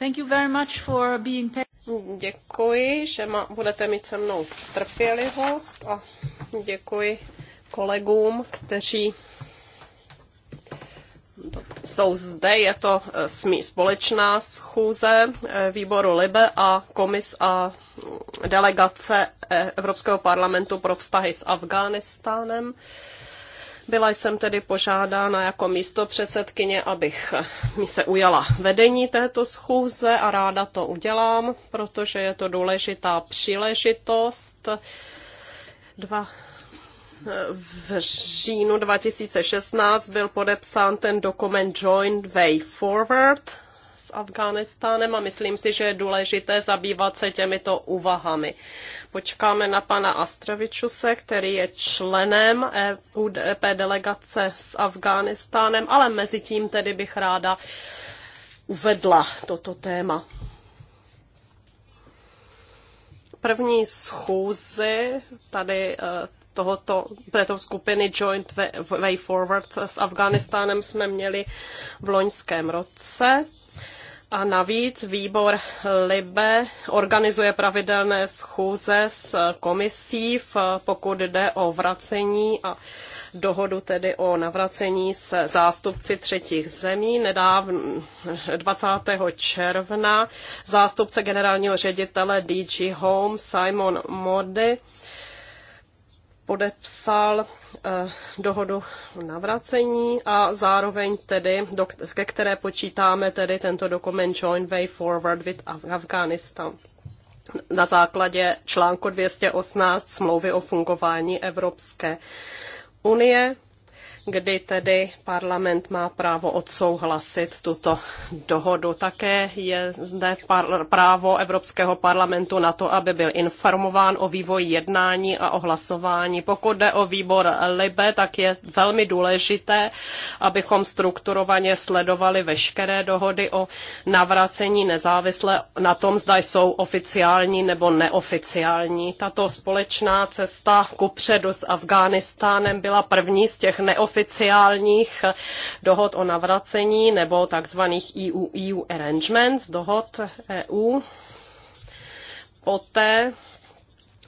Thank you very much for being Děkuji, že ma, budete mít se mnou trpělivost a děkuji kolegům, kteří jsou zde, je to eh, smí společná schůze eh, výboru Libe a komis a mm, delegace eh, Evropského parlamentu pro vztahy s Afghánistánem. Byla jsem tedy požádána jako místo předsedkyně, abych mi se ujala vedení této schůze a ráda to udělám, protože je to důležitá příležitost. Dva v říjnu 2016 byl podepsán ten dokument Joint Way Forward Afghánistánem a myslím si, že je důležité zabývat se těmito úvahami. Počkáme na pana Astrovičuse, který je členem e UDP e delegace s Afghánistánem, ale mezi tím tedy bych ráda uvedla toto téma. První schůzi tady eh, tohoto, této skupiny Joint Way Forward s Afghánistánem jsme měli v loňském roce. A navíc výbor LIBE organizuje pravidelné schůze s komisí, v, pokud jde o vracení a dohodu tedy o navracení se zástupci třetích zemí. Nedávno 20. června zástupce generálního ředitele DG Home Simon Mody podepsal Eh, dohodu o navracení a zároveň tedy, do, ke které počítáme tedy tento dokument Joint Way Forward with Afghanistan na základě článku 218 smlouvy o fungování Evropské unie kdy tedy parlament má právo odsouhlasit tuto dohodu. Také je zde právo Evropského parlamentu na to, aby byl informován o vývoji jednání a o hlasování. Pokud jde o výbor LIBE, tak je velmi důležité, abychom strukturovaně sledovali veškeré dohody o navracení nezávisle na tom, zda jsou oficiální nebo neoficiální. Tato společná cesta kupředu s Afghánistánem byla první z těch neoficiálních oficiálních dohod o navracení nebo takzvaných EU, EU arrangements, dohod EU. Poté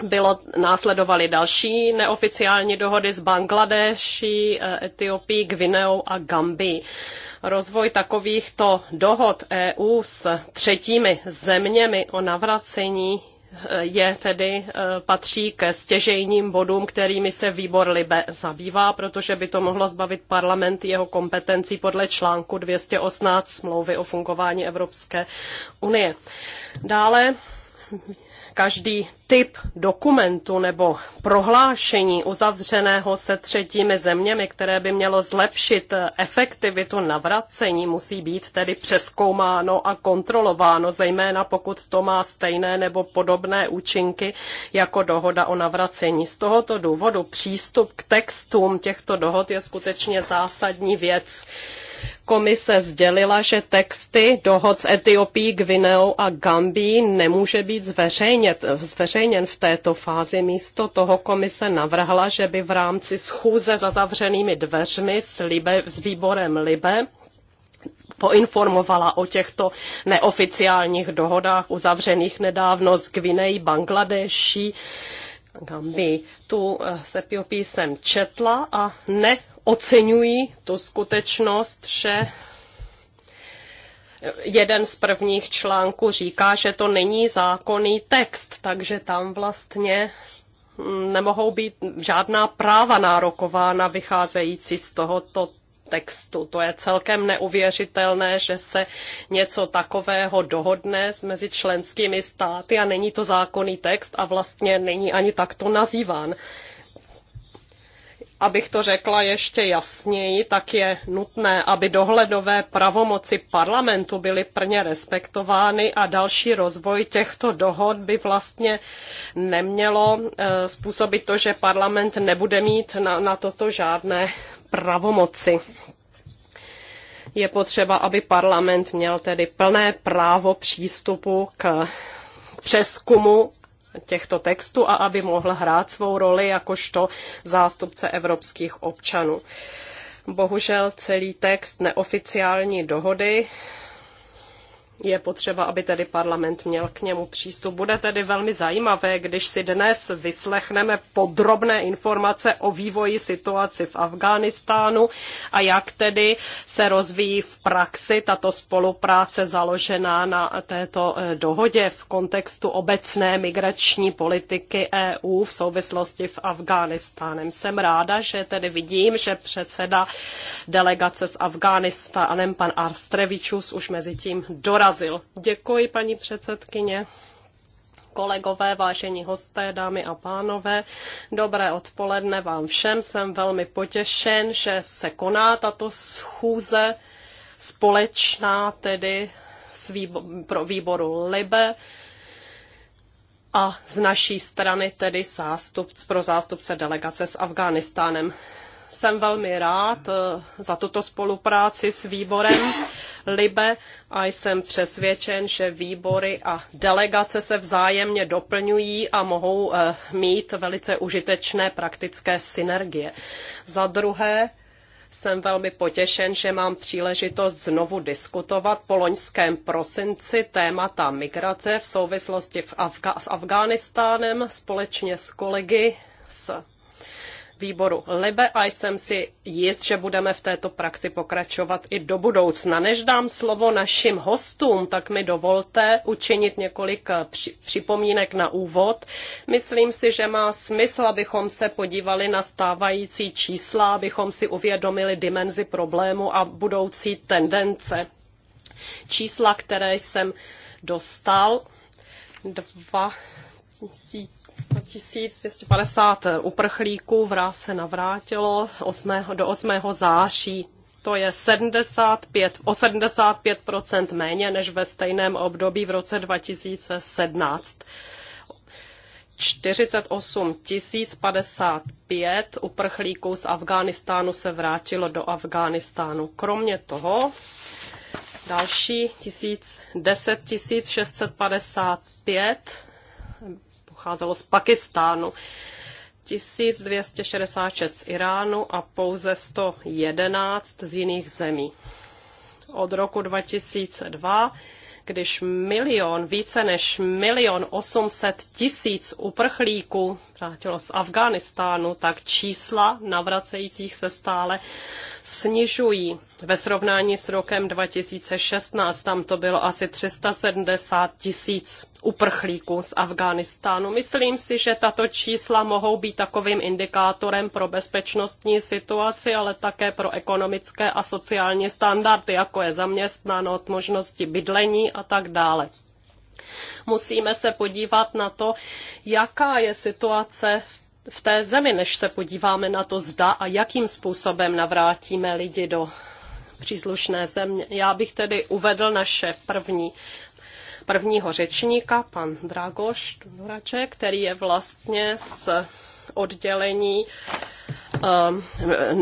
bylo, následovaly další neoficiální dohody s Bangladeši, eh, Etiopií, Gvineou a Gambi. Rozvoj takovýchto dohod EU s třetími zeměmi o navracení je tedy, eh, patří ke stěžejním bodům, kterými se výbor Libe zabývá, protože by to mohlo zbavit parlament jeho kompetencí podle článku 218 smlouvy o fungování Evropské unie. Dále každý typ dokumentu nebo prohlášení uzavřeného se třetími zeměmi, které by mělo zlepšit efektivitu navracení, musí být tedy přeskoumáno a kontrolováno, zejména pokud to má stejné nebo podobné účinky jako dohoda o navracení. Z tohoto důvodu přístup k textům těchto dohod je skutečně zásadní věc komise sdělila, že texty dohod s Etiopií, Gvineou a Gambí nemůže být zveřejněn v této fázi. Místo toho komise navrhla, že by v rámci schůze za zavřenými dveřmi s, Libe, s výborem Libe poinformovala o těchto neoficiálních dohodách uzavřených nedávno s Gvinejí, Bangladeší, Gambii. Tu eh, sepiopi jsem četla a ne oceňují tu skutečnost, že jeden z prvních článků říká, že to není zákonný text, takže tam vlastně nemohou být žádná práva nárokována vycházející z tohoto textu. To je celkem neuvěřitelné, že se něco takového dohodne mezi členskými státy a není to zákonný text a vlastně není ani takto nazýván. Abych to řekla ještě jasněji, tak je nutné, aby dohledové pravomoci parlamentu byly plně respektovány a další rozvoj těchto dohod by vlastně nemělo eh, způsobit to, že parlament nebude mít na, na toto žádné pravomoci je potřeba, aby parlament měl tedy plné právo přístupu k přeskumu těchto textů a aby mohl hrát svou roli jakožto zástupce evropských občanů. Bohužel celý text neoficiální dohody je potřeba, aby tedy parlament měl k němu přístup. Bude tedy velmi zajímavé, když si dnes vyslechneme podrobné informace o vývoji situaci v Afghánistánu a jak tedy se rozvíjí v praxi tato spolupráce založená na této eh, dohodě v kontextu obecné migrační politiky EU v souvislosti v Afghánistánem. Jsem ráda, že tedy vidím, že předseda delegace z Afghánistánem, pan Arstrevičus, už mezi tím dorazil azyl. Děkuji, paní předsedkyně. Kolegové, vážení hosté, dámy a pánové, dobré odpoledne vám všem. Jsem velmi potěšen, že se koná tato schůze společná tedy s pro výboru LIBE a z naší strany tedy zástupc, pro zástupce delegace s Afghánistánem jsem velmi rád eh, za tuto spolupráci s výborem LIBE a jsem přesvědčen, že výbory a delegace se vzájemně doplňují a mohou eh, mít velice užitečné praktické synergie. Za druhé, jsem velmi potěšen, že mám příležitost znovu diskutovat po loňském prosinci témata migrace v souvislosti v Afga- s Afghánistánem společně s kolegy z výboru Libe a jsem si jist, že budeme v této praxi pokračovat i do budoucna. Než dám slovo našim hostům, tak mi dovolte učinit několik eh, připomínek na úvod. Myslím si, že má smysl, abychom se podívali na stávající čísla, abychom si uvědomili dimenzi problému a budoucí tendence. Čísla, které jsem dostal, dva tisíce 100 250 eh, uprchlíků v se navrátilo 8. do 8. září. To je 75, o 75 méně než ve stejném období v roce 2017. 48 055 uprchlíků z Afghánistánu se vrátilo do Afghánistánu. Kromě toho další 10 655 pocházelo z Pakistánu. 1266 z Iránu a pouze 111 z jiných zemí. Od roku 2002 když milion, více než milion 800 tisíc uprchlíků vrátilo z Afghánistánu, tak čísla navracejících se stále snižují. Ve srovnání s rokem 2016 tam to bylo asi 370 tisíc uprchlíků z Afghánistánu. Myslím si, že tato čísla mohou být takovým indikátorem pro bezpečnostní situaci, ale také pro ekonomické a sociální standardy, jako je zaměstnanost, možnosti bydlení a tak dále. Musíme se podívat na to, jaká je situace v v té zemi, než se podíváme na to, zda a jakým způsobem navrátíme lidi do příslušné země. Já bych tedy uvedl naše první prvního řečníka, pan Dragoš Duraček, který je vlastně z oddělení ehm,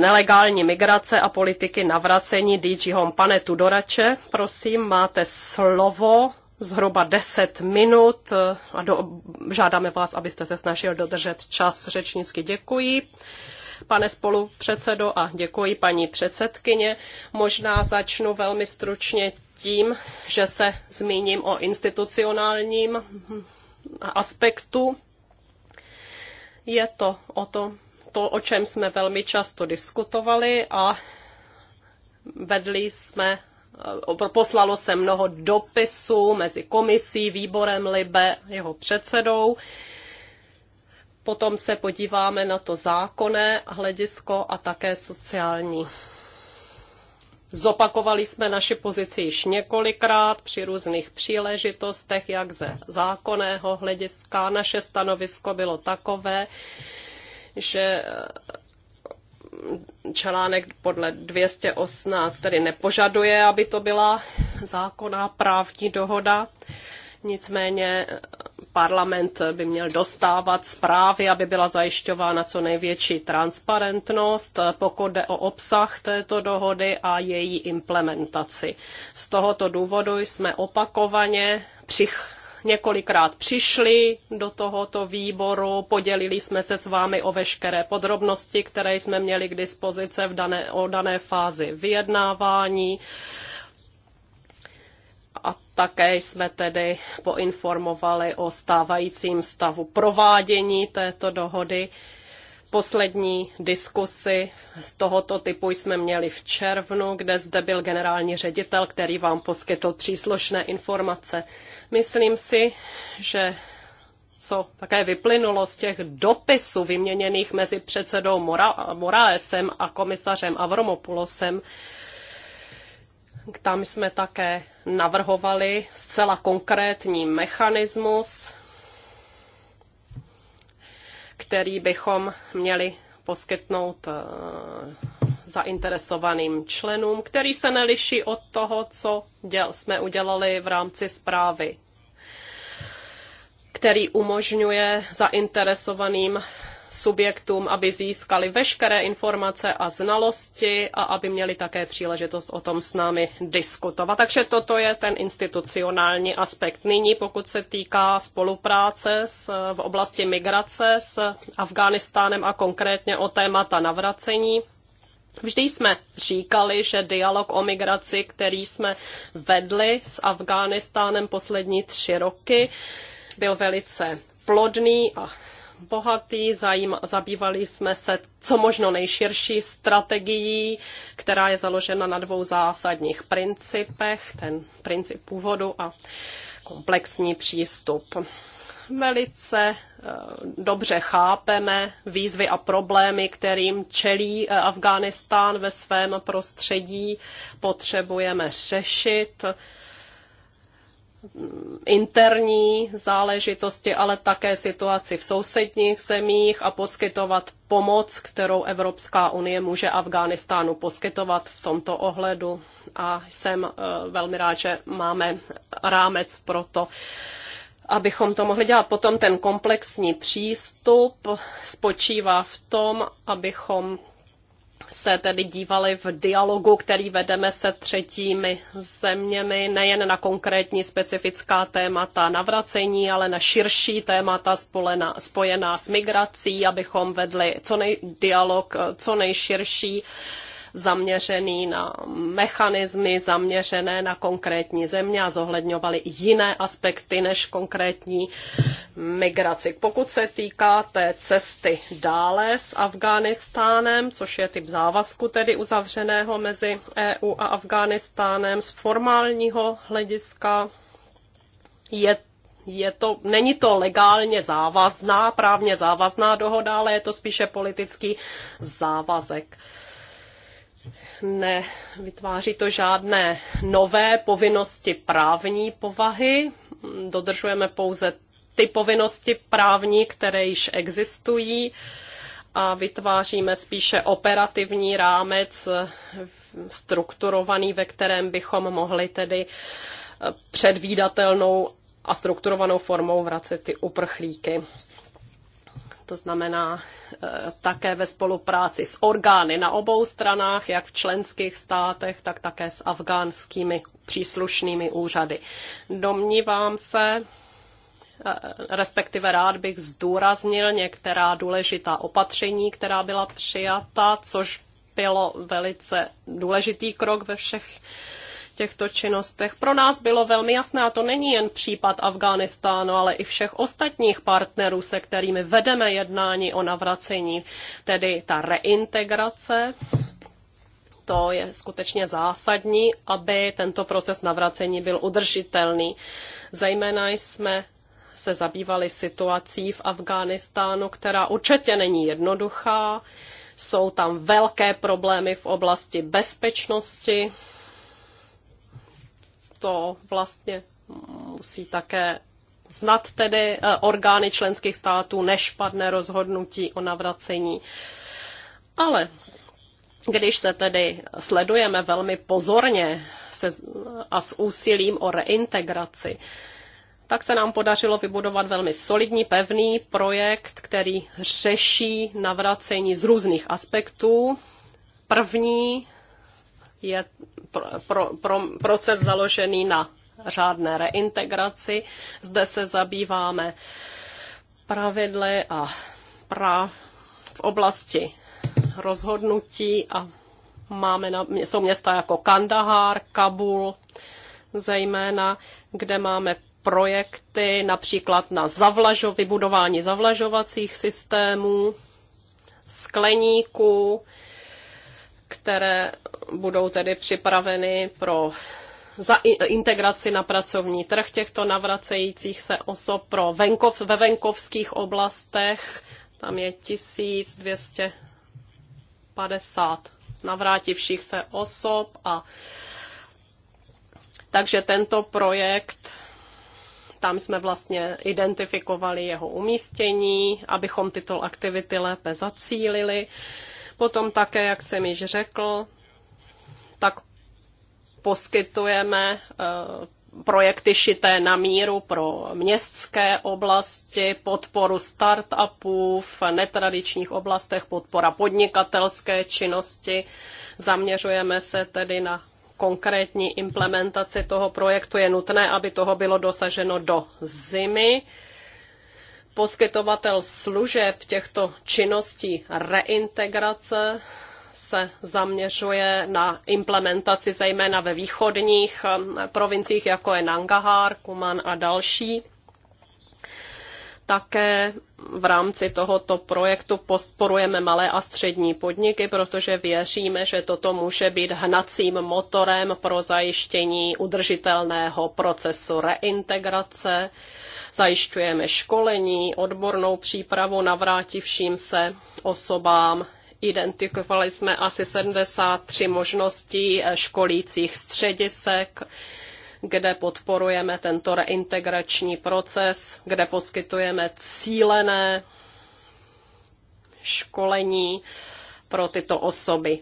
nelegální migrace a politiky navracení DG Home. Pane Tudorače, prosím, máte slovo zhruba 10 minut eh, a do, žádáme vás, abyste se snažil dodržet čas řečnicky. Děkuji pane spolupředsedo a děkuji paní předsedkyně. Možná začnu velmi stručně tím, že se zmíním o institucionálním aspektu. Je to o tom, to, o čem jsme velmi často diskutovali a vedli jsme, eh, poslalo se mnoho dopisů mezi komisí, výborem Libe, jeho předsedou. Potom se podíváme na to zákonné hledisko a také sociální Zopakovali jsme naši pozici již několikrát při různých příležitostech, jak ze zákonného hlediska. Naše stanovisko bylo takové, že eh, článek podle 218 tedy nepožaduje, aby to byla zákonná právní dohoda. Nicméně eh, parlament by měl dostávat zprávy, aby byla zajišťována co největší transparentnost, eh, pokud jde o obsah této dohody a její implementaci. Z tohoto důvodu jsme opakovaně přich několikrát přišli do tohoto výboru, podělili jsme se s vámi o veškeré podrobnosti, které jsme měli k dispozici v dané, o dané fázi vyjednávání také jsme tedy poinformovali o stávajícím stavu provádění této dohody. Poslední diskusy z tohoto typu jsme měli v červnu, kde zde byl generální ředitel, který vám poskytl příslušné informace. Myslím si, že co také vyplynulo z těch dopisů vyměněných mezi předsedou Mora- Moraesem a komisařem Avromopoulosem, tam jsme také navrhovali zcela konkrétní mechanismus, který bychom měli poskytnout eh, zainteresovaným členům, který se neliší od toho, co děl, jsme udělali v rámci zprávy, který umožňuje zainteresovaným subjektům, aby získali veškeré informace a znalosti a aby měli také příležitost o tom s námi diskutovat. Takže toto je ten institucionální aspekt. Nyní, pokud se týká spolupráce s, v oblasti migrace s Afghánistánem a konkrétně o témata navracení, Vždy jsme říkali, že dialog o migraci, který jsme vedli s Afghánistánem poslední tři roky, byl velice plodný a bohatý, zajím, zabývali jsme se co možno nejširší strategií, která je založena na dvou zásadních principech, ten princip původu a komplexní přístup. Velice eh, dobře chápeme výzvy a problémy, kterým čelí eh, Afghánistán ve svém prostředí. Potřebujeme řešit interní záležitosti, ale také situaci v sousedních zemích a poskytovat pomoc, kterou Evropská unie může Afghánistánu poskytovat v tomto ohledu. A jsem eh, velmi rád, že máme rámec pro to, abychom to mohli dělat. Potom ten komplexní přístup spočívá v tom, abychom se tedy dívali v dialogu, který vedeme se třetími zeměmi, nejen na konkrétní specifická témata navracení, ale na širší témata spolena, spojená s migrací, abychom vedli co nej, dialog co nejširší. Uh, zaměřený na mechanismy zaměřené na konkrétní země a zohledňovaly jiné aspekty než konkrétní migraci. Pokud se týká té cesty dále s Afghánistánem, což je typ závazku tedy uzavřeného mezi EU a Afghánistánem z formálního hlediska, je je to, není to legálně závazná, právně závazná dohoda, ale je to spíše politický závazek. Nevytváří to žádné nové povinnosti právní povahy. Dodržujeme pouze ty povinnosti právní, které již existují a vytváříme spíše operativní rámec strukturovaný, ve kterém bychom mohli tedy eh, předvídatelnou a strukturovanou formou vracet ty uprchlíky to znamená eh, také ve spolupráci s orgány na obou stranách, jak v členských státech, tak také s afgánskými příslušnými úřady. Domnívám se, eh, respektive rád bych zdůraznil některá důležitá opatření, která byla přijata, což bylo velice důležitý krok ve všech těchto činnostech. Pro nás bylo velmi jasné, a to není jen případ Afghánistánu, ale i všech ostatních partnerů, se kterými vedeme jednání o navracení, tedy ta reintegrace to je skutečně zásadní, aby tento proces navracení byl udržitelný. Zejména jsme se zabývali situací v Afghánistánu, která určitě není jednoduchá. Jsou tam velké problémy v oblasti bezpečnosti, to vlastně musí také znat tedy eh, orgány členských států, než padne rozhodnutí o navracení. Ale když se tedy sledujeme velmi pozorně se, a s úsilím o reintegraci, tak se nám podařilo vybudovat velmi solidní, pevný projekt, který řeší navracení z různých aspektů. První je pro, pro, pro, proces založený na řádné reintegraci. Zde se zabýváme pravidly a pra v oblasti rozhodnutí a máme na, jsou města jako Kandahar, Kabul, zejména, kde máme projekty například na zavlažo, vybudování zavlažovacích systémů, skleníků, které budou tedy připraveny pro za integraci na pracovní trh těchto navracejících se osob pro venkov, ve venkovských oblastech. Tam je 1250 navrátivších se osob a takže tento projekt tam jsme vlastně identifikovali jeho umístění, abychom tyto aktivity lépe zacílili. Uh, Potom také, jak jsem již řekl, tak poskytujeme eh, projekty šité na míru pro městské oblasti, podporu startupů v netradičních oblastech, podpora podnikatelské činnosti. Zaměřujeme se tedy na konkrétní implementaci toho projektu. Je nutné, aby toho bylo dosaženo do zimy poskytovatel služeb těchto činností reintegrace se zaměřuje na implementaci zejména ve východních eh, provinciích, jako je Nangahar, Kuman a další také v rámci tohoto projektu podporujeme malé a střední podniky, protože věříme, že toto může být hnacím motorem pro zajištění udržitelného procesu reintegrace. Zajišťujeme školení, odbornou přípravu navrátivším se osobám, Identifikovali jsme asi 73 možností školících středisek, kde podporujeme tento reintegrační proces, kde poskytujeme cílené školení pro tyto osoby.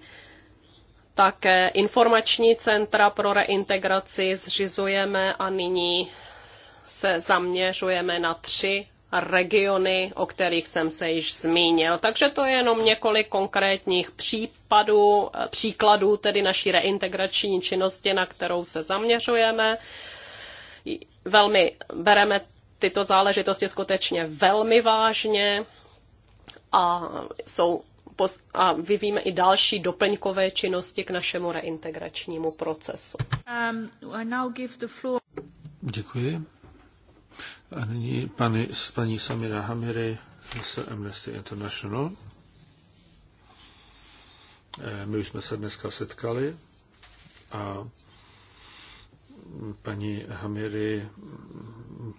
Také informační centra pro reintegraci zřizujeme a nyní se zaměřujeme na tři regiony, o kterých jsem se již zmínil. Takže to je jenom několik konkrétních případů, eh, příkladů tedy naší reintegrační činnosti, na kterou se zaměřujeme. Velmi bereme tyto záležitosti skutečně velmi vážně a jsou a vyvíjíme i další doplňkové činnosti k našemu reintegračnímu procesu. Um, Děkuji. A nyní paní, paní Samira Hamiry z Amnesty International. Eh, my už jsme se dneska setkali a paní Hamiry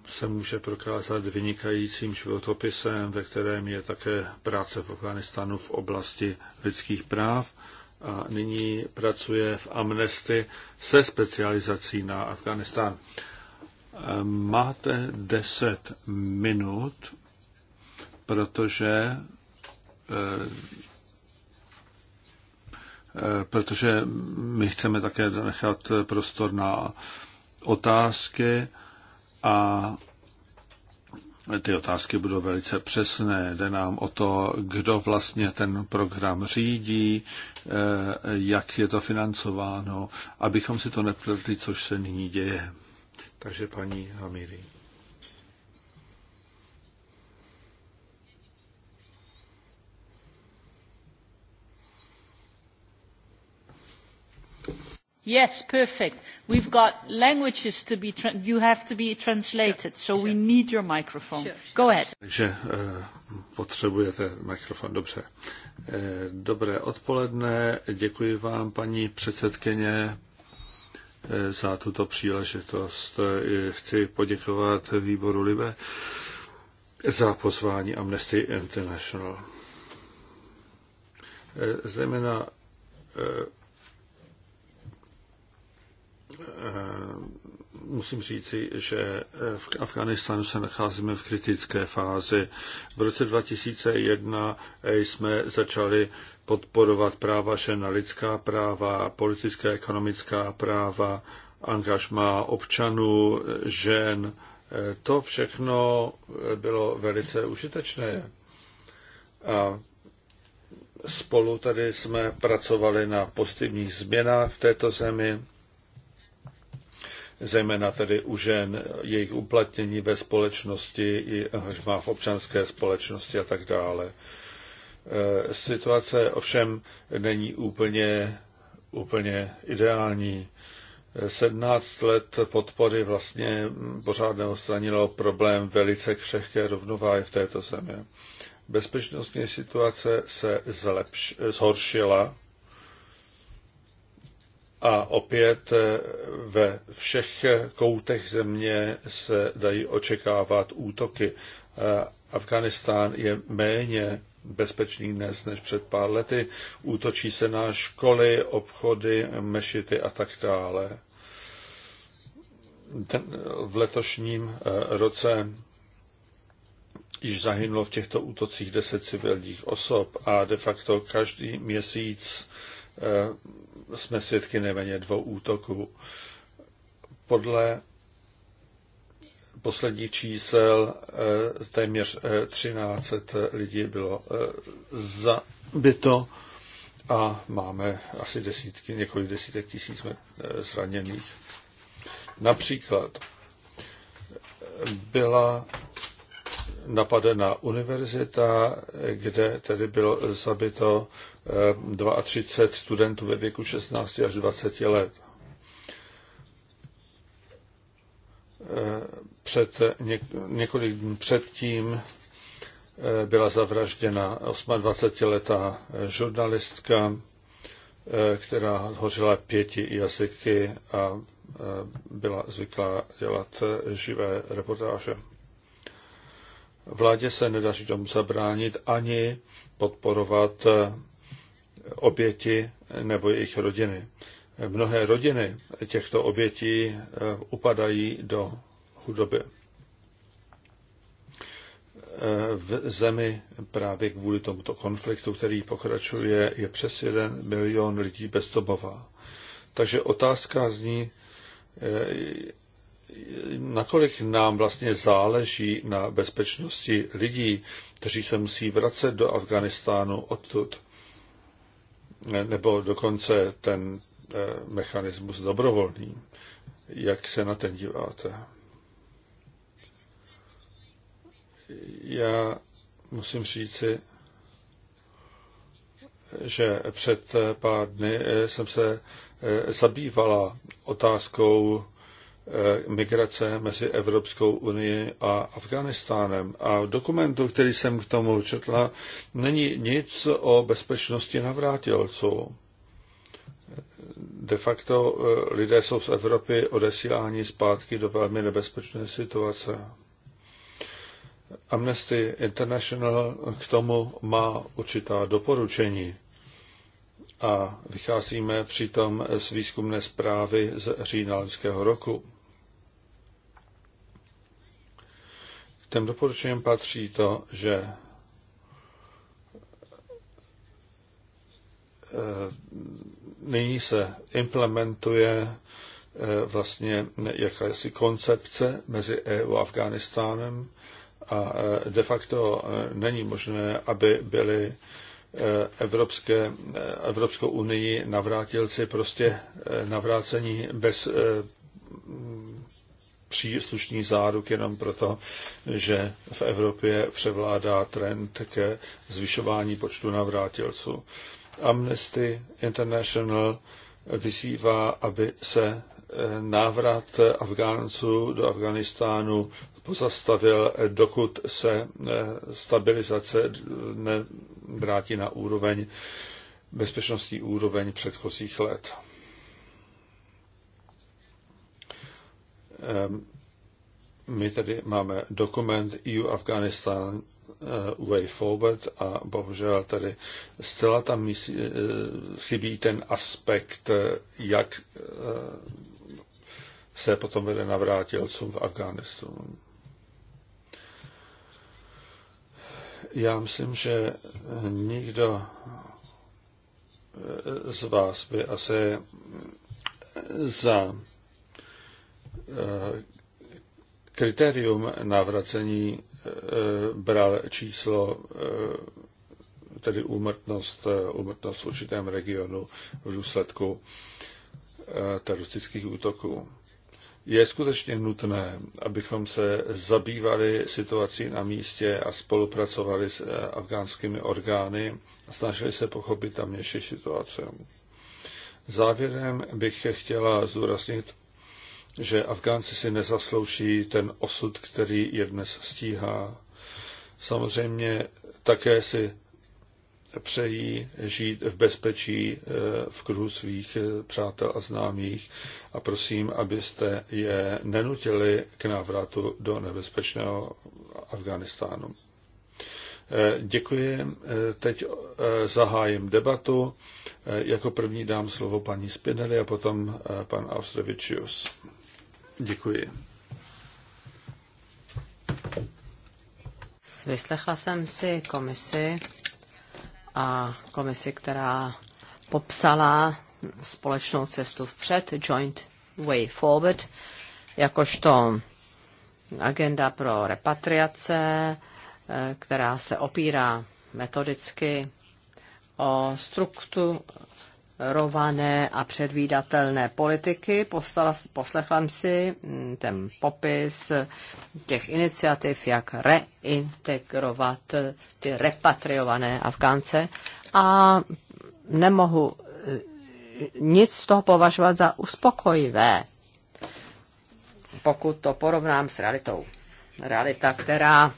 se může prokázat vynikajícím životopisem, ve kterém je také práce v Afganistánu v oblasti lidských práv a nyní pracuje v Amnesty se specializací na Afganistán. Máte 10 minut, protože eh, protože my chceme také nechat prostor na otázky a ty otázky budou velice přesné. Jde nám o to, kdo vlastně ten program řídí, eh, jak je to financováno, abychom si to nepletli, což se nyní děje. Takže paní Hamiri. yes perfect we've got languages to be tra- you have to be translated so we need your microphone go ahead takže eh, potřebujete mikrofon dobře eh, dobré odpoledne děkuji vám paní předsedkyně Eh, za tuto příležitost. Eh, chci poděkovat výboru Libe za pozvání Amnesty International. Eh, zejména musím říci, že v Afganistánu se nacházíme v kritické fázi. V roce 2001 jsme začali podporovat práva žen na lidská práva, politická, ekonomická práva, angažma občanů, žen. To všechno bylo velice užitečné. A spolu tady jsme pracovali na pozitivních změnách v této zemi zejména tedy u žen, jejich uplatnění ve společnosti, i angažmá v občanské společnosti a tak dále. E, situace ovšem není úplně, úplně ideální. 17 let podpory vlastně pořád neostranilo problém velice křehké rovnováhy v této zemi. Bezpečnostní situace se zlepš- zhoršila a opět eh, ve všech eh, koutech země se dají očekávat útoky. Eh, Afganistán je méně bezpečný dnes než před pár lety. Útočí se na školy, obchody, mešity a tak dále. v letošním roce již zahynulo v těchto útocích 10 civilních osob a de facto každý měsíc Eh, jsme svědky nejméně dvou útoků. Podle posledních čísel eh, téměř 13 eh, lidí bylo zabito a máme asi desítky, několik desítek tisíc zraněných. Například byla napadena univerzita, kde tedy bylo zabito 32 studentů ve věku 16 až 20 let. Před, několik dní předtím eh, byla zavražděna 28-letá žurnalistka, eh, která hořila pěti jazyky a eh, byla zvyklá dělat živé reportáže. Vládě se nedaří tomu zabránit ani podporovat oběti nebo jejich rodiny. Mnohé rodiny těchto obětí eh, upadají do chudoby. Eh, v zemi právě kvůli tomuto konfliktu, který pokračuje, je přes jeden milion lidí bezdobová. Takže otázka zní, eh, nakolik nám vlastně záleží na bezpečnosti lidí, kteří se musí vracet do Afganistánu odtud nebo dokonce ten eh, mechanismus dobrovolný. Jak se na ten díváte? Já musím říci, že před eh, pár dny eh, jsem se zabývala otázkou Eh, migrace mezi Evropskou unii a Afganistánem. A v dokumentu, který jsem k tomu četla, není nic o bezpečnosti navrátilců. De facto eh, lidé jsou z Evropy odesíláni zpátky do velmi nebezpečné situace. Amnesty International k tomu má určitá doporučení a vycházíme přitom z výzkumné zprávy z října loňského roku. těm doporučením patří to, že eh, nyní se implementuje eh, vlastně jakási koncepce mezi EU a Afganistánem a eh, de facto není možné, aby byli Evropské, Evropskou unii navrátilci prostě navrácení bez příslušný záruk jenom proto, že v Evropě převládá trend ke zvyšování počtu navrátilců. Amnesty International vyzývá, aby se eh, návrat Afgánců do Afganistánu pozastavil, dokud se eh, stabilizace nevrátí na úroveň bezpečnostní úroveň předchozích let. Ehm, my tady máme dokument EU Afghanistan eh, Way Forward a bohužel tady zcela tam eh, chybí ten aspekt, eh, jak se potom vede navrátilcům v Afghánistánu. Já myslím, že nikdo z vás by asi za Eh, kritérium navracení eh, bral číslo, eh, tedy úmrtnost, úmrtnost v určitém regionu v důsledku teroristických útoků. Je skutečně nutné, abychom se zabývali situací na místě a spolupracovali s afgánskými orgány a snažili se pochopit tamnější situaci. Závěrem bych chtěla zdůraznit že Afgánci si nezaslouží ten osud, který je dnes stíhá. Samozřejmě také si přejí žít v bezpečí eh, v kruhu svých eh, přátel a známých a prosím, abyste je nenutili k návratu do nebezpečného Afganistánu. Eh, děkuji. Teď zahájím debatu. Jako první dám slovo paní Spinelli a potom pan Austrevičius. Děkuji. Vyslechla jsem si komisi a komisi, která popsala společnou cestu vpřed, Joint Way Forward, jakožto agenda pro repatriace, eh, která se opírá metodicky o strukturu rované a předvídatelné politiky. Postala, poslechla si mm, ten popis těch iniciativ, jak reintegrovat ty repatriované Afgánce a nemohu eh, nic z toho považovat za uspokojivé, pokud to porovnám s realitou. Realita, která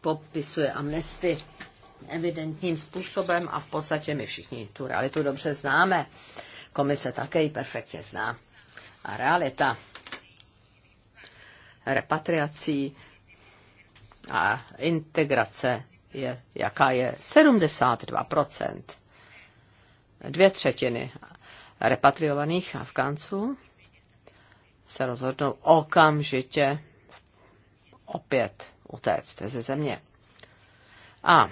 popisuje amnesty evidentním způsobem a v podstatě my všichni tu realitu dobře známe. Komise také ji perfektně zná. A realita repatriací a integrace je, jaká je 72%. Dvě třetiny repatriovaných Afgánců se rozhodnou okamžitě opět utéct ze země. A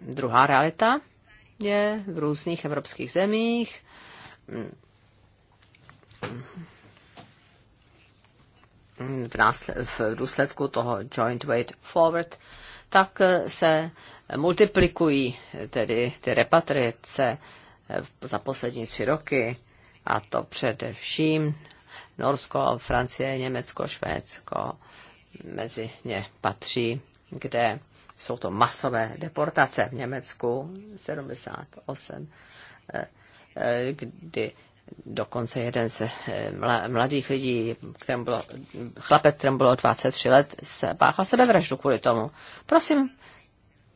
druhá realita je v různých evropských zemích. V, násled, v důsledku toho joint weight forward, tak se multiplikují tedy ty repatriace za poslední tři roky, a to především Norsko, Francie, Německo, Švédsko, mezi ně patří, kde jsou to masové deportace v Německu 78, eh, eh, kdy dokonce jeden z eh, mladých lidí, kterém bylo, chlapec, kterému bylo 23 let, se páchal sebevraždu kvůli tomu. Prosím,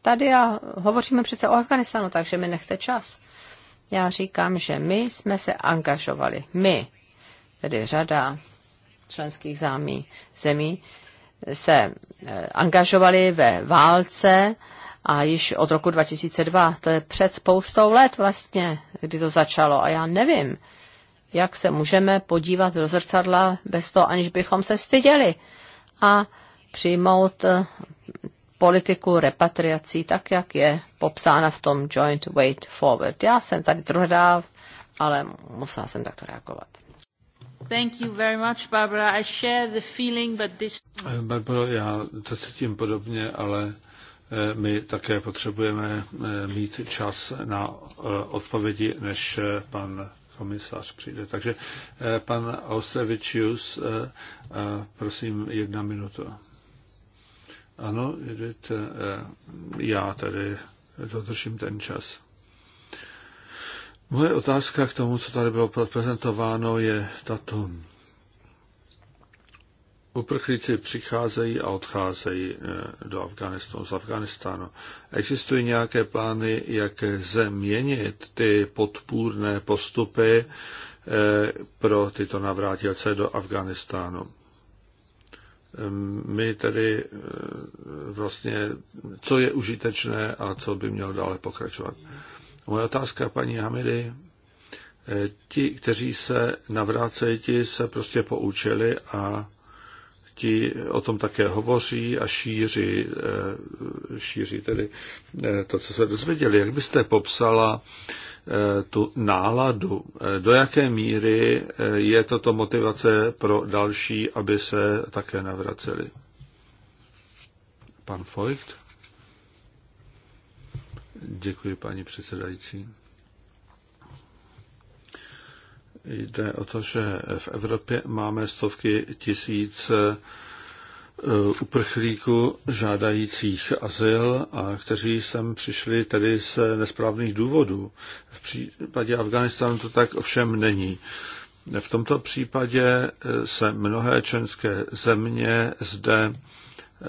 tady a hovoříme přece o Afganistánu, takže mi nechte čas. Já říkám, že my jsme se angažovali. My, tedy řada členských zámí, zemí, se eh, angažovali ve válce a již od roku 2002, to je před spoustou let vlastně, kdy to začalo a já nevím, jak se můžeme podívat do zrcadla bez toho, aniž bychom se styděli a přijmout eh, politiku repatriací, tak jak je popsána v tom Joint Weight Forward. Já jsem tady tvrdá, ale musela jsem takto reagovat. Thank you very much, Barbara. I share the feeling, but this... Eh, já to cítím podobně, ale eh, my také potřebujeme eh, mít čas na odpovědi, než pan komisař přijde. Takže pan Austrevičius, prosím, jedna minuta. Ano, Judith, já tady dodržím ten čas. Moje otázka k tomu, co tady bylo prezentováno, je tato. Uprchlíci přicházejí a odcházejí eh, do Afganistánu, z Afganistánu. Existují nějaké plány, jak změnit ty podpůrné postupy eh, pro tyto navrátilce do Afganistánu? Ehm, my tedy eh, vlastně, co je užitečné a co by mělo dále pokračovat. Moje otázka, paní Hamidy, eh, ti, kteří se navrácejí, ti se prostě poučili a ti o tom také hovoří a šíří, eh, šíří tedy eh, to, co se dozvěděli. Jak byste popsala tu náladu? Do jaké míry je toto motivace pro další, aby se také navraceli? Pan Feucht? Děkuji, paní předsedající. Jde o to, že v Evropě máme stovky tisíc eh, uprchlíků žádajících azyl a kteří sem přišli tedy z nesprávných důvodů. V případě Afganistánu to tak ovšem není. V tomto případě eh, se mnohé členské země zde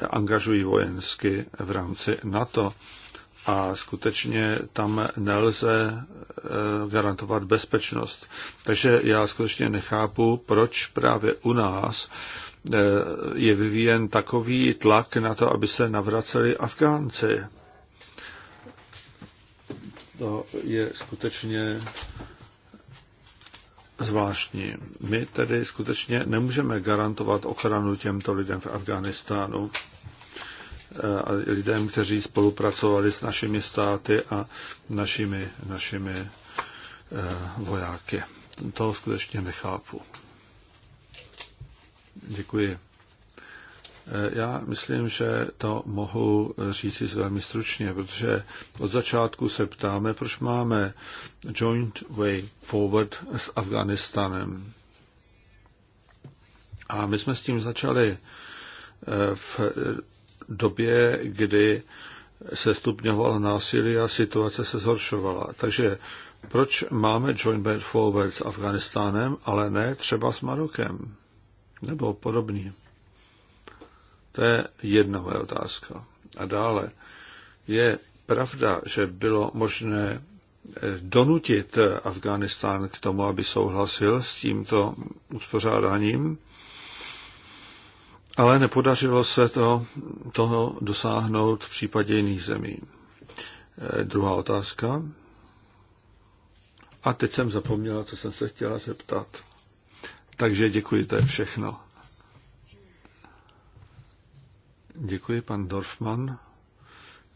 angažují vojensky v rámci NATO a skutečně tam nelze eh, garantovat bezpečnost. Takže já skutečně nechápu, proč právě u nás eh, je vyvíjen takový tlak na to, aby se navraceli Afgánci. To je skutečně zvláštní. My tedy skutečně nemůžeme garantovat ochranu těmto lidem v Afghánistánu a lidem, kteří spolupracovali s našimi státy a našimi, našimi eh, vojáky. To skutečně nechápu. Děkuji. Eh, já myslím, že to mohu říct velmi stručně, protože od začátku se ptáme, proč máme joint way forward s Afganistanem. A my jsme s tím začali eh, v době, kdy se stupňovalo násilí a situace se zhoršovala. Takže proč máme joint bed forward s Afganistánem, ale ne třeba s Marokem? Nebo podobně? To je jedna moje otázka. A dále, je pravda, že bylo možné eh, donutit Afghánistán k tomu, aby souhlasil s tímto uspořádáním? ale nepodařilo se to, toho dosáhnout v případě jiných zemí. E, druhá otázka. A teď jsem zapomněla, co jsem se chtěla zeptat. Takže děkuji, to je všechno. Děkuji, pan Dorfman.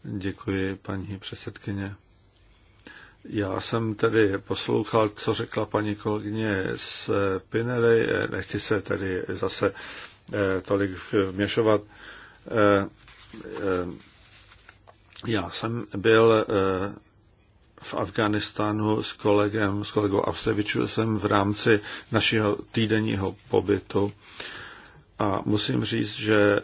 Děkuji, paní předsedkyně. Já jsem tedy poslouchal, co řekla paní kolegyně z Pinely. Eh, nechci se tedy zase eh, Eh, tolik vměšovat. Eh, eh, já jsem byl v Afganistánu s kolegem, s kolegou Avsevičem v rámci našeho týdenního pobytu a musím říct, že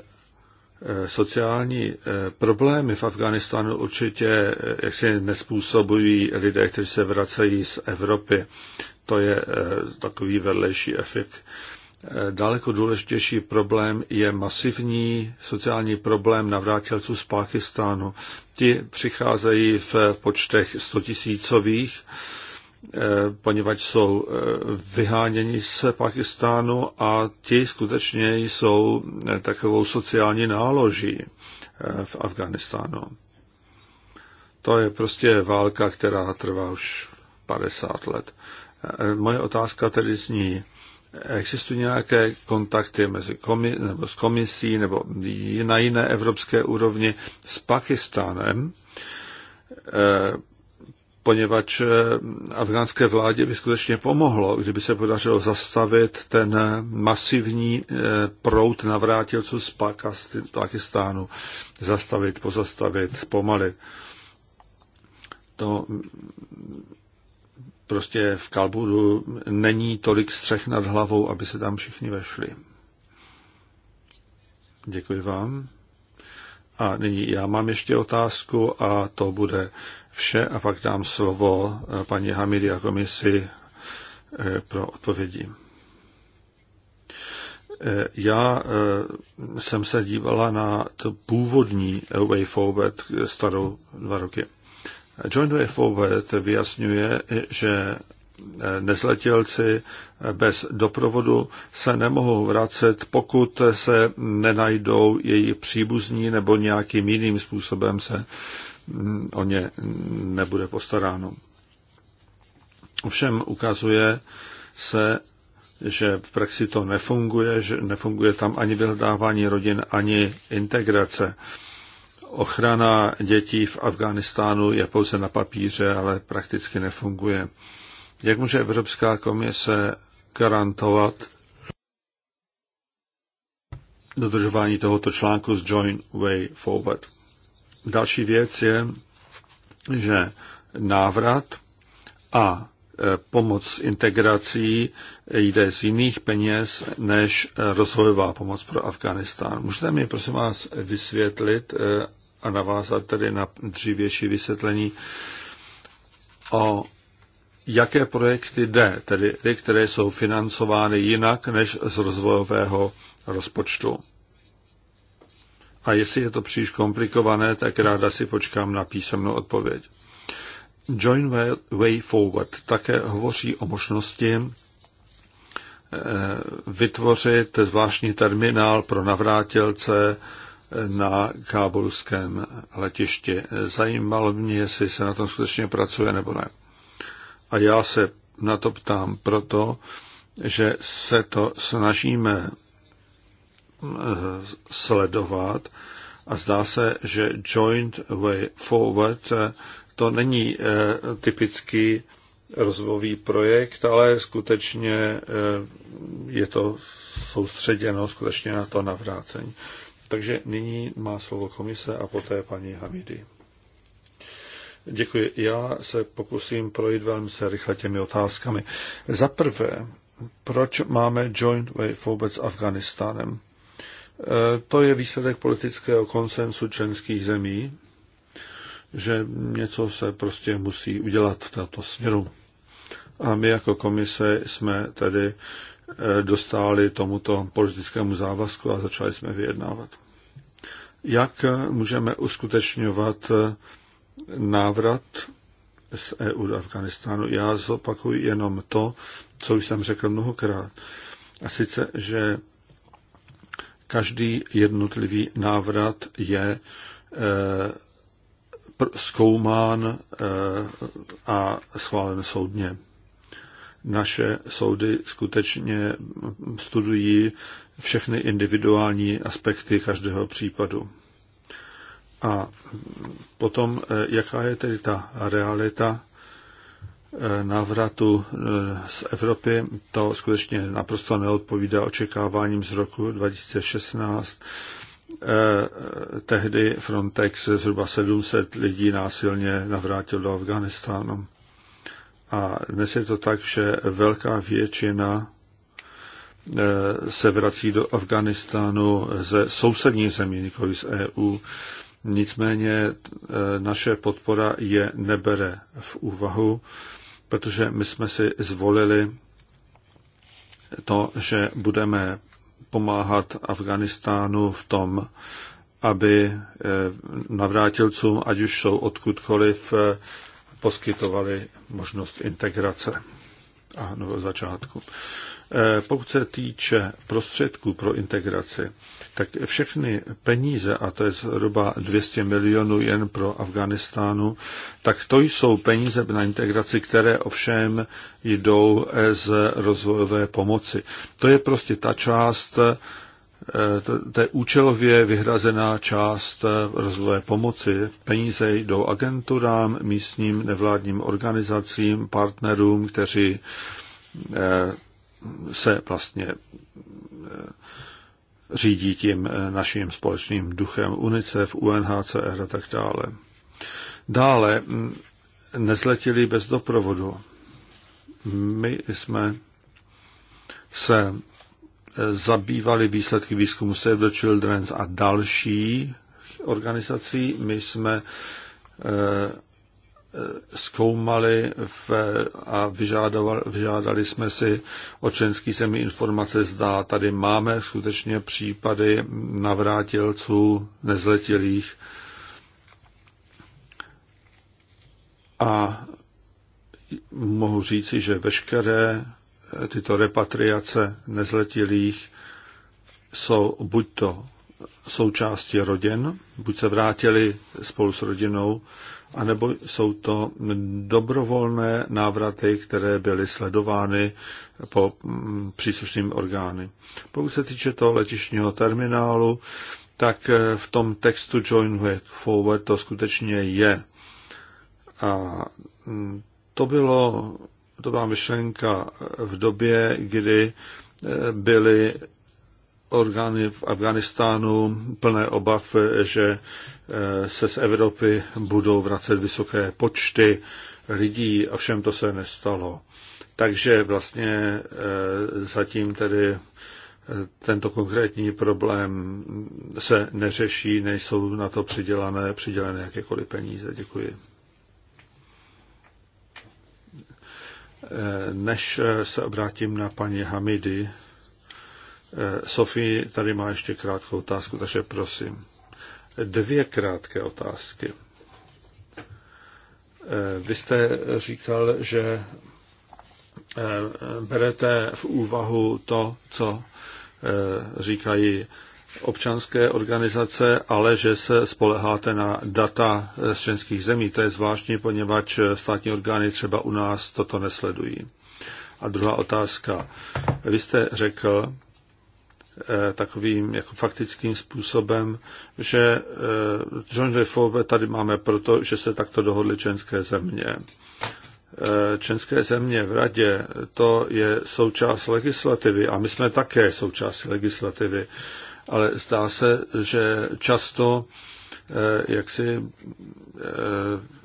sociální problémy v Afganistánu určitě jak si nespůsobují lidé, kteří se vracejí z Evropy. To je takový vedlejší efekt. Eh, daleko důležitější problém je masivní sociální problém navrátilců z Pákistánu. Ti přicházejí v, v počtech 100 tisícových, eh, poněvadž jsou eh, vyháněni z Pakistánu a ti skutečně jsou takovou sociální náloží v Afganistánu. To je prostě válka, která trvá už 50 let. Moje otázka tedy zní, Existují nějaké kontakty mezi komi- nebo s komisí nebo na jiné evropské úrovni s Pakistánem, eh, poněvadž eh, afgánské vládě by skutečně pomohlo, kdyby se podařilo zastavit ten masivní eh, prout navrátilců z Pakistánu, zastavit, pozastavit, zpomalit. To prostě v Kalbudu není tolik střech nad hlavou, aby se tam všichni vešli. Děkuji vám. A nyní já mám ještě otázku a to bude vše a pak dám slovo eh, paní Hamidi a komisi eh, pro odpovědi. Eh, já jsem se dívala na to původní Way Forward starou dva roky. John Way Forward vyjasňuje, že nezletělci bez doprovodu se nemohou vracet, pokud se nenajdou její příbuzní nebo nějakým jiným způsobem se mm, o ně nebude postaráno. Ovšem ukazuje se, že v praxi to nefunguje, že nefunguje tam ani vyhledávání rodin, ani integrace ochrana dětí v Afghánistánu je pouze na papíře, ale prakticky nefunguje. Jak může Evropská komise garantovat dodržování tohoto článku z Joint Way Forward? Další věc je, že návrat a e, pomoc s integrací jde z jiných peněz než rozvojová pomoc pro Afganistán. Můžete mi prosím vás vysvětlit e, a navázat tedy na dřívější vysvětlení, o jaké projekty jde, tedy ty, které jsou financovány jinak než z rozvojového rozpočtu. A jestli je to příliš komplikované, tak ráda si počkám na písemnou odpověď. Join Way Forward také hovoří o možnosti eh, vytvořit zvláštní terminál pro navrátilce na kábulském letišti. Zajímalo mě, jestli se na tom skutečně pracuje nebo ne. A já se na to ptám proto, že se to snažíme eh, sledovat a zdá se, že Joint Way Forward eh, to není eh, typický rozvojový projekt, ale skutečně je to soustředěno skutečně na to navrácení. Takže nyní má slovo komise a poté paní Hamidy. Děkuji. Já se pokusím projít velmi se rychle těmi otázkami. Za prvé, proč máme Joint Way vůbec s Afganistánem? E, to je výsledek politického konsensu členských zemí, že něco se prostě musí udělat v tomto směru. A my jako komise jsme tedy Eh, dostali tomuto politickému závazku a začali jsme vyjednávat. Jak eh, můžeme uskutečňovat eh, návrat z EU do Afganistánu? Já zopakuji jenom to, co už jsem řekl mnohokrát. A sice, že každý jednotlivý návrat je zkoumán a schválen soudně naše soudy skutečně studují všechny individuální aspekty každého případu. A potom, eh, jaká je tedy ta realita eh, návratu eh, z Evropy, to skutečně naprosto neodpovídá očekáváním z roku 2016. Tehdy Frontex zhruba 700 lidí násilně navrátil do Afganistánu. A dnes je to tak, že velká většina eh, se vrací do Afganistánu ze sousední zemí, nikoli z EU. Nicméně eh, naše podpora je nebere v úvahu, protože my jsme si zvolili to, že budeme pomáhat Afganistánu v tom, aby eh, navrátilcům, ať už jsou odkudkoliv, poskytovaly možnost integrace a nového začátku. Eh, pokud se týče prostředků pro integraci, tak všechny peníze, a to je zhruba 200 milionů jen pro Afganistánu, tak to jsou peníze na integraci, které ovšem jdou eh, z rozvojové pomoci. To je prostě ta část Eh, to, to je účelově vyhrazená část eh, rozvoje pomoci. Peníze jdou agenturám, místním nevládním organizacím, partnerům, kteří eh, se vlastně řídí tím naším společným duchem UNICEF, UNHCR a tak dále. Dále hm, nezletili bez doprovodu. My jsme se zabývali výsledky výzkumu Save the Children a další organizací. My jsme eh, eh, zkoumali v, a vyžádali jsme si o členský zemí informace, zda tady máme skutečně případy navrátilců nezletilých. A mohu říci, že veškeré tyto repatriace nezletilých jsou buď to součástí rodin, buď se vrátili spolu s rodinou, anebo jsou to dobrovolné návraty, které byly sledovány po mm, příslušným orgány. Pokud se týče toho letišního terminálu, tak eh, v tom textu Join with Forward to skutečně je. A mm, to bylo to byla myšlenka v době, kdy eh, byly orgány v Afganistánu plné obav, že eh, se z Evropy budou vracet vysoké počty lidí a všem to se nestalo. Takže vlastně eh, zatím tedy tento konkrétní problém se neřeší, nejsou na to přidělané, přidělené jakékoliv peníze. Děkuji. Než se obrátím na paní Hamidy, Sofie tady má ještě krátkou otázku, takže prosím. Dvě krátké otázky. Vy jste říkal, že eh, berete v úvahu to, co eh, říkají občanské organizace, ale že se spoleháte na data z členských zemí. To je zvláštní, poněvadž státní orgány třeba u nás toto nesledují. A druhá otázka. Vy jste řekl eh, takovým jako faktickým způsobem, že eh, John Refobe tady máme proto, že se takto dohodly členské země. Eh, členské země v radě, to je součást legislativy a my jsme také součástí legislativy ale zdá se, že často eh, jak si eh,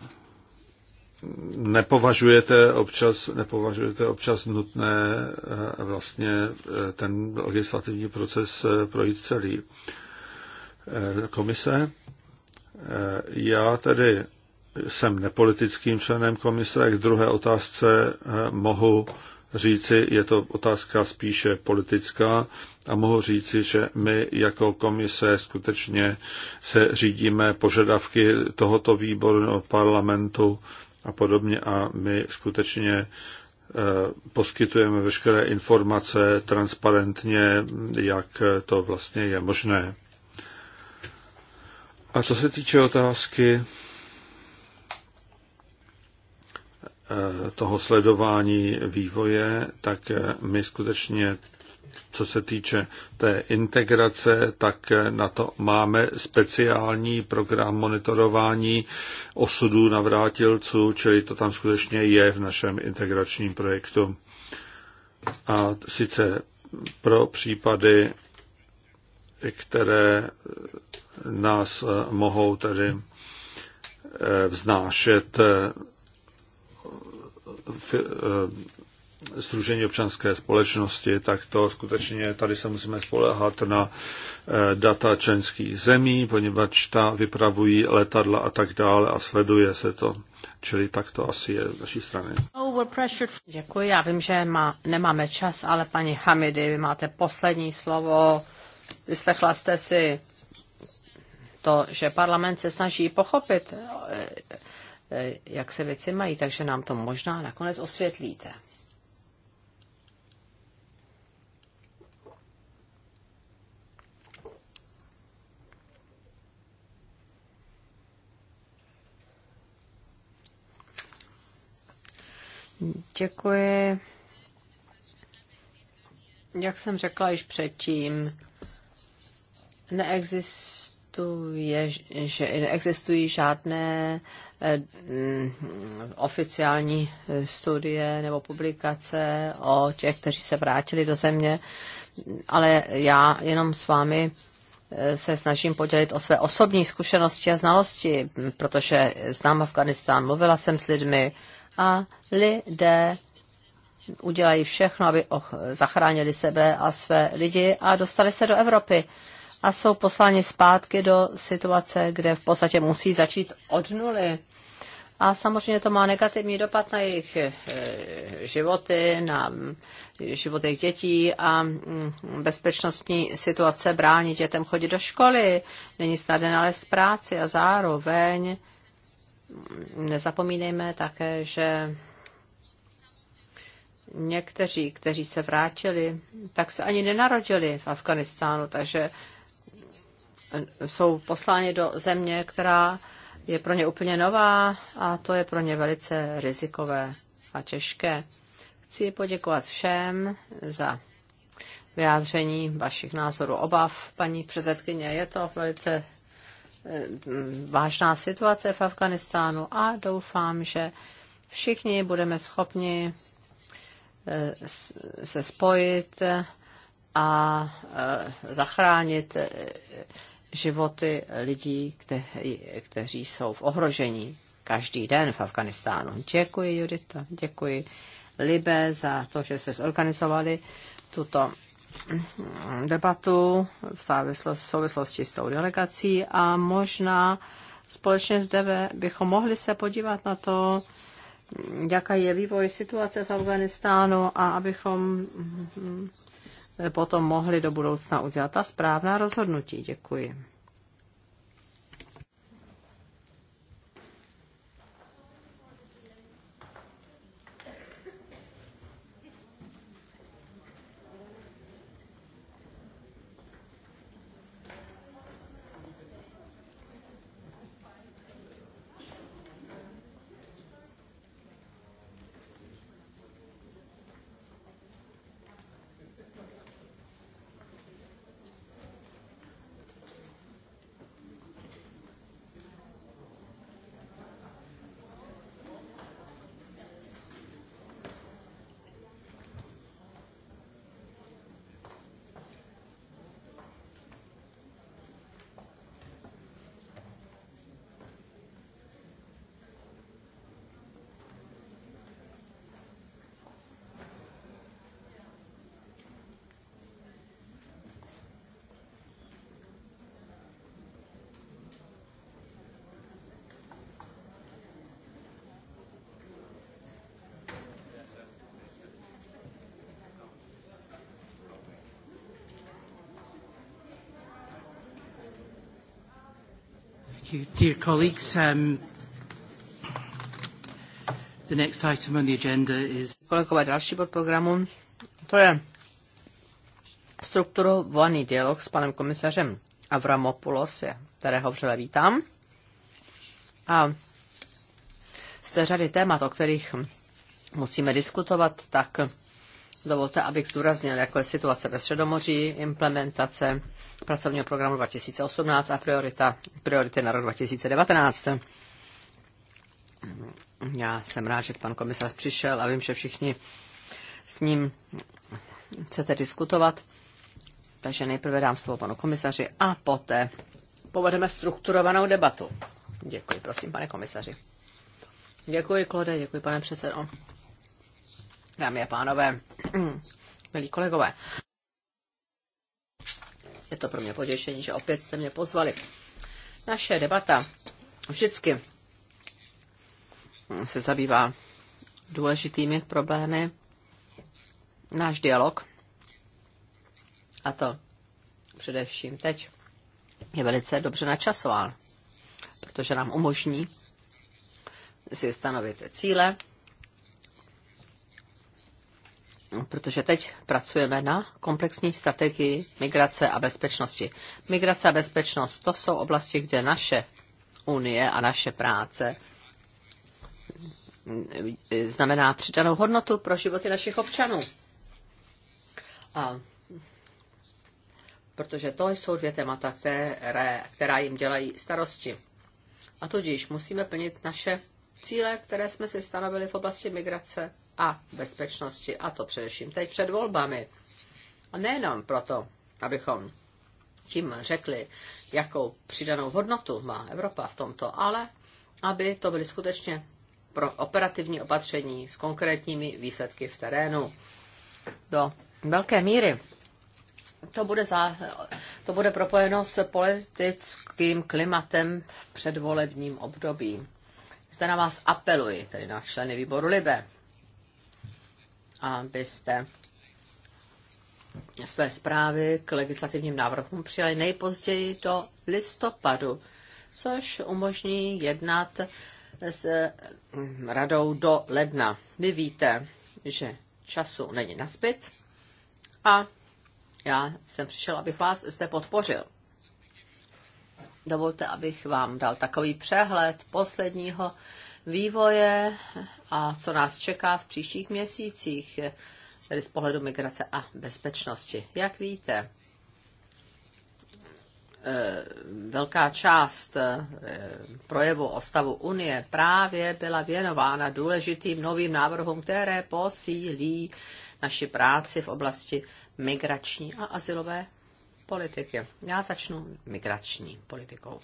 nepovažujete občas, nepovažujete občas nutné eh, vlastně ten legislativní proces projít celý. Komise. Já tedy jsem nepolitickým členem komise. K druhé otázce mohu říci, je to otázka spíše politická a mohu říci, že my jako komise skutečně se řídíme požadavky tohoto výboru parlamentu a podobně a my skutečně eh, poskytujeme veškeré informace transparentně, jak to vlastně je možné. A co se týče otázky eh, toho sledování vývoje, tak eh, my skutečně co se týče té integrace, tak na to máme speciální program monitorování osudů navrátilců, čili to tam skutečně je v našem integračním projektu. A sice pro případy, které nás mohou tedy eh, vznášet eh, eh, Združení občanské společnosti, tak to skutečně tady se musíme spolehat na eh, data členských zemí, poněvadž ta vypravují letadla a tak dále a sleduje se to. Čili tak to asi je z naší strany. Děkuji, já vím, že má, nemáme čas, ale paní Hamidy, vy máte poslední slovo. Vyslechla jste si to, že parlament se snaží pochopit, eh, eh, jak se věci mají, takže nám to možná nakonec osvětlíte. Děkuji. Jak jsem řekla již předtím, neexistuje, že, neexistují žádné eh, mm, oficiální eh, studie nebo publikace o těch, kteří se vrátili do země, ale já jenom s vámi eh, se snažím podělit o své osobní zkušenosti a znalosti, protože znám Afganistán, mluvila jsem s lidmi, a lidé udělají všechno, aby och, zachránili sebe a své lidi a dostali se do Evropy. A jsou posláni zpátky do situace, kde v podstatě musí začít od nuly. A samozřejmě to má negativní dopad na jejich eh, životy, na eh, život jejich dětí a mm, bezpečnostní situace brání dětem chodit do školy, není snadné nalézt práci a zároveň nezapomínejme také, že někteří, kteří se vrátili, tak se ani nenarodili v Afganistánu, takže jsou posláni do země, která je pro ně úplně nová a to je pro ně velice rizikové a těžké. Chci poděkovat všem za vyjádření vašich názorů obav, paní předsedkyně. Je to velice Eh, vážná situace v Afganistánu a doufám, že všichni budeme schopni eh, se spojit a eh, zachránit životy lidí, kteří, jsou v ohrožení každý den v Afganistánu. Děkuji, Judita, děkuji Libe za to, že se zorganizovali tuto debatu v, závislost, v souvislosti s tou delegací a možná společně s DEVE bychom mohli se podívat na to, jaká je vývoj situace v Afganistánu a abychom mm, mm, potom mohli do budoucna udělat ta správná rozhodnutí. Děkuji. you, dear colleagues. Um, the next item on the agenda is... Kolegové, další bod programu, to je strukturovaný dialog s panem komisařem Avramopoulosem, kterého vřele vítám. A z té řady témat, o kterých musíme diskutovat, tak Dovolte, abych zdůraznil, jako je situace ve Středomoří, implementace pracovního programu 2018 a priorita, priority na rok 2019. Já jsem rád, že pan komisař přišel a vím, že všichni s ním chcete diskutovat. Takže nejprve dám slovo panu komisaři a poté povedeme strukturovanou debatu. Děkuji, prosím, pane komisaři. Děkuji, Klode, děkuji, pane předsedo dámy a pánové, milí kolegové. Je to pro mě potěšení, že opět jste mě pozvali. Naše debata vždycky se zabývá důležitými problémy. Náš dialog, a to především teď, je velice dobře načasován, protože nám umožní si stanovit cíle, No, protože teď pracujeme na komplexní strategii migrace a bezpečnosti. Migrace a bezpečnost to jsou oblasti, kde naše unie a naše práce mm, znamená přidanou hodnotu pro životy našich občanů. A protože to jsou dvě témata, které, která jim dělají starosti. A tudíž musíme plnit naše cíle, které jsme si stanovili v oblasti migrace a bezpečnosti, a to především teď před volbami. A nejenom proto, abychom tím řekli, jakou přidanou hodnotu má Evropa v tomto, ale aby to byly skutečně pro operativní opatření s konkrétními výsledky v terénu. Do velké míry to bude, za, to bude propojeno s politickým klimatem v předvolebním období. Zde na vás apeluji, tedy na členy výboru Libe, abyste své zprávy k legislativním návrhům přijali nejpozději do listopadu, což umožní jednat s mm, radou do ledna. Vy víte, že času není nazbyt a já jsem přišel, abych vás zde podpořil. Dovolte, abych vám dal takový přehled posledního vývoje a co nás čeká v příštích měsících, tedy z pohledu migrace a bezpečnosti. Jak víte, eh, velká část eh, projevu o stavu Unie právě byla věnována důležitým novým návrhům, které posílí naši práci v oblasti migrační a asilové politiky. Já začnu migrační politikou.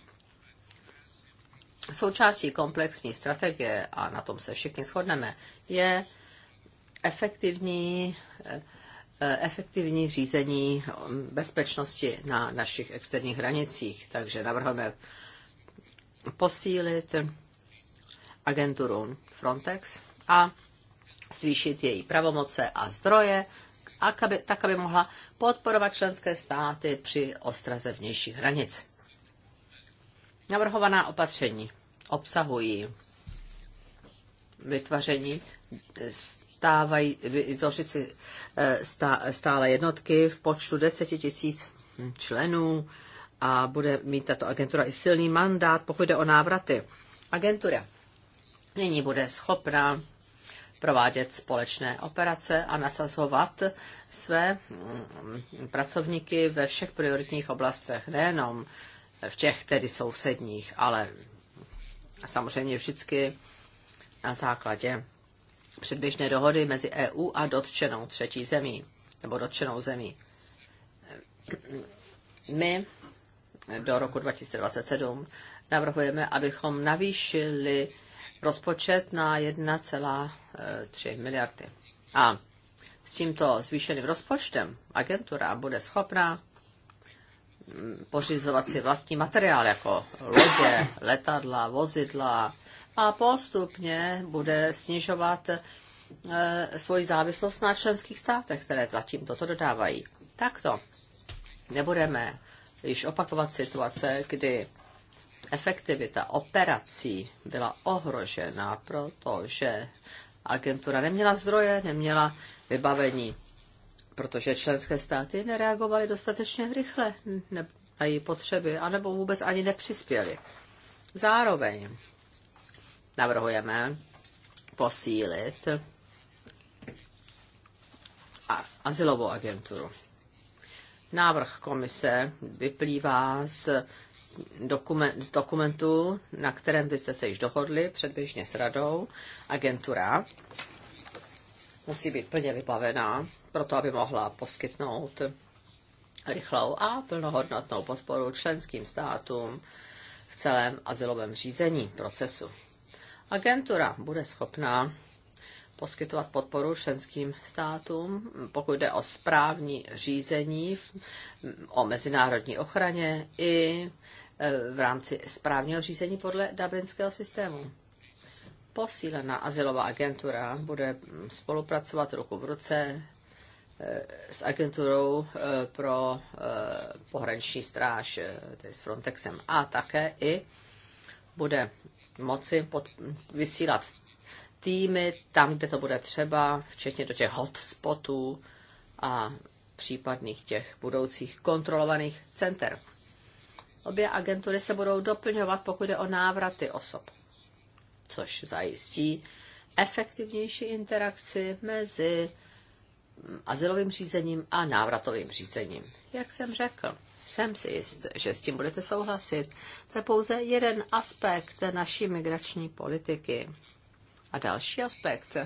Součástí komplexní strategie, a na tom se všichni shodneme, je efektivní, eh, efektivní řízení bezpečnosti na našich externích hranicích. Takže navrhujeme posílit agenturu Frontex a zvýšit její pravomoce a zdroje, a aby, tak, aby mohla podporovat členské státy při ostraze vnějších hranic. Navrhovaná opatření obsahují vytvaření stávají, vytvořit si eh, stále jednotky v počtu 10 tisíc členů a bude mít tato agentura i silný mandát, pokud jde o návraty. Agentura nyní bude schopna provádět společné operace a nasazovat své mm, pracovníky ve všech prioritních oblastech, nejenom v těch tedy sousedních, ale samozřejmě vždycky na základě předběžné dohody mezi EU a dotčenou třetí zemí, nebo dotčenou zemí. My do roku 2027 navrhujeme, abychom navýšili rozpočet na 1,3 miliardy. A s tímto zvýšeným rozpočtem agentura bude schopná pořizovat si vlastní materiál, jako lodě, letadla, vozidla a postupně bude snižovat e, svoji závislost na členských státech, které zatím toto dodávají. Takto nebudeme již opakovat situace, kdy efektivita operací byla ohrožena, protože agentura neměla zdroje, neměla vybavení protože členské státy nereagovaly dostatečně rychle na její potřeby, anebo vůbec ani nepřispěly. Zároveň navrhujeme posílit asilovou agenturu. Návrh komise vyplývá z, dokument, z dokumentu, na kterém byste se již dohodli předběžně s radou. Agentura musí být plně vybavená proto aby mohla poskytnout rychlou a plnohodnotnou podporu členským státům v celém asilovém řízení procesu. Agentura bude schopná poskytovat podporu členským státům, pokud jde o správní řízení, o mezinárodní ochraně i e, v rámci správního řízení podle dublinského systému. Posílená asilová agentura bude spolupracovat ruku v ruce s agenturou eh, pro eh, pohraniční stráž, eh, tedy s Frontexem. A také i bude moci pod, vysílat týmy tam, kde to bude třeba, včetně do těch hotspotů a případných těch budoucích kontrolovaných center. Obě agentury se budou doplňovat, pokud jde o návraty osob, což zajistí efektivnější interakci mezi azylovým řízením a návratovým řízením. Jak jsem řekl, jsem si jist, že s tím budete souhlasit. To je pouze jeden aspekt naší migrační politiky. A další aspekt,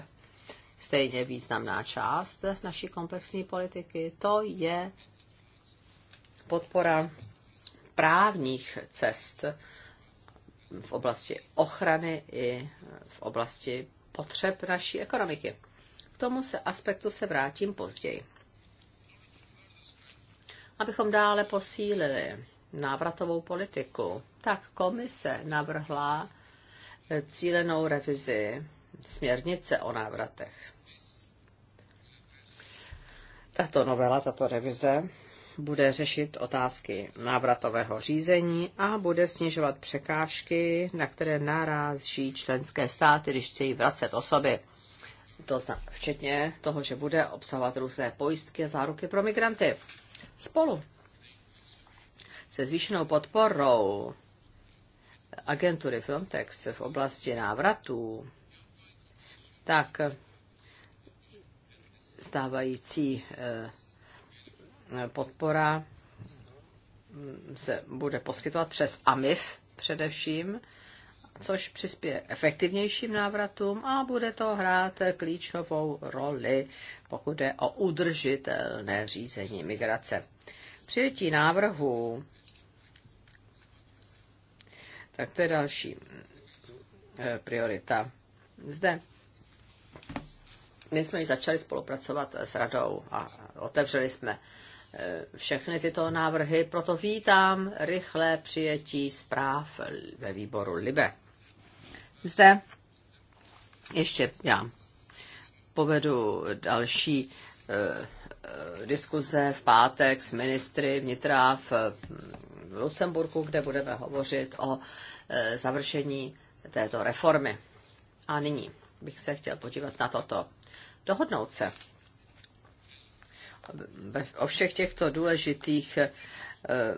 stejně významná část naší komplexní politiky, to je podpora právních cest v oblasti ochrany i v oblasti potřeb naší ekonomiky. K tomu se aspektu se vrátím později. Abychom dále posílili návratovou politiku, tak komise navrhla eh, cílenou revizi směrnice o návratech. Tato novela, tato revize bude řešit otázky návratového řízení a bude snižovat překážky, na které naráží členské státy, když chtějí vracet osoby to zna, včetně toho, že bude obsahovat různé pojistky a záruky pro migranty. Spolu se zvýšenou podporou agentury Frontex v oblasti návratů, tak stávající eh, podpora mm, se bude poskytovat přes AMIF především, což přispěje efektivnějším návratům a bude to hrát klíčovou roli, pokud je o udržitelné řízení migrace. Přijetí návrhu, tak to je další e, priorita. Zde my jsme ji začali spolupracovat s radou a otevřeli jsme e, všechny tyto návrhy, proto vítám rychlé přijetí zpráv ve výboru LIBE. Zde ještě já povedu další eh, eh, diskuze v pátek s ministry vnitra v Lucemburku, kde budeme hovořit o eh, završení této reformy. A nyní bych se chtěl podívat na toto. Dohodnout se o všech těchto důležitých Eh,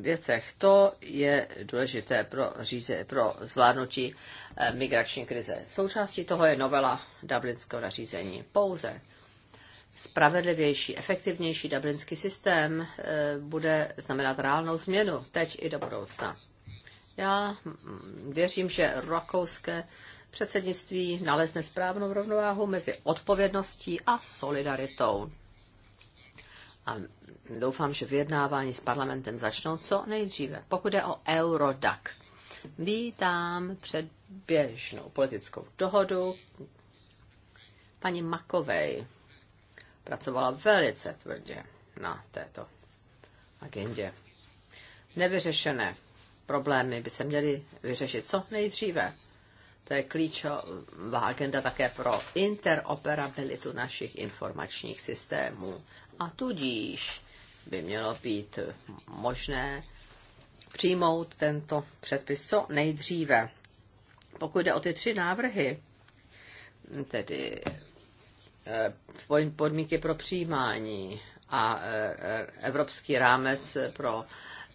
věcech. To je důležité pro, říze, pro zvládnutí eh, migrační krize. Součástí toho je novela dublinského nařízení. Pouze spravedlivější, efektivnější dublinský systém eh, bude znamenat reálnou změnu teď i do budoucna. Já mm, věřím, že rakouské předsednictví nalezne správnou rovnováhu mezi odpovědností a solidaritou a doufám, že vyjednávání s parlamentem začnou co nejdříve. Pokud je o Eurodac, vítám předběžnou politickou dohodu paní Makovej. Pracovala velice tvrdě na této agendě. Nevyřešené problémy by se měly vyřešit co nejdříve. To je klíčová agenda také pro interoperabilitu našich informačních systémů a tudíž by mělo být možné přijmout tento předpis co nejdříve. Pokud jde o ty tři návrhy, tedy eh, podmínky pro přijímání a eh, eh, evropský rámec pro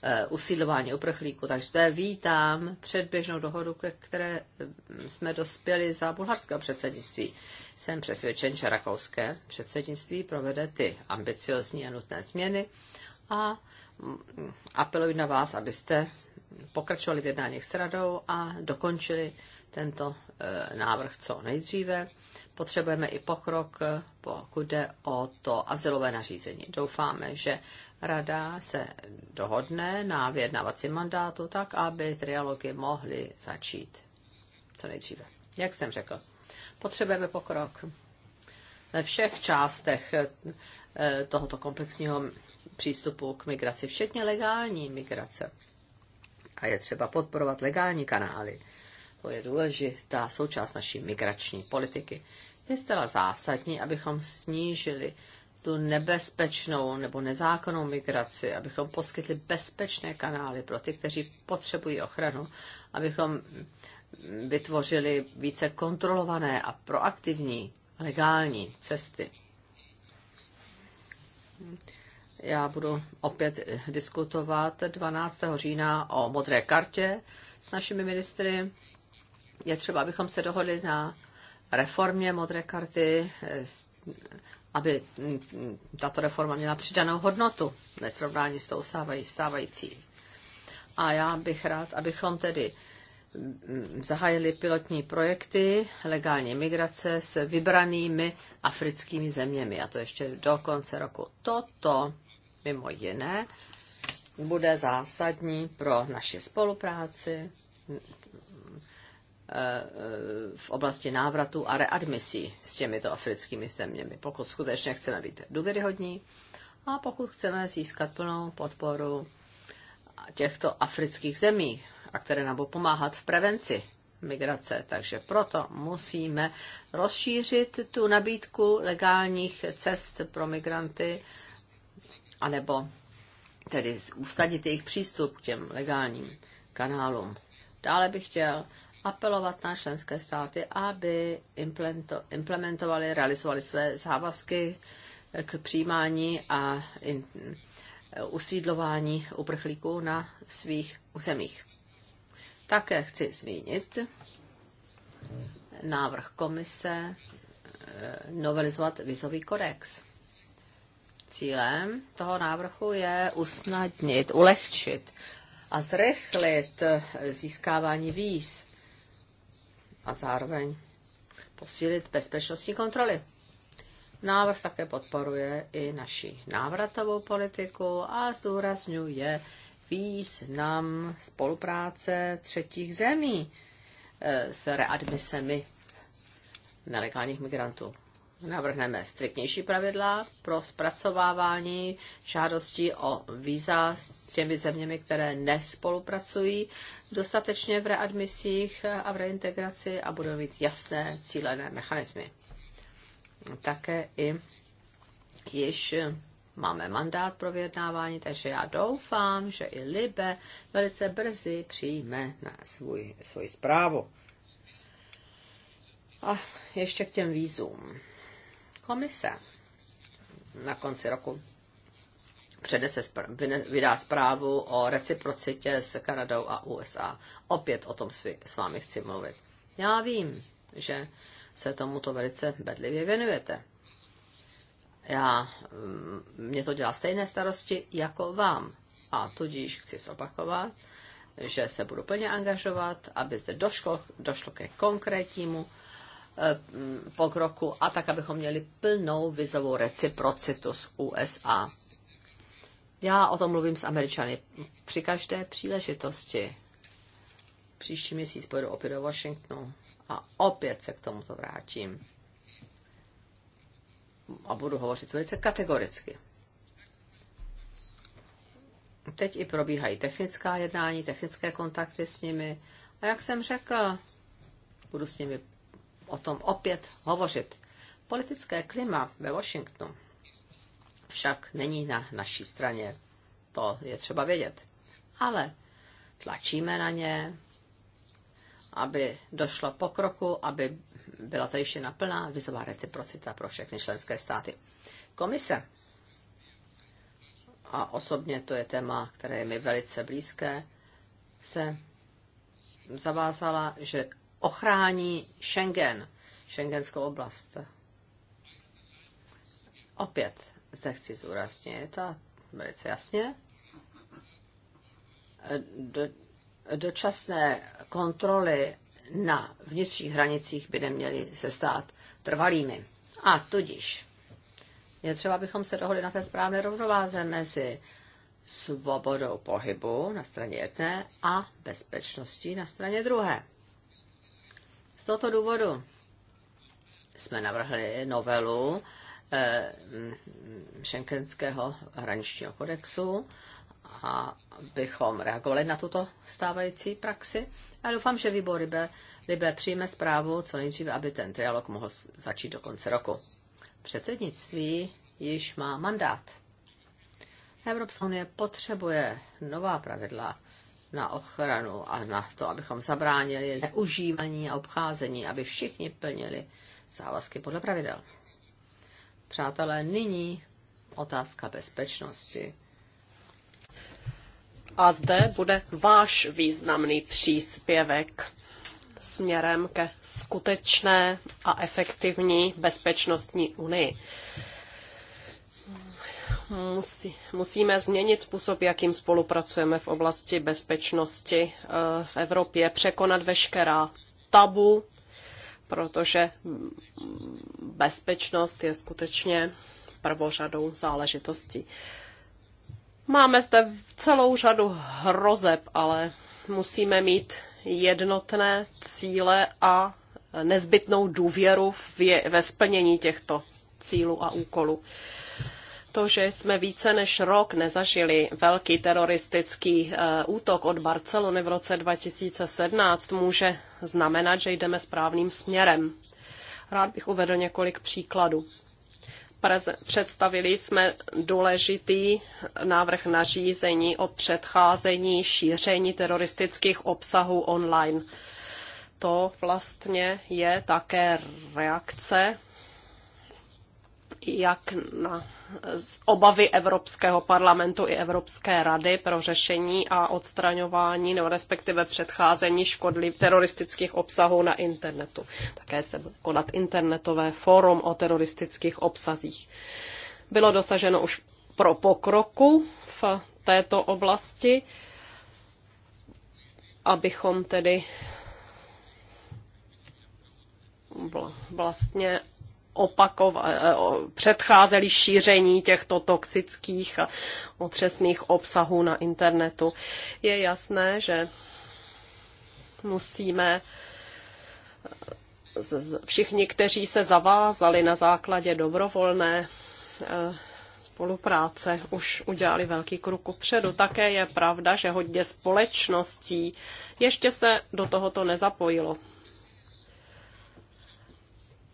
Eh, usídlování uprchlíků. Takže zde vítám předběžnou dohodu, ke které mm, jsme dospěli za bulharského předsednictví. Jsem přesvědčen, že rakouské předsednictví provede ty ambiciozní a nutné změny a mm, apeluji na vás, abyste pokračovali v jednáních s radou a dokončili tento eh, návrh co nejdříve. Potřebujeme i pokrok, eh, pokud jde o to asilové nařízení. Doufáme, že rada se dohodne na vyjednavacím mandátu tak, aby trialogy mohly začít co nejdříve. Jak jsem řekl, potřebujeme pokrok ve všech částech eh, tohoto komplexního přístupu k migraci, včetně legální migrace. A je třeba podporovat legální kanály. To je důležitá součást naší migrační politiky. Je zcela zásadní, abychom snížili tu nebezpečnou nebo nezákonnou migraci, abychom poskytli bezpečné kanály pro ty, kteří potřebují ochranu, abychom vytvořili více kontrolované a proaktivní legální cesty. Já budu opět diskutovat 12. října o modré kartě s našimi ministry. Je třeba, abychom se dohodli na reformě modré karty aby mm, mm, tato reforma měla přidanou hodnotu ve srovnání s tou stávající. A já bych rád, abychom tedy mm, zahájili pilotní projekty legální migrace s vybranými africkými zeměmi, a to ještě do konce roku. Toto, mimo jiné, bude zásadní pro naši spolupráci Eh, v oblasti návratu a readmisí s těmito africkými zeměmi, pokud skutečně chceme být důvěryhodní a pokud chceme získat plnou podporu těchto afrických zemí, a které nám budou pomáhat v prevenci migrace. Takže proto musíme rozšířit tu nabídku legálních cest pro migranty, anebo tedy usadit jejich přístup k těm legálním kanálům. Dále bych chtěl apelovat na členské státy, aby implementovali, realizovali své závazky k přijímání a usídlování uprchlíků na svých územích. Také chci zmínit návrh komise eh, novelizovat vizový kodex. Cílem toho návrhu je usnadnit, ulehčit a zrychlit eh, získávání víz a zároveň posílit bezpečnostní kontroly. Návrh také podporuje i naši návratovou politiku a zdůrazňuje význam spolupráce třetích zemí eh, s readmisemi nelegálních migrantů. Navrhneme striktnější pravidla pro zpracovávání žádostí o víza s těmi zeměmi, které nespolupracují dostatečně v readmisích a v reintegraci a budou mít jasné cílené mechanismy. Také i již máme mandát pro vyjednávání, takže já doufám, že i Libe velice brzy přijme na svůj, svůj zprávu. A ještě k těm vízům. Komise na konci roku se vydá zprávu o reciprocitě s Kanadou a USA. Opět o tom s, s vámi chci mluvit. Já vím, že se tomuto velice bedlivě věnujete. Já, mm, mě to dělá stejné starosti jako vám. A tudíž chci zopakovat, že se budu plně angažovat, aby zde došlo, došlo ke konkrétnímu Eh, pokroku a tak, abychom měli plnou vizovou reciprocitu s USA. Já o tom mluvím s Američany při každé příležitosti. Příští měsíc pojedu opět do Washingtonu a opět se k tomuto vrátím. A budu hovořit velice kategoricky. Teď i probíhají technická jednání, technické kontakty s nimi. A jak jsem řekl, budu s nimi o tom opět hovořit. Politické klima ve Washingtonu však není na naší straně. To je třeba vědět. Ale tlačíme na ně, aby došlo pokroku, aby byla zajištěna plná vizová reciprocita pro všechny členské státy. Komise. A osobně to je téma, které je mi velice blízké, se zavázala, že ochrání Schengen, Schengenskou oblast. Opět zde chci zúraznit a velice jasně. Do, dočasné kontroly na vnitřních hranicích by neměly se stát trvalými. A tudíž je třeba, abychom se dohodli na té správné rovnováze mezi svobodou pohybu na straně jedné a bezpečností na straně druhé. Z tohoto důvodu jsme navrhli novelu Schengenského eh, mm, hraničního kodexu, a bychom reagovali na tuto stávající praxi. A doufám, že výbor Libe, Libe přijme zprávu co nejdříve, aby ten trialog mohl začít do konce roku. Předsednictví již má mandát. Evropská unie potřebuje nová pravidla na ochranu a na to, abychom zabránili užívání a obcházení, aby všichni plnili závazky podle pravidel. Přátelé, nyní otázka bezpečnosti. A zde bude váš významný příspěvek směrem ke skutečné a efektivní bezpečnostní unii musí, musíme změnit způsob, jakým spolupracujeme v oblasti bezpečnosti eh, v Evropě, překonat veškerá tabu, protože bezpečnost je skutečně prvořadou záležitostí. Máme zde celou řadu hrozeb, ale musíme mít jednotné cíle a nezbytnou důvěru ve splnění těchto cílů a úkolů to, že jsme více než rok nezažili velký teroristický eh, útok od Barcelony v roce 2017, může znamenat, že jdeme správným směrem. Rád bych uvedl několik příkladů představili jsme důležitý návrh nařízení o předcházení šíření teroristických obsahů online. To vlastně je také reakce jak na z obavy Evropského parlamentu i Evropské rady pro řešení a odstraňování nebo respektive předcházení škodlivých teroristických obsahů na internetu. Také se bude konat internetové fórum o teroristických obsazích. Bylo dosaženo už pro pokroku v této oblasti, abychom tedy vlastně opakova, eh, předcházeli šíření těchto toxických a otřesných obsahů na internetu. Je jasné, že musíme eh, všichni, kteří se zavázali na základě dobrovolné eh, spolupráce, už udělali velký krok předu. Také je pravda, že hodně společností ještě se do tohoto nezapojilo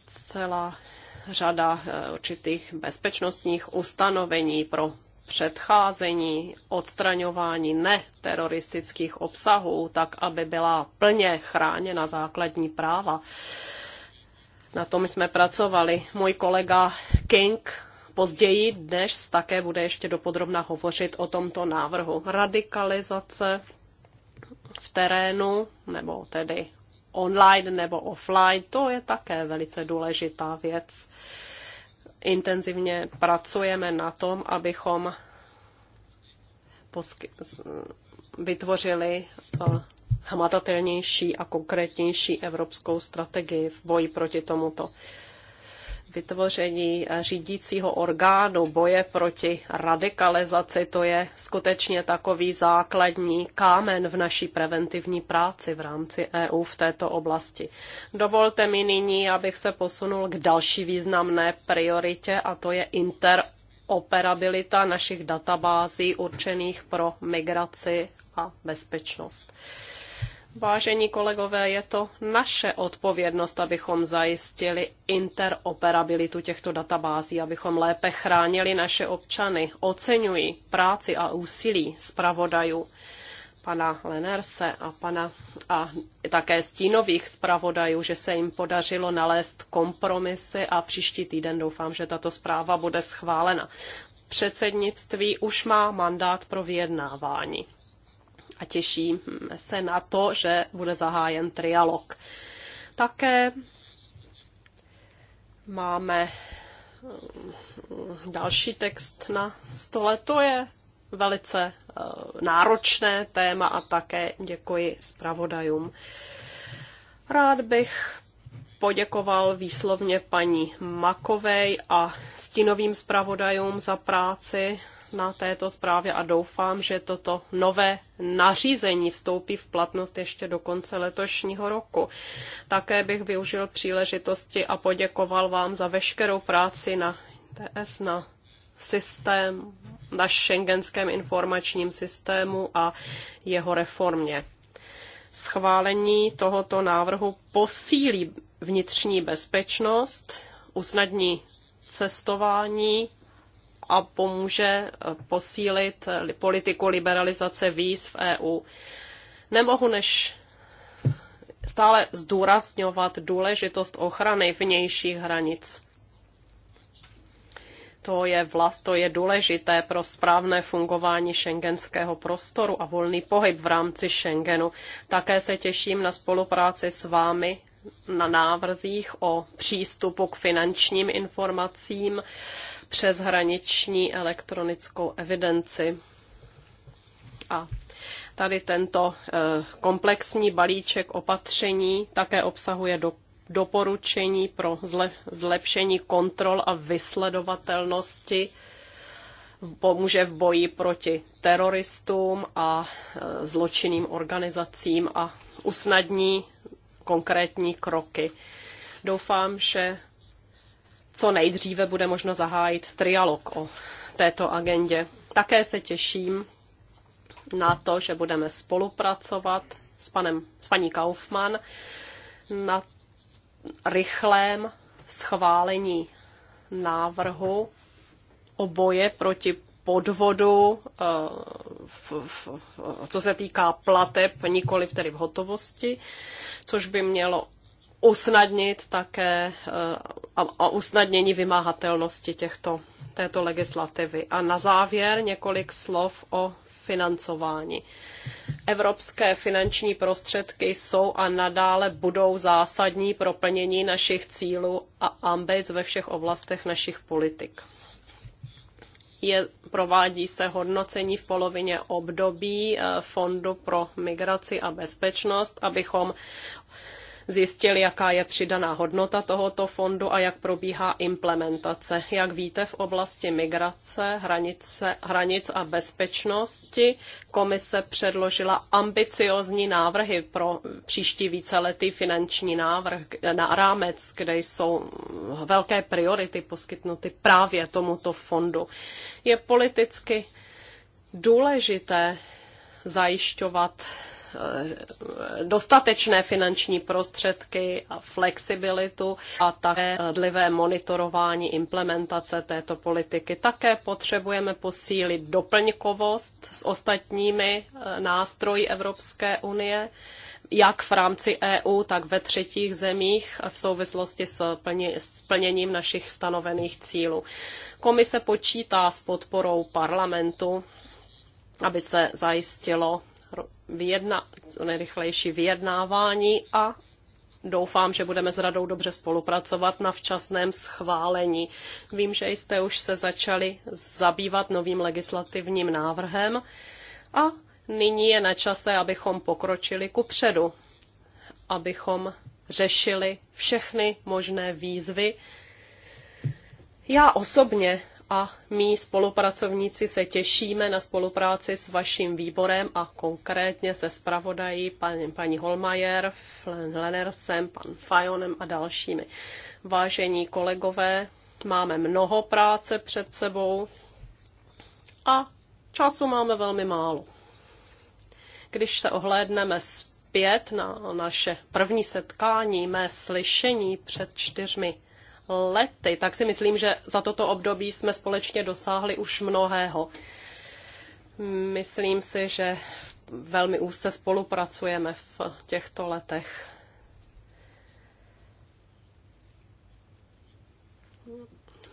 celá řada eh, určitých bezpečnostních ustanovení pro předcházení, odstraňování neteroristických obsahů, tak aby byla plně chráněna základní práva. Na tom jsme pracovali. Můj kolega King později dnes také bude ještě dopodrobna hovořit o tomto návrhu radikalizace v terénu, nebo tedy online nebo offline, to je také velice důležitá věc. Intenzivně pracujeme na tom, abychom vytvořili eh, hmatatelnější a konkrétnější evropskou strategii v boji proti tomuto vytvoření řídícího orgánu boje proti radikalizaci, to je skutečně takový základní kámen v naší preventivní práci v rámci EU v této oblasti. Dovolte mi nyní, abych se posunul k další významné prioritě, a to je interoperabilita našich databází určených pro migraci a bezpečnost. Vážení kolegové, je to naše odpovědnost, abychom zajistili interoperabilitu těchto databází, abychom lépe chránili naše občany. Oceňuji práci a úsilí zpravodajů pana Lenerse a pana a také stínových zpravodajů, že se jim podařilo nalézt kompromisy a příští týden doufám, že tato zpráva bude schválena. Předsednictví už má mandát pro vyjednávání a těšíme se na to, že bude zahájen trialog. Také máme eh, další text na stole. To je velice eh, náročné téma a také děkuji zpravodajům. Rád bych poděkoval výslovně paní Makovej a stinovým zpravodajům za práci na této zprávě a doufám, že toto nové nařízení vstoupí v platnost ještě do konce letošního roku. Také bych využil příležitosti a poděkoval vám za veškerou práci na TS, na systém, na šengenském informačním systému a jeho reformě. Schválení tohoto návrhu posílí vnitřní bezpečnost, usnadní cestování a pomůže eh, posílit politiku liberalizace víz v EU. Nemohu než stále zdůrazňovat důležitost ochrany vnějších hranic. To je vlast, to je důležité pro správné fungování šengenského prostoru a volný pohyb v rámci Schengenu. Také se těším na spolupráci s vámi na návrzích o přístupu k finančním informacím hraniční elektronickou evidenci. A tady tento eh, komplexní balíček opatření také obsahuje do doporučení pro zlepšení kontrol a vysledovatelnosti pomůže v boji proti teroristům a eh, zločinným organizacím a usnadní konkrétní kroky. Doufám, že co nejdříve bude možno zahájit trialog o této agendě. Také se těším na to, že budeme spolupracovat s, panem, s paní Kaufmann na rychlém schválení návrhu o boje proti podvodu, eh, co se týká plateb, nikoli tedy v hotovosti, což by mělo usnadnit také eh, a, usnadnění vymáhatelnosti těchto, této legislativy. A na závěr několik slov o financování. Evropské finanční prostředky jsou a nadále budou zásadní pro plnění našich cílů a ambic ve všech oblastech našich politik. Je, provádí se hodnocení v polovině období eh, Fondu pro migraci a bezpečnost, abychom zjistil, jaká je přidaná hodnota tohoto fondu a jak probíhá implementace. Jak víte, v oblasti migrace, hranice, hranic a bezpečnosti komise předložila ambiciozní návrhy pro příští víceletý finanční návrh na rámec, kde jsou velké priority poskytnuty právě tomuto fondu. Je politicky důležité zajišťovat Eh, dostatečné finanční prostředky a flexibilitu a také dlivé monitorování implementace této politiky. Také potřebujeme posílit doplňkovost s ostatními eh, nástroji Evropské unie jak v rámci EU, tak ve třetích zemích v souvislosti s, plně, s plněním našich stanovených cílů. Komise počítá s podporou parlamentu, aby se zajistilo vyjedna, co nejrychlejší vyjednávání a Doufám, že budeme s radou dobře spolupracovat na včasném schválení. Vím, že jste už se začali zabývat novým legislativním návrhem a nyní je na čase, abychom pokročili ku předu, abychom řešili všechny možné výzvy. Já osobně a my spolupracovníci se těšíme na spolupráci s vaším výborem a konkrétně se spravodají paní, paní Holmajer, Lenersem, pan Fajonem a dalšími. Vážení kolegové, máme mnoho práce před sebou a času máme velmi málo. Když se ohlédneme zpět na naše první setkání, mé slyšení před čtyřmi lety, tak si myslím, že za toto období jsme společně dosáhli už mnohého. Myslím si, že velmi úzce spolupracujeme v těchto letech.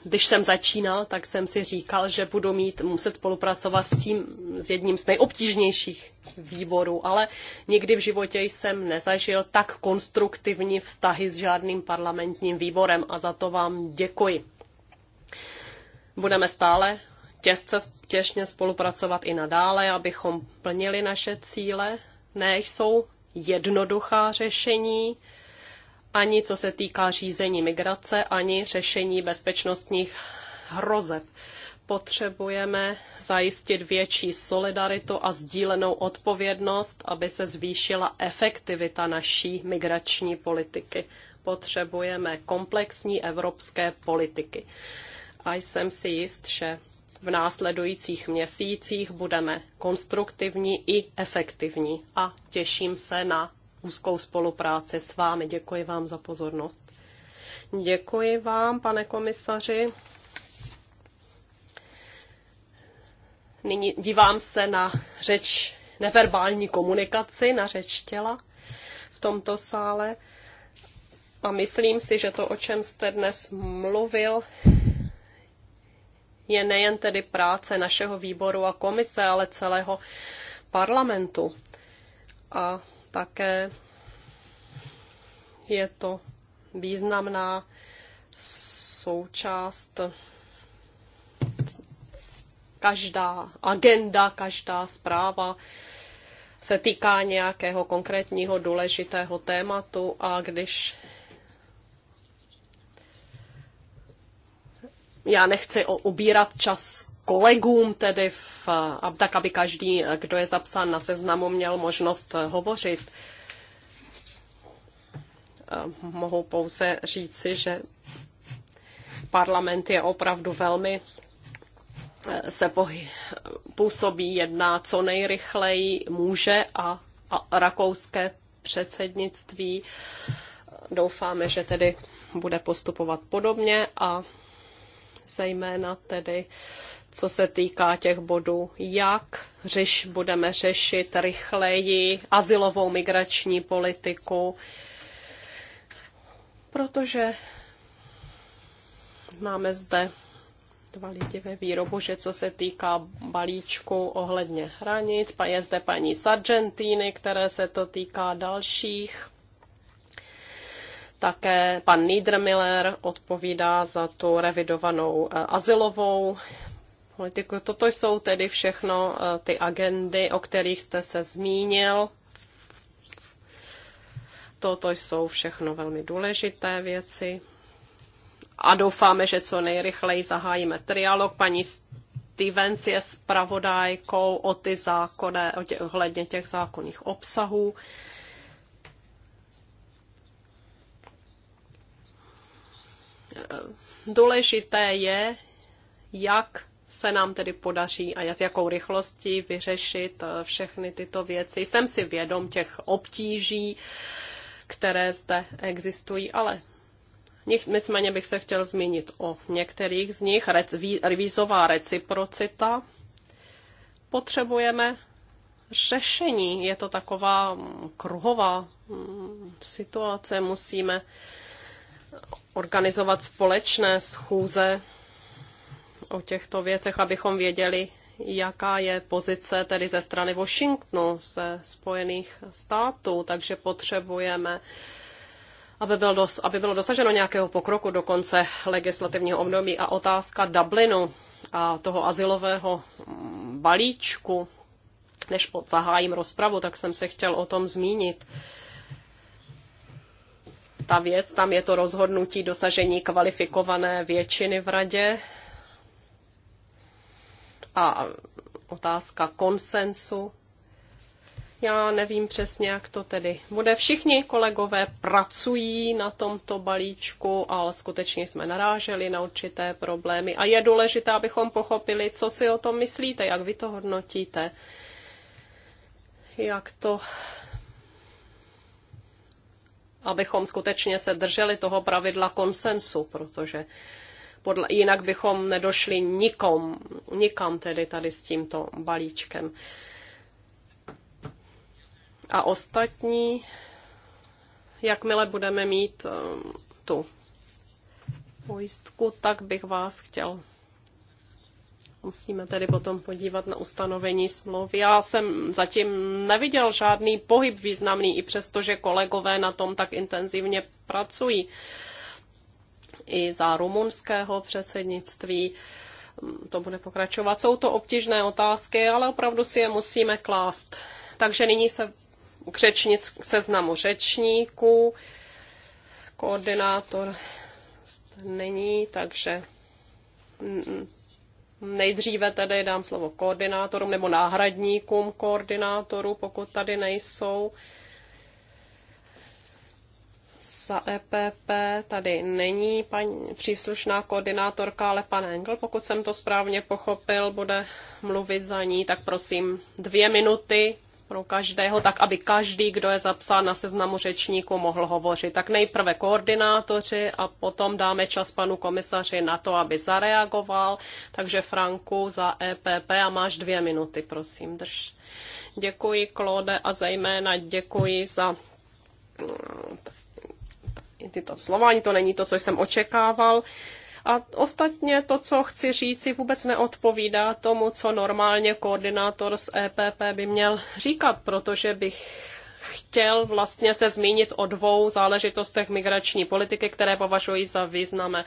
když jsem začínal, tak jsem si říkal, že budu mít, muset spolupracovat s tím, s jedním z nejobtížnějších výborů, ale nikdy v životě jsem nezažil tak konstruktivní vztahy s žádným parlamentním výborem a za to vám děkuji. Budeme stále těžce, těžně spolupracovat i nadále, abychom plnili naše cíle. než jsou jednoduchá řešení, ani co se týká řízení migrace, ani řešení bezpečnostních hrozeb. Potřebujeme zajistit větší solidaritu a sdílenou odpovědnost, aby se zvýšila efektivita naší migrační politiky. Potřebujeme komplexní evropské politiky. A jsem si jist, že v následujících měsících budeme konstruktivní i efektivní a těším se na úzkou spolupráci s vámi. Děkuji vám za pozornost. Děkuji vám, pane komisaři. Nyní dívám se na řeč neverbální komunikaci, na řeč těla v tomto sále. A myslím si, že to, o čem jste dnes mluvil, je nejen tedy práce našeho výboru a komise, ale celého parlamentu. A také je to významná součást každá agenda, každá zpráva se týká nějakého konkrétního důležitého tématu a když já nechci ubírat čas kolegům tedy, v, tak aby každý, kdo je zapsán na seznamu, měl možnost hovořit. Mohu pouze říci, že parlament je opravdu velmi e, se pohy, působí, jedná co nejrychleji může a, a rakouské předsednictví doufáme, že tedy bude postupovat podobně a zejména tedy co se týká těch bodů, jak řeš, budeme řešit rychleji asilovou migrační politiku, protože máme zde dva lidi ve výrobu, že co se týká balíčku ohledně hranic, pa je zde paní Sargentiny, které se to týká dalších. Také pan Niedermiller odpovídá za tu revidovanou eh, asilovou politiku. Toto jsou tedy všechno eh, ty agendy, o kterých jste se zmínil. Toto jsou všechno velmi důležité věci. A doufáme, že co nejrychleji zahájíme trialog. Paní Stevens je spravodajkou o ty zákony, ohledně těch zákonných obsahů. Eh, důležité je, jak se nám tedy podaří a s jakou rychlostí vyřešit eh, všechny tyto věci. Jsem si vědom těch obtíží, které zde existují, ale nicméně bych se chtěl zmínit o některých z nich. Vízová reciprocita. Potřebujeme řešení. Je to taková mm, kruhová mm, situace. Musíme organizovat společné schůze o těchto věcech, abychom věděli, jaká je pozice tedy ze strany Washingtonu, ze Spojených států, takže potřebujeme aby, byl dos, aby bylo dosaženo nějakého pokroku do konce legislativního období a otázka Dublinu a toho asilového balíčku, než zahájím rozpravu, tak jsem se chtěl o tom zmínit. Ta věc, tam je to rozhodnutí dosažení kvalifikované většiny v radě, a otázka konsensu. Já nevím přesně, jak to tedy bude. Všichni kolegové pracují na tomto balíčku, ale skutečně jsme naráželi na určité problémy. A je důležité, abychom pochopili, co si o tom myslíte, jak vy to hodnotíte, jak to abychom skutečně se drželi toho pravidla konsensu, protože podle, jinak bychom nedošli nikom, nikam tedy tady s tímto balíčkem. A ostatní, jakmile budeme mít um, tu pojistku, tak bych vás chtěl musíme tedy potom podívat na ustanovení smluv. Já jsem zatím neviděl žádný pohyb významný, i přesto, že kolegové na tom tak intenzivně pracují i za rumunského předsednictví. To bude pokračovat. Jsou to obtížné otázky, ale opravdu si je musíme klást. Takže nyní se k řečnic, k seznamu řečníků. Koordinátor není, takže Nejdříve tedy dám slovo koordinátorům nebo náhradníkům koordinátorů, pokud tady nejsou za EPP tady není paní příslušná koordinátorka, ale pan Engel, pokud jsem to správně pochopil, bude mluvit za ní, tak prosím dvě minuty pro každého, tak aby každý, kdo je zapsán na seznamu řečníků, mohl hovořit. Tak nejprve koordinátoři a potom dáme čas panu komisaři na to, aby zareagoval. Takže Franku za EPP a máš dvě minuty, prosím, drž. Děkuji, Klode, a zejména děkuji za tyto slova, ani to není to, co jsem očekával. A ostatně to, co chci říci, vůbec neodpovídá tomu, co normálně koordinátor z EPP by měl říkat, protože bych chtěl vlastně se zmínit o dvou záležitostech migrační politiky, které považuji za významné.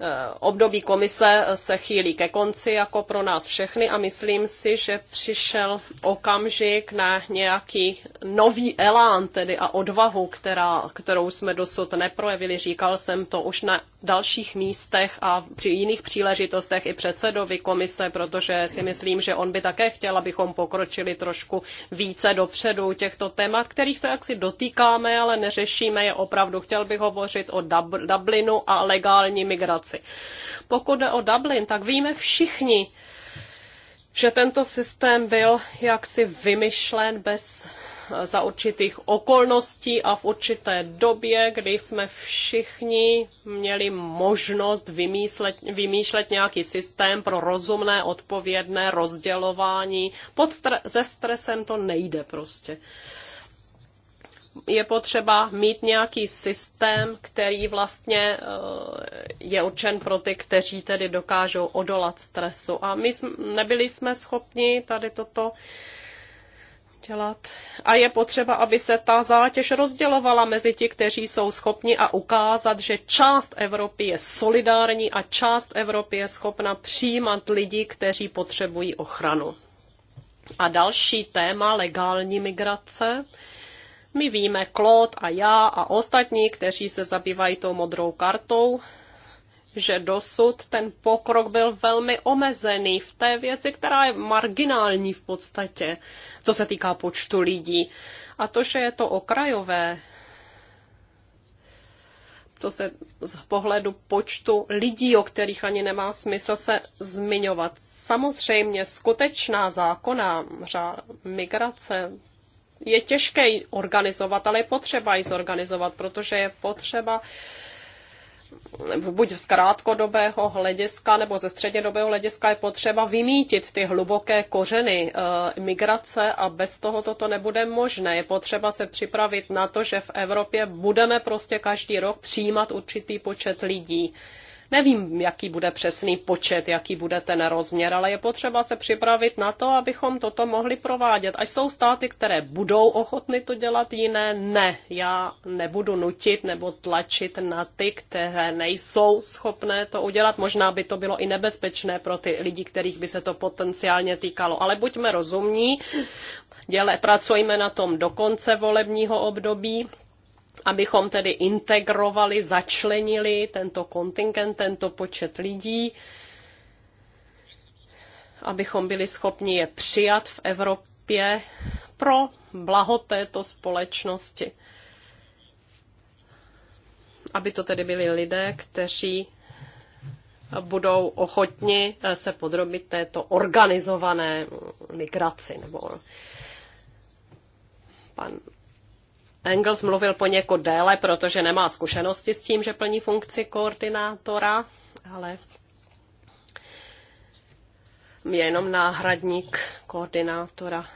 Eh, období komise se chýlí ke konci, jako pro nás všechny, a myslím si, že přišel okamžik na nějaký nový elán tedy a odvahu, která, kterou jsme dosud neprojevili. Říkal jsem to už na dalších místech a při jiných příležitostech i předsedovi komise, protože si myslím, že on by také chtěl, abychom pokročili trošku více dopředu těchto témat, kterých se jaksi dotýkáme, ale neřešíme je opravdu. Chtěl bych hovořit o Dublinu a legální migraci práci. Pokud jde o Dublin, tak víme všichni, že tento systém byl jaksi vymyšlen bez eh, za určitých okolností a v určité době, kdy jsme všichni měli možnost vymýšlet, vymýšlet nějaký systém pro rozumné, odpovědné rozdělování. Pod stre- se stresem to nejde prostě je potřeba mít nějaký systém, který vlastně eh, je určen pro ty, kteří tedy dokážou odolat stresu. A my nebyli jsme schopni tady toto dělat. A je potřeba, aby se ta zátěž rozdělovala mezi ti, kteří jsou schopni a ukázat, že část Evropy je solidární a část Evropy je schopna přijímat lidi, kteří potřebují ochranu. A další téma legální migrace my víme, Claude a já a ostatní, kteří se zabývají tou modrou kartou, že dosud ten pokrok byl velmi omezený v té věci, která je marginální v podstatě, co se týká počtu lidí. A to, že je to okrajové, co se z pohledu počtu lidí, o kterých ani nemá smysl se zmiňovat. Samozřejmě skutečná zákona migrace, je těžké ji organizovat, ale je potřeba ji zorganizovat, protože je potřeba buď z krátkodobého hlediska nebo ze střednědobého hlediska je potřeba vymítit ty hluboké kořeny e, migrace a bez toho toto nebude možné. Je potřeba se připravit na to, že v Evropě budeme prostě každý rok přijímat určitý počet lidí. Nevím, jaký bude přesný počet, jaký bude ten rozměr, ale je potřeba se připravit na to, abychom toto mohli provádět. Až jsou státy, které budou ochotny to dělat, jiné ne. Já nebudu nutit nebo tlačit na ty, které nejsou schopné to udělat. Možná by to bylo i nebezpečné pro ty lidi, kterých by se to potenciálně týkalo. Ale buďme rozumní, děle, pracujme na tom do konce volebního období abychom tedy integrovali, začlenili tento kontingent, tento počet lidí, abychom byli schopni je přijat v Evropě pro blaho této společnosti. Aby to tedy byli lidé, kteří budou ochotni se podrobit této organizované migraci. Nebo pan Engels mluvil poněkud déle, protože nemá zkušenosti s tím, že plní funkci koordinátora, ale je jenom náhradník koordinátora.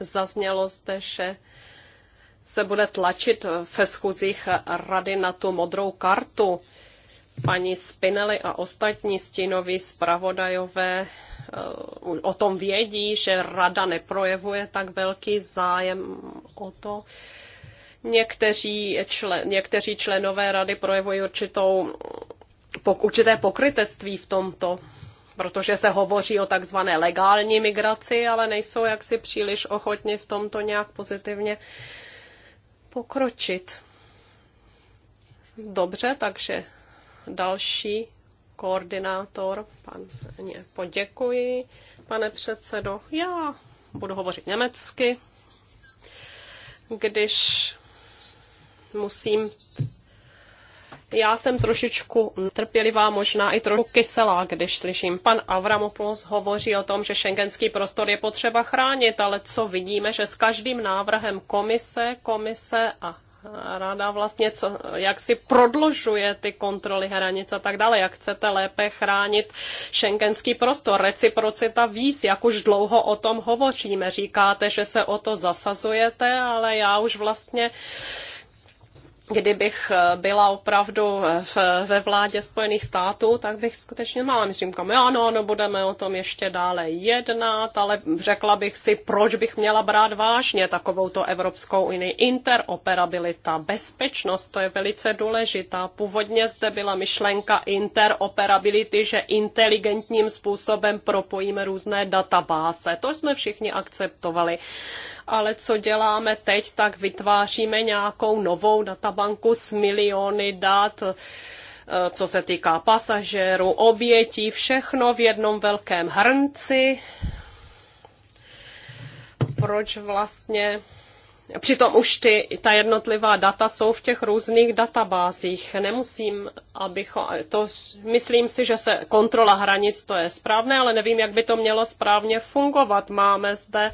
Zaznělo zde, že se bude tlačit ve schůzích rady na tu modrou kartu. Paní Spinelli a ostatní stínoví zpravodajové Uh, o tom vědí, že rada neprojevuje tak velký zájem o to. Někteří, člen, někteří členové rady projevují určitou, určité pokrytectví v tomto, protože se hovoří o takzvané legální migraci, ale nejsou jaksi příliš ochotni v tomto nějak pozitivně pokročit. Dobře, takže další koordinátor. Pan, poděkuji, pane předsedo. Já budu hovořit německy, když musím já jsem trošičku trpělivá, možná i trochu kyselá, když slyším. Pan Avramopoulos hovoří o tom, že šengenský prostor je potřeba chránit, ale co vidíme, že s každým návrhem komise, komise a ráda vlastně, co, jak si prodlužuje ty kontroly hranic a tak dále, jak chcete lépe chránit šengenský prostor, reciprocita víc, jak už dlouho o tom hovoříme. Říkáte, že se o to zasazujete, ale já už vlastně kdybych eh, byla opravdu eh, ve vládě Spojených států, tak bych skutečně měla myslím, kam ano, ano, budeme o tom ještě dále jednat, ale řekla bych si, proč bych měla brát vážně takovouto Evropskou unii. Interoperabilita, bezpečnost, to je velice důležitá. Původně zde byla myšlenka interoperability, že inteligentním způsobem propojíme různé databáze. To jsme všichni akceptovali ale co děláme teď, tak vytváříme nějakou novou databanku s miliony dat, eh, co se týká pasažérů, obětí, všechno v jednom velkém hrnci. Proč vlastně Přitom už ty, ta jednotlivá data jsou v těch různých databázích. Nemusím, abychom, to myslím si, že se kontrola hranic to je správné, ale nevím, jak by to mělo správně fungovat. Máme zde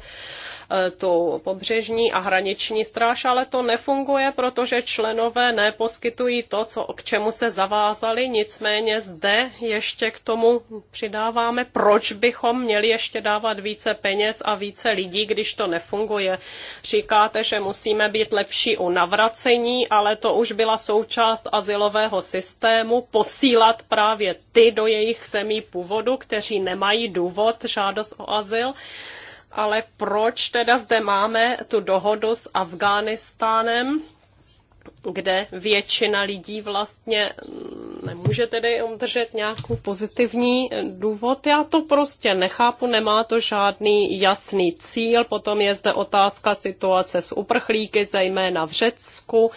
Eh, tu pobřežní a hraniční stráž, ale to nefunguje, protože členové neposkytují to, co, k čemu se zavázali. Nicméně zde ještě k tomu přidáváme, proč bychom měli ještě dávat více peněz a více lidí, když to nefunguje. Říkáte, že musíme být lepší u navracení, ale to už byla součást asilového systému, posílat právě ty do jejich zemí původu, kteří nemají důvod žádost o azyl ale proč teda zde máme tu dohodu s Afghánistánem, kde většina lidí vlastně mm, nemůže tedy udržet nějakou pozitivní důvod. Já to prostě nechápu, nemá to žádný jasný cíl. Potom je zde otázka situace s uprchlíky, zejména v Řecku.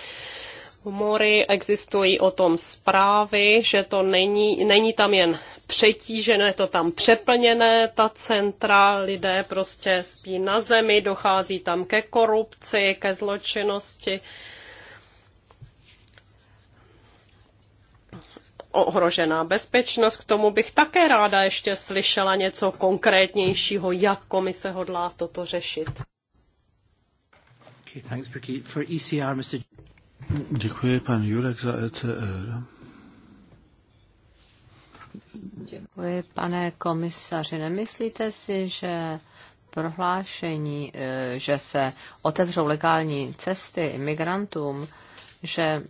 V mori existují o tom zprávy, že to není, není tam jen přetížené, to tam přeplněné, ta centra, lidé prostě spí na zemi, dochází tam ke korupci, ke zločinnosti. ohrožená bezpečnost. K tomu bych také ráda ještě slyšela něco konkrétnějšího, jak komise hodlá toto řešit. Okay, thanks, e Děkuji, pan Jurek za ECR. Děkuji, pane komisaři. Nemyslíte si, že prohlášení, e, že se otevřou legální cesty imigrantům, že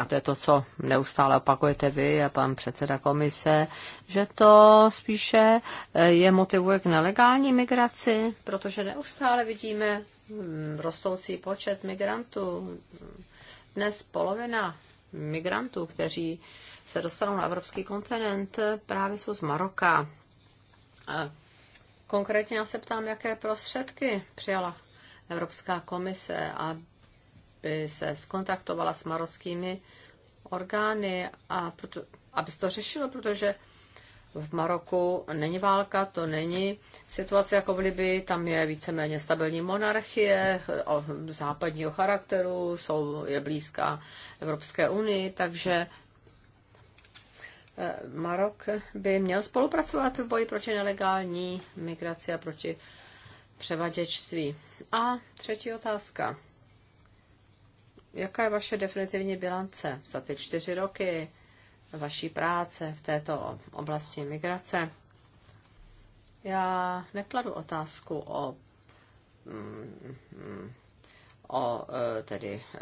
a to je to, co neustále opakujete vy a pan předseda komise, že to spíše e, je motivuje k nelegální migraci, protože neustále vidíme mm, rostoucí počet migrantů. Dnes polovina migrantů, kteří se dostanou na evropský kontinent, právě jsou z Maroka. Konkrétně já se ptám, jaké prostředky přijala Evropská komise, aby se skontaktovala s marockými orgány, a proto, aby se to řešilo, protože v Maroku není válka, to není situace jako v Libii, tam je víceméně stabilní monarchie západního charakteru, jsou, je blízká Evropské unii, takže Eh, Marok by měl spolupracovat v boji proti nelegální migraci a proti převaděčství. A třetí otázka. Jaká je vaše definitivní bilance za ty čtyři roky vaší práce v této oblasti migrace? Já nekladu otázku o, mm, mm, o eh, tedy eh,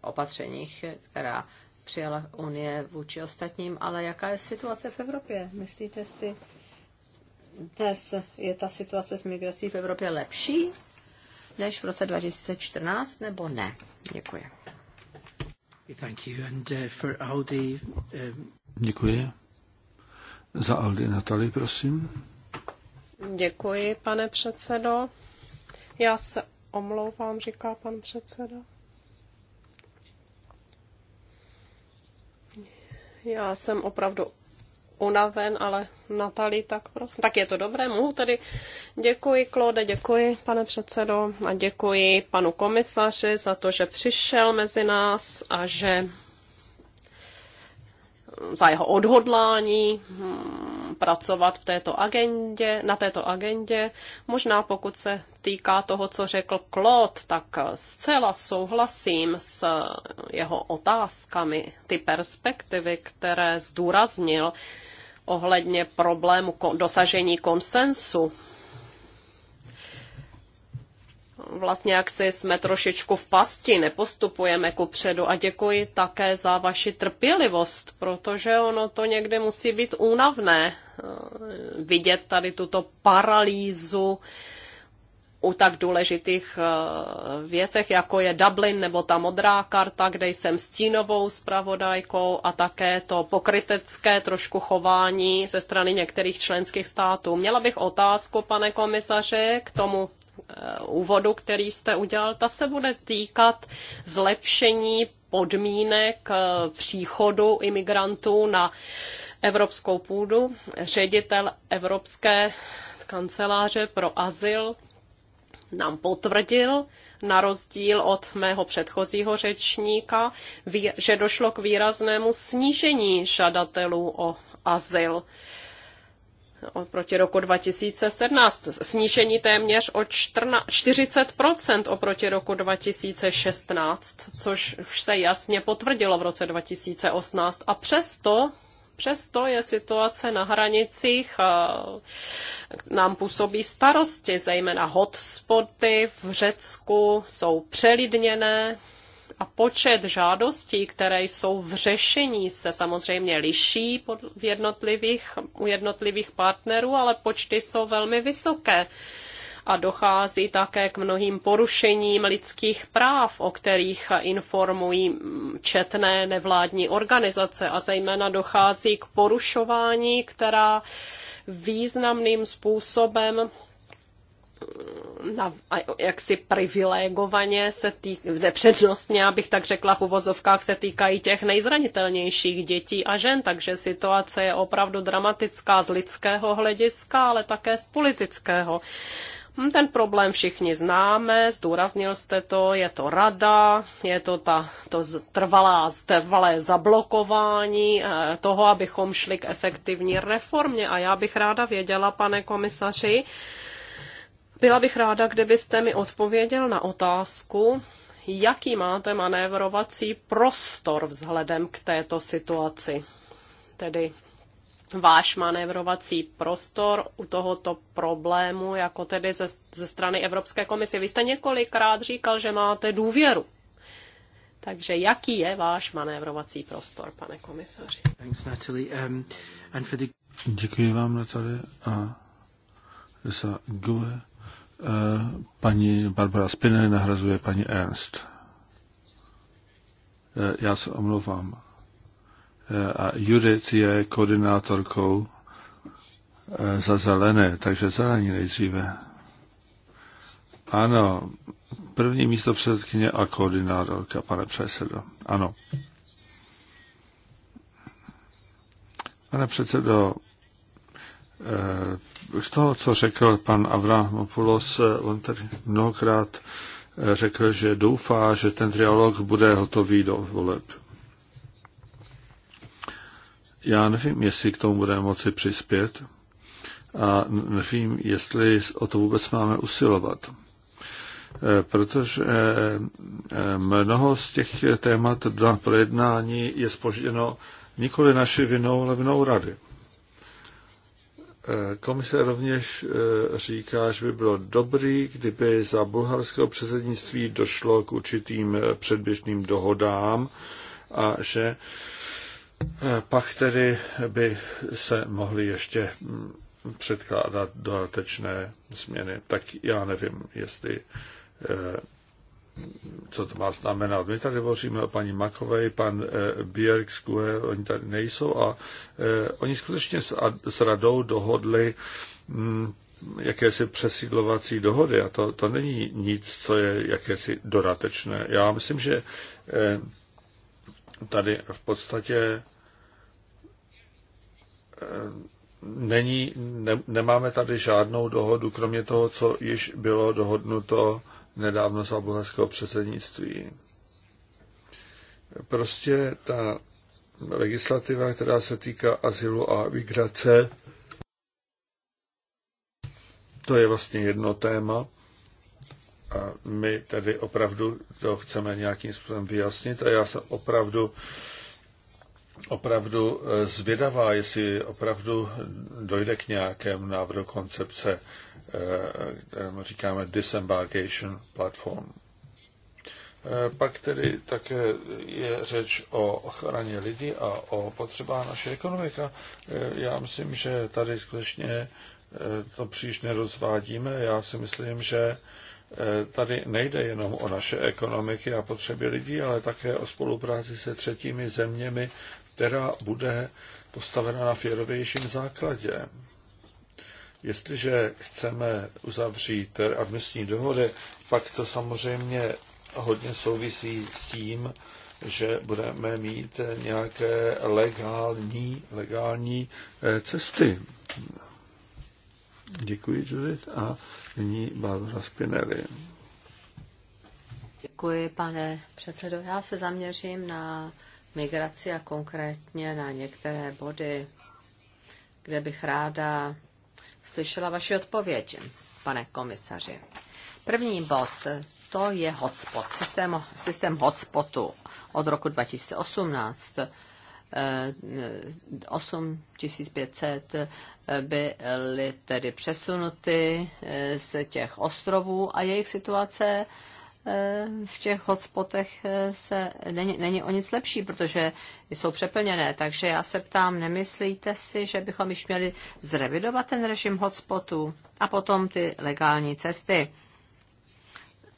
opatřeních, která přijala Unie vůči ostatním, ale jaká je situace v Evropě? Myslíte si, dnes je ta situace s migrací v Evropě lepší než v roce 2014, nebo ne? Děkuji. Thank you. And, uh, for Aldi, um... Děkuji. Za Aldi Natali, prosím. Děkuji, pane předsedo. Já se omlouvám, říká pan předseda. Já jsem opravdu unaven, ale Natali, tak prosím. Tak je to dobré, mohu tady. Děkuji, Klode, děkuji, pane předsedo, a děkuji panu komisaři za to, že přišel mezi nás a že za jeho odhodlání hmm, pracovat v této agendě, na této agendě. Možná pokud se týká toho, co řekl Klot, tak zcela souhlasím s jeho otázkami, ty perspektivy, které zdůraznil ohledně problému dosažení konsensu vlastně jak si jsme trošičku v pasti, nepostupujeme ku předu a děkuji také za vaši trpělivost, protože ono to někdy musí být únavné eh, vidět tady tuto paralýzu u tak důležitých eh, věcech, jako je Dublin nebo ta modrá karta, kde jsem stínovou zpravodajkou a také to pokrytecké trošku chování ze strany některých členských států. Měla bych otázku, pane komisaři, k tomu Eh, úvodu, který jste udělal, ta se bude týkat zlepšení podmínek eh, příchodu imigrantů na evropskou půdu. Ředitel Evropské kanceláře pro azyl nám potvrdil, na rozdíl od mého předchozího řečníka, že došlo k výraznému snížení žadatelů o azyl oproti roku 2017, snížení téměř o 40% oproti roku 2016, což už se jasně potvrdilo v roce 2018. A přesto Přesto je situace na hranicích a nám působí starosti, zejména hotspoty v Řecku jsou přelidněné, a počet žádostí, které jsou v řešení, se samozřejmě liší v jednotlivých, u jednotlivých partnerů, ale počty jsou velmi vysoké. A dochází také k mnohým porušením lidských práv, o kterých informují četné nevládní organizace. A zejména dochází k porušování, která významným způsobem na, jaksi privilegovaně se týk, nepřednostně, abych tak řekla, v uvozovkách se týkají těch nejzranitelnějších dětí a žen, takže situace je opravdu dramatická z lidského hlediska, ale také z politického. Hm, ten problém všichni známe, zdůraznil jste to, je to rada, je to ta, to trvalá, trvalé zablokování eh, toho, abychom šli k efektivní reformě. A já bych ráda věděla, pane komisaři, byla bych ráda, kdybyste mi odpověděl na otázku, jaký máte manévrovací prostor vzhledem k této situaci. Tedy váš manévrovací prostor u tohoto problému, jako tedy ze, ze strany Evropské komise. Vy jste několikrát říkal, že máte důvěru. Takže jaký je váš manévrovací prostor, pane komisaři? Thanks, Natalie. Um, and for the... Děkuji vám, Natalie, a za GUE Eh, paní Barbara Spinner nahrazuje paní Ernst. Eh, já se omlouvám. Eh, a Judith je koordinátorkou za zelené, takže zelení nejdříve. Ano, první místo předsedkyně a koordinátorka, pane předsedo. Ano. Pane předsedo, Eh, z toho, co řekl pan Avramopoulos, eh, on tady mnohokrát eh, řekl, že doufá, že ten dialog bude hotový do voleb. Já nevím, jestli k tomu budeme moci přispět a nevím, jestli o to vůbec máme usilovat. Protože mnoho z těch témat na projednání je spožděno nikoli naši vinou, ale vinou rady. Komise rovněž eh, říká, že by bylo dobrý, kdyby za bulharského předsednictví došlo k určitým eh, předběžným dohodám a že eh, pak tedy by se mohly ještě mm, předkládat dodatečné změny. Tak já nevím, jestli co to má znamenat. My tady hovoříme o paní Makovej, pan eh, Björk z QE, oni tady nejsou a eh, oni skutečně s, s radou dohodli hm, jakési přesídlovací dohody a to, to není nic, co je jakési dodatečné. Já myslím, že eh, tady v podstatě není, ne, nemáme tady žádnou dohodu, kromě toho, co již bylo dohodnuto nedávno za bulharského předsednictví. Prostě ta legislativa, která se týká azylu a migrace, to je vlastně jedno téma. A my tedy opravdu to chceme nějakým způsobem vyjasnit a já jsem opravdu opravdu eh, zvědavá, jestli opravdu dojde k nějakému návrhu koncepce kterému eh, říkáme Disembarkation Platform. Eh, pak tedy také je řeč o ochraně lidí a o potřebách naší ekonomika. Eh, já myslím, že tady skutečně to příliš nerozvádíme. Já si myslím, že tady nejde jenom o naše ekonomiky a potřeby lidí, ale také o spolupráci se třetími zeměmi, která bude postavena na férovějším základě. Jestliže chceme uzavřít admisní dohody, pak to samozřejmě hodně souvisí s tím, že budeme mít nějaké legální, legální eh, cesty. Děkuji, Judith. A nyní Barbara Spinelli. Děkuji, pane předsedo. Já se zaměřím na migraci a konkrétně na některé body, kde bych ráda slyšela vaši odpověď, pane komisaři. První bod, to je hotspot, systém, systém hotspotu od roku 2018. 8500 eh, eh, byly tedy přesunuty eh, z těch ostrovů a jejich situace Eh, v těch hotspotech eh, se není, není o nic lepší, protože jsou přeplněné. Takže já se ptám, nemyslíte si, že bychom již měli zrevidovat ten režim hotspotů a potom ty legální cesty?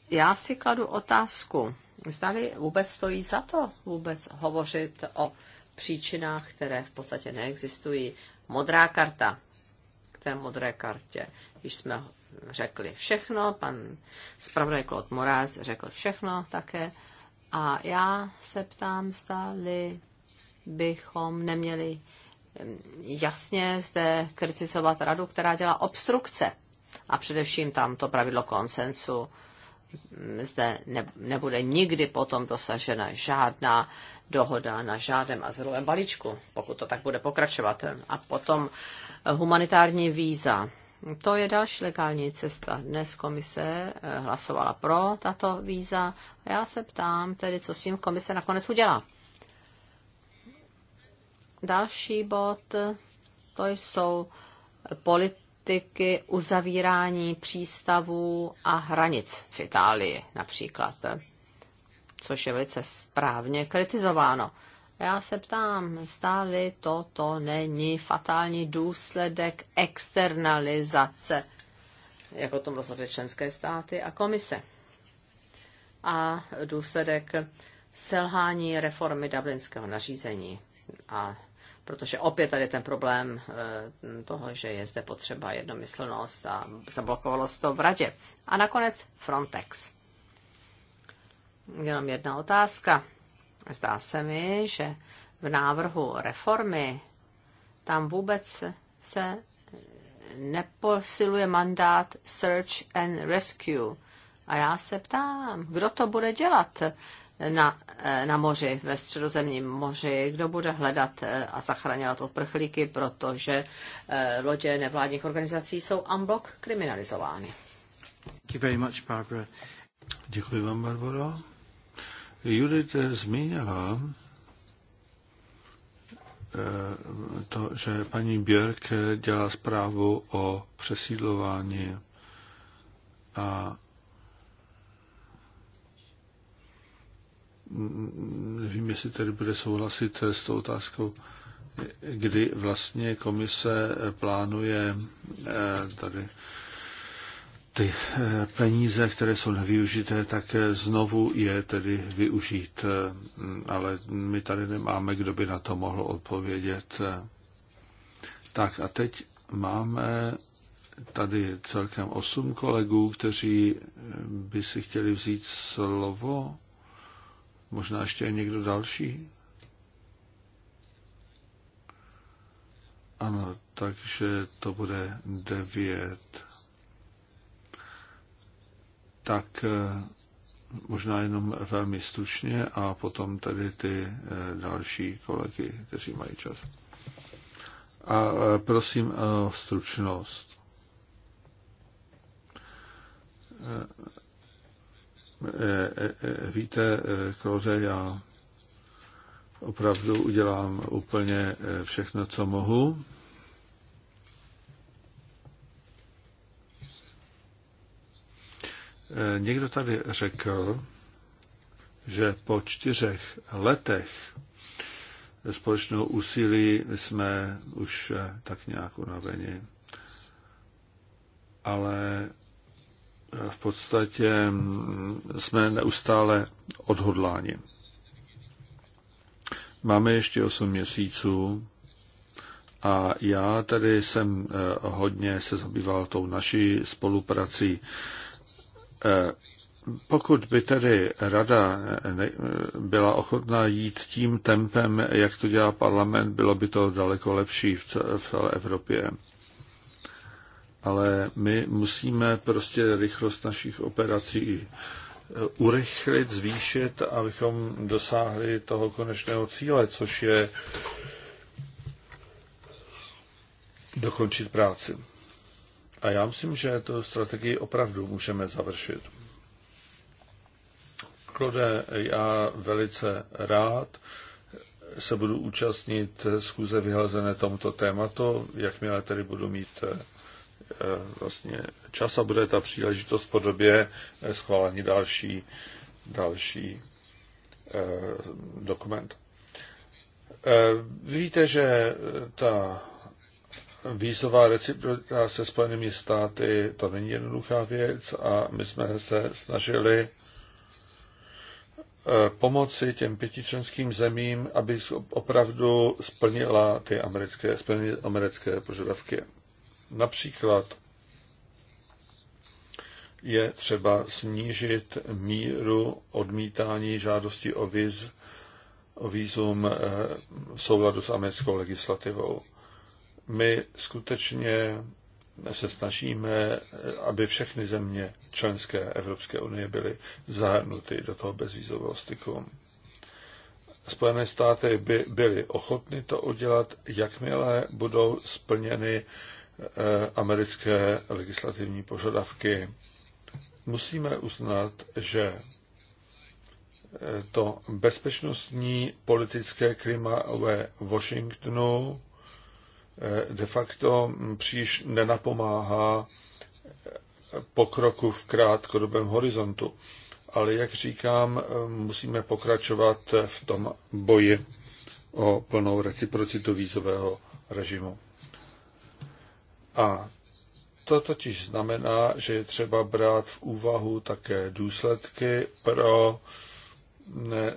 Já si kladu otázku, zdali vůbec stojí za to vůbec hovořit o příčinách, které v podstatě neexistují. Modrá karta. K té modré kartě, když jsme řekli všechno, pan zpravodaj Claude Moraz řekl všechno také. A já se ptám, stáli bychom neměli jasně zde kritizovat radu, která dělá obstrukce. A především tam to pravidlo konsensu mm, zde nebude nikdy potom dosažena žádná dohoda na žádném azylovém balíčku, pokud to tak bude pokračovat. A potom humanitární víza. To je další legální cesta. Dnes komise eh, hlasovala pro tato víza. Já se ptám tedy, co s tím komise nakonec udělá. Další bod, to jsou politiky uzavírání přístavů a hranic v Itálii například, což je velice správně kritizováno. Já se ptám, zdáli toto není fatální důsledek externalizace, jako to tom rozhodly členské státy a komise. A důsledek selhání reformy dublinského nařízení. A protože opět tady ten problém eh, toho, že je zde potřeba jednomyslnost a zablokovalo se to v radě. A nakonec Frontex. Jenom jedna otázka Zdá se mi, že v návrhu reformy tam vůbec se neposiluje mandát Search and Rescue. A já se ptám, kdo to bude dělat na, na moři, ve středozemním moři, kdo bude hledat eh, a zachraňovat uprchlíky, protože eh, lodě nevládních organizací jsou unblock kriminalizovány. Děkuji vám, Barbara. Judith zmínila eh, to, že paní Björk dělá zprávu o přesídlování a nevím, jestli tedy bude souhlasit s tou otázkou, kdy vlastně komise plánuje eh, tady ty eh, peníze, které jsou nevyužité, tak eh, znovu je tedy využít. Eh, ale my tady nemáme, kdo by na to mohl odpovědět. Tak a teď máme tady celkem osm kolegů, kteří by si chtěli vzít slovo. Možná ještě někdo další? Ano, takže to bude devět tak eh, možná jenom velmi stručně a potom tady ty eh, další kolegy, kteří mají čas. A eh, prosím o stručnost. Víte, Kroze, já opravdu udělám úplně všechno, co mohu Eh, někdo tady řekl, že po čtyřech letech společného úsilí jsme už eh, tak nějak unaveni. Ale eh, v podstatě mm, jsme neustále odhodláni. Máme ještě 8 měsíců a já tady jsem hodně se zabýval tou naší spoluprací Eh, pokud by tedy rada eh, eh, byla ochotná jít tím tempem, jak to dělá parlament, bylo by to daleko lepší v celé Evropě. Ale my musíme prostě rychlost našich operací urychlit, zvýšit, abychom dosáhli toho konečného cíle, což je dokončit práci. A já myslím, že tu strategii opravdu můžeme završit. Klode, já velice rád se budu účastnit schůze vyhlazené tomuto tématu, jakmile tedy budu mít eh, vlastně čas a bude ta příležitost v podobě eh, schválení další, další eh, dokument. Víte, že ta Výzová reciprocita se Spojenými státy, to není jednoduchá věc a my jsme se snažili eh, pomoci těm pětičlenským zemím, aby opravdu splnila ty americké, splnila americké požadavky. Například je třeba snížit míru odmítání žádosti o viz, o vízum eh, v souladu s americkou legislativou my skutečně se snažíme, aby všechny země členské Evropské unie byly zahrnuty do toho bezvízového styku. Spojené státy by byly ochotny to udělat, jakmile budou splněny eh, americké legislativní požadavky. Musíme uznat, že eh, to bezpečnostní politické klima ve Washingtonu de facto příliš nenapomáhá pokroku v krátkodobém horizontu. Ale jak říkám, musíme pokračovat v tom boji o plnou reciprocitu vízového režimu. A to totiž znamená, že je třeba brát v úvahu také důsledky pro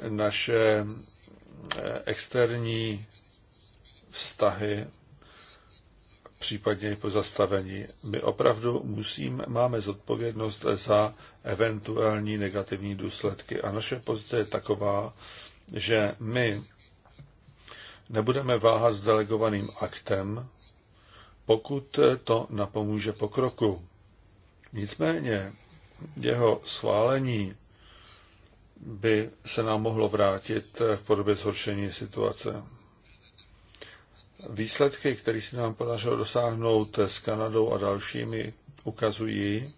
naše eh, externí vztahy případně i pozastavení. My opravdu musím, máme zodpovědnost za eventuální negativní důsledky. A naše pozice je taková, že my nebudeme váhat s delegovaným aktem, pokud to napomůže pokroku. Nicméně jeho schválení by se nám mohlo vrátit v podobě zhoršení situace. Výsledky, které se nám podařilo dosáhnout s Kanadou a dalšími, ukazují,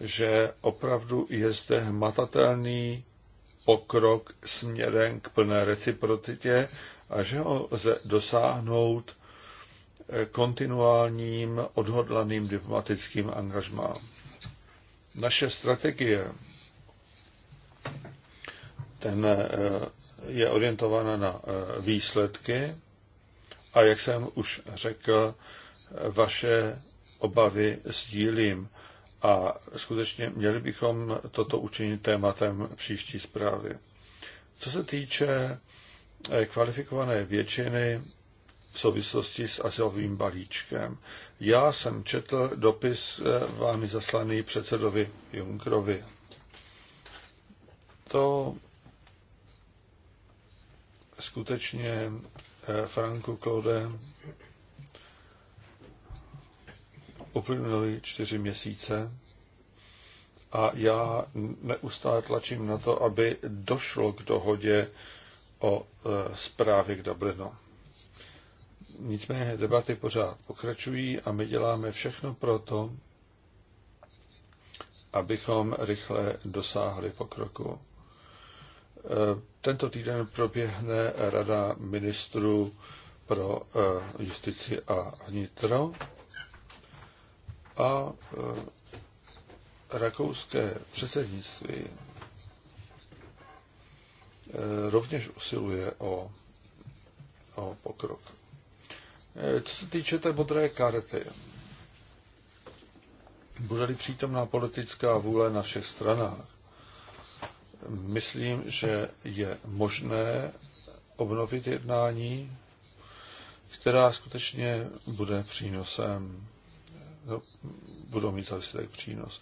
že opravdu je zde hmatatelný pokrok směrem k plné reciprocitě a že ho lze dosáhnout kontinuálním odhodlaným diplomatickým angažmám. Naše strategie ten eh, je orientována na eh, výsledky a jak jsem už řekl, vaše obavy sdílím. A skutečně měli bychom toto učinit tématem příští zprávy. Co se týče eh, kvalifikované většiny v souvislosti s asilovým balíčkem, já jsem četl dopis eh, vámi zaslaný předsedovi Junkrovi. To skutečně Franku Claude. Uplynuly čtyři měsíce a já neustále tlačím na to, aby došlo k dohodě o e, zprávě k Dublinu. Nicméně debaty pořád pokračují a my děláme všechno pro to, abychom rychle dosáhli pokroku. Tento týden proběhne Rada ministrů pro eh, justici a vnitro a eh, rakouské předsednictví eh, rovněž usiluje o, o pokrok. Co se týče té modré karty, bude-li přítomná politická vůle na všech stranách, Myslím, že je možné obnovit jednání, která skutečně bude přínosem, no, budou mít za výsledek přínos.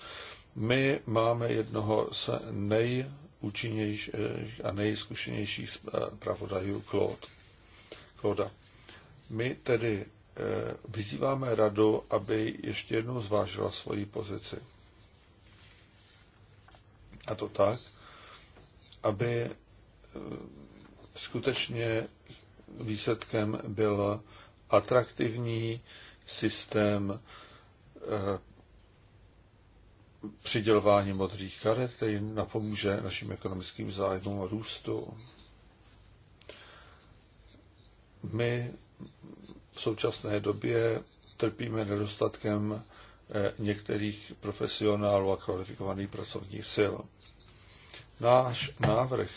My máme jednoho z nejúčinnějších a nejzkušenějších pravodajů Claude. Claude. My tedy eh, vyzýváme radu, aby ještě jednou zvážila svoji pozici. A to tak, aby eh, skutečně výsledkem byl atraktivní systém eh, přidělování modrých karet, který napomůže našim ekonomickým zájmům a růstu. My v současné době trpíme nedostatkem eh, některých profesionálů a kvalifikovaných pracovních sil. Náš návrh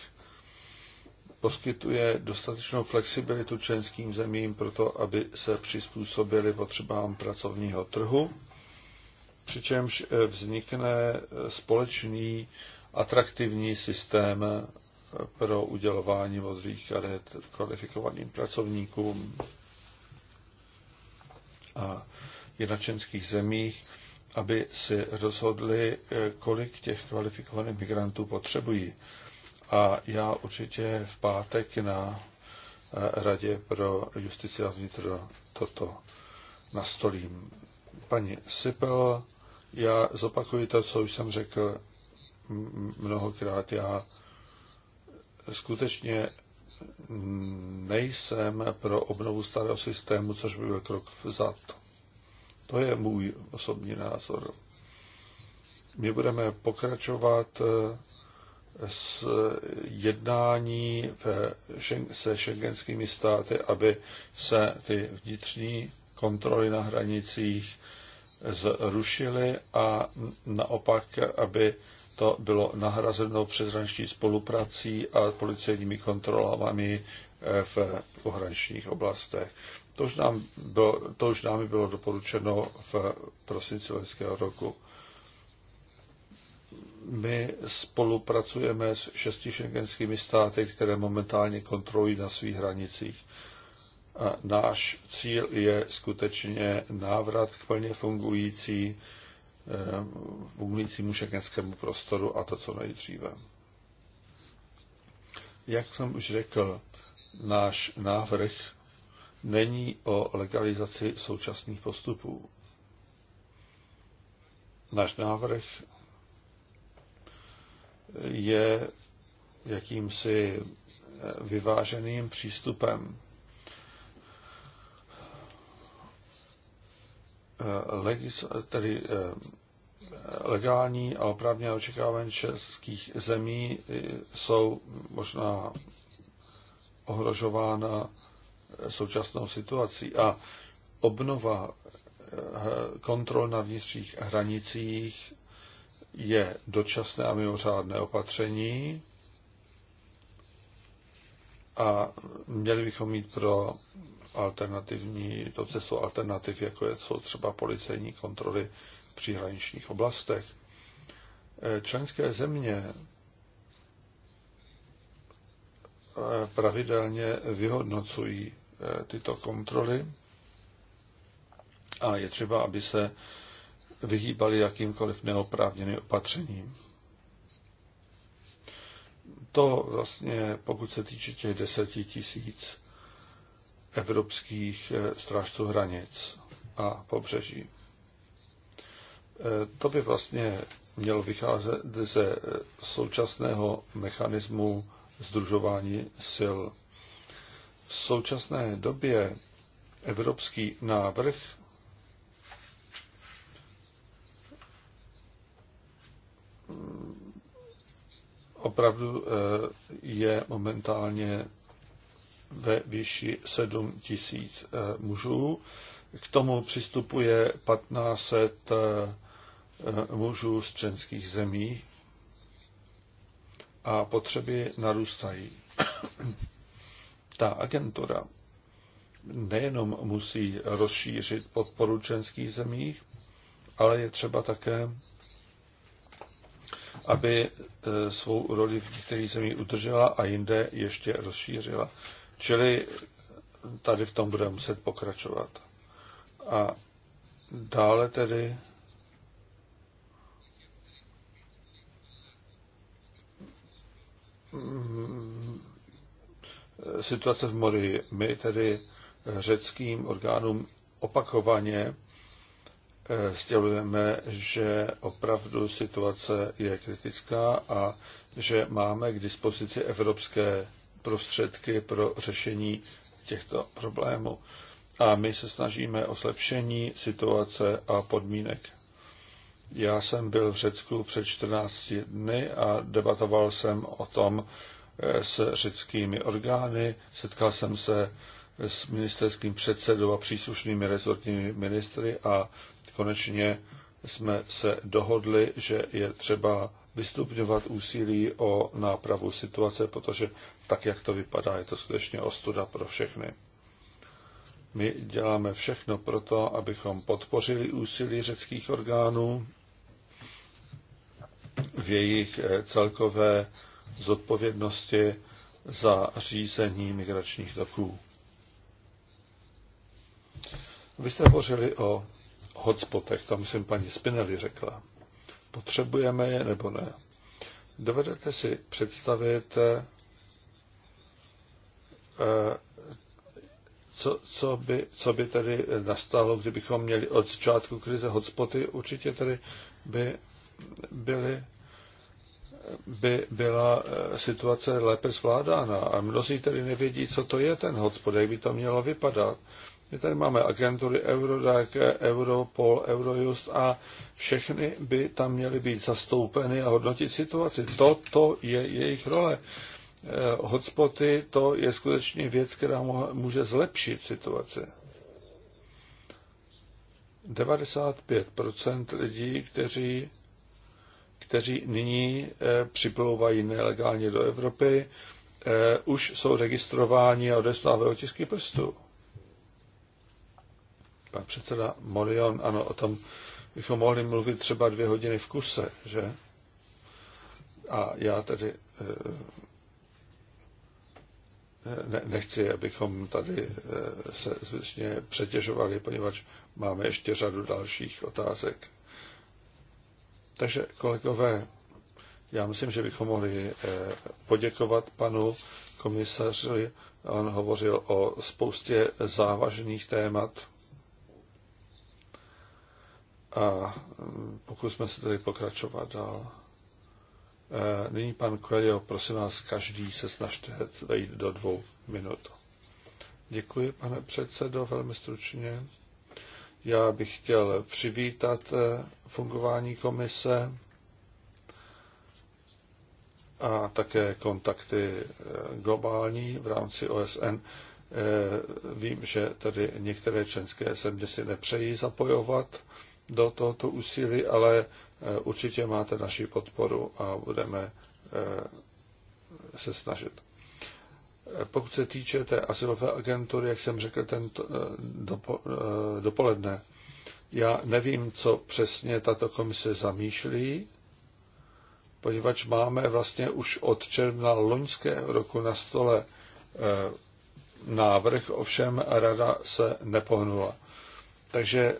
poskytuje dostatečnou flexibilitu členským zemím pro to, aby se přizpůsobili potřebám pracovního trhu, přičemž eh, vznikne eh, společný atraktivní systém eh, pro udělování modrých karet kvalifikovaným pracovníkům a je na členských zemích, aby si rozhodli, eh, kolik těch kvalifikovaných migrantů potřebují. A já určitě v pátek na eh, Radě pro justici a vnitro toto nastolím. Paní Sipel, já zopakuji to, co už jsem řekl mnohokrát. Já skutečně nejsem pro obnovu starého systému, což by byl krok vzad. To je můj osobní názor. My budeme pokračovat eh, s jednání se šengenskými státy, aby se ty vnitřní kontroly na hranicích zrušily a naopak, aby to bylo nahrazeno přeshraniční spoluprací a policejními kontrolami eh, v pohraničních oblastech. To už nám bylo, to už nám bylo doporučeno v prosinci loňského roku. My spolupracujeme s šesti šengenskými státy, které momentálně kontrolují na svých hranicích. A náš cíl je skutečně návrat k plně fungující eh, fungujícímu šengenskému prostoru a to co nejdříve. Jak jsem už řekl, náš návrh není o legalizaci současných postupů. Náš návrh je jakýmsi vyváženým přístupem. Legis, tedy eh, legální a oprávně očekávání českých zemí eh, jsou možná ohrožována současnou situací. A obnova eh, kontrol na vnitřních hranicích je dočasné a mimořádné opatření a měli bychom mít pro alternativní, to cestou alternativ, jako je, jsou třeba policejní kontroly v příhraničních oblastech. Eh, členské země eh, pravidelně vyhodnocují Eh, tyto kontroly a je třeba, aby se vyhýbali jakýmkoliv neoprávněným opatřením. To vlastně, pokud se týče těch deseti tisíc evropských eh, strážců hranic a pobřeží. Eh, to by vlastně mělo vycházet ze současného mechanismu združování sil současné době evropský návrh opravdu eh, je momentálně ve výši 7 tisíc eh, mužů. K tomu přistupuje 1500 eh, mužů z členských zemí a potřeby narůstají ta agentura nejenom musí rozšířit podporu členských zemích, ale je třeba také, aby e, svou roli v některých zemích udržela a jinde ještě rozšířila. Čili tady v tom budeme muset pokračovat. A dále tedy situace v Morii. My tedy řeckým orgánům opakovaně eh, sdělujeme, že opravdu situace je kritická a že máme k dispozici evropské prostředky pro řešení těchto problémů. A my se snažíme o zlepšení situace a podmínek. Já jsem byl v Řecku před 14 dny a debatoval jsem o tom s řeckými orgány, setkal jsem se s ministerským předsedou a příslušnými rezortními ministry a konečně jsme se dohodli, že je třeba vystupňovat úsilí o nápravu situace, protože tak, jak to vypadá, je to skutečně ostuda pro všechny. My děláme všechno pro to, abychom podpořili úsilí řeckých orgánů v jejich eh, celkové zodpovědnosti za řízení migračních toků. Vy jste hovořili o hotspotech, tam jsem paní Spinelli řekla. Potřebujeme je nebo ne? Dovedete si představit, eh, co, co, by, co by tedy nastalo, kdybychom měli od začátku krize hotspoty? Určitě tedy by byly by byla eh, situace lépe zvládána. A mnozí tedy nevědí, co to je ten hotspot, jak by to mělo vypadat. My tady máme agentury Eurodac, Europol, Eurojust a všechny by tam měly být zastoupeny a hodnotit situaci. Toto je jejich role. Eh, hotspoty to je skutečně věc, která může zlepšit situaci. 95% lidí, kteří kteří nyní eh, připlouvají nelegálně do Evropy, eh, už jsou registrováni a odeslávají otisky prstů. Pan předseda Morion, ano, o tom bychom mohli mluvit třeba dvě hodiny v kuse, že? A já tedy eh, ne, nechci, abychom tady se zbytečně přetěžovali, poněvadž máme ještě řadu dalších otázek. Takže kolegové, já myslím, že bychom mohli eh, poděkovat panu komisaři. On hovořil o spoustě závažných témat. A mm, pokusme se tedy pokračovat dál. Eh, nyní pan Coelho, prosím vás, každý se snažte vejít do dvou minut. Děkuji, pane předsedo, velmi stručně. Já bych chtěl přivítat eh, fungování komise a také kontakty eh, globální v rámci OSN. Eh, vím, že tedy některé členské země si nepřejí zapojovat do tohoto úsilí, ale určitě máte naši podporu a budeme se snažit. Pokud se týče té asilové agentury, jak jsem řekl ten eh, dopo, eh, dopoledne, já nevím, co přesně tato komise zamýšlí, poněvadž máme vlastně už od června loňského roku na stole eh, návrh, ovšem rada se nepohnula. Takže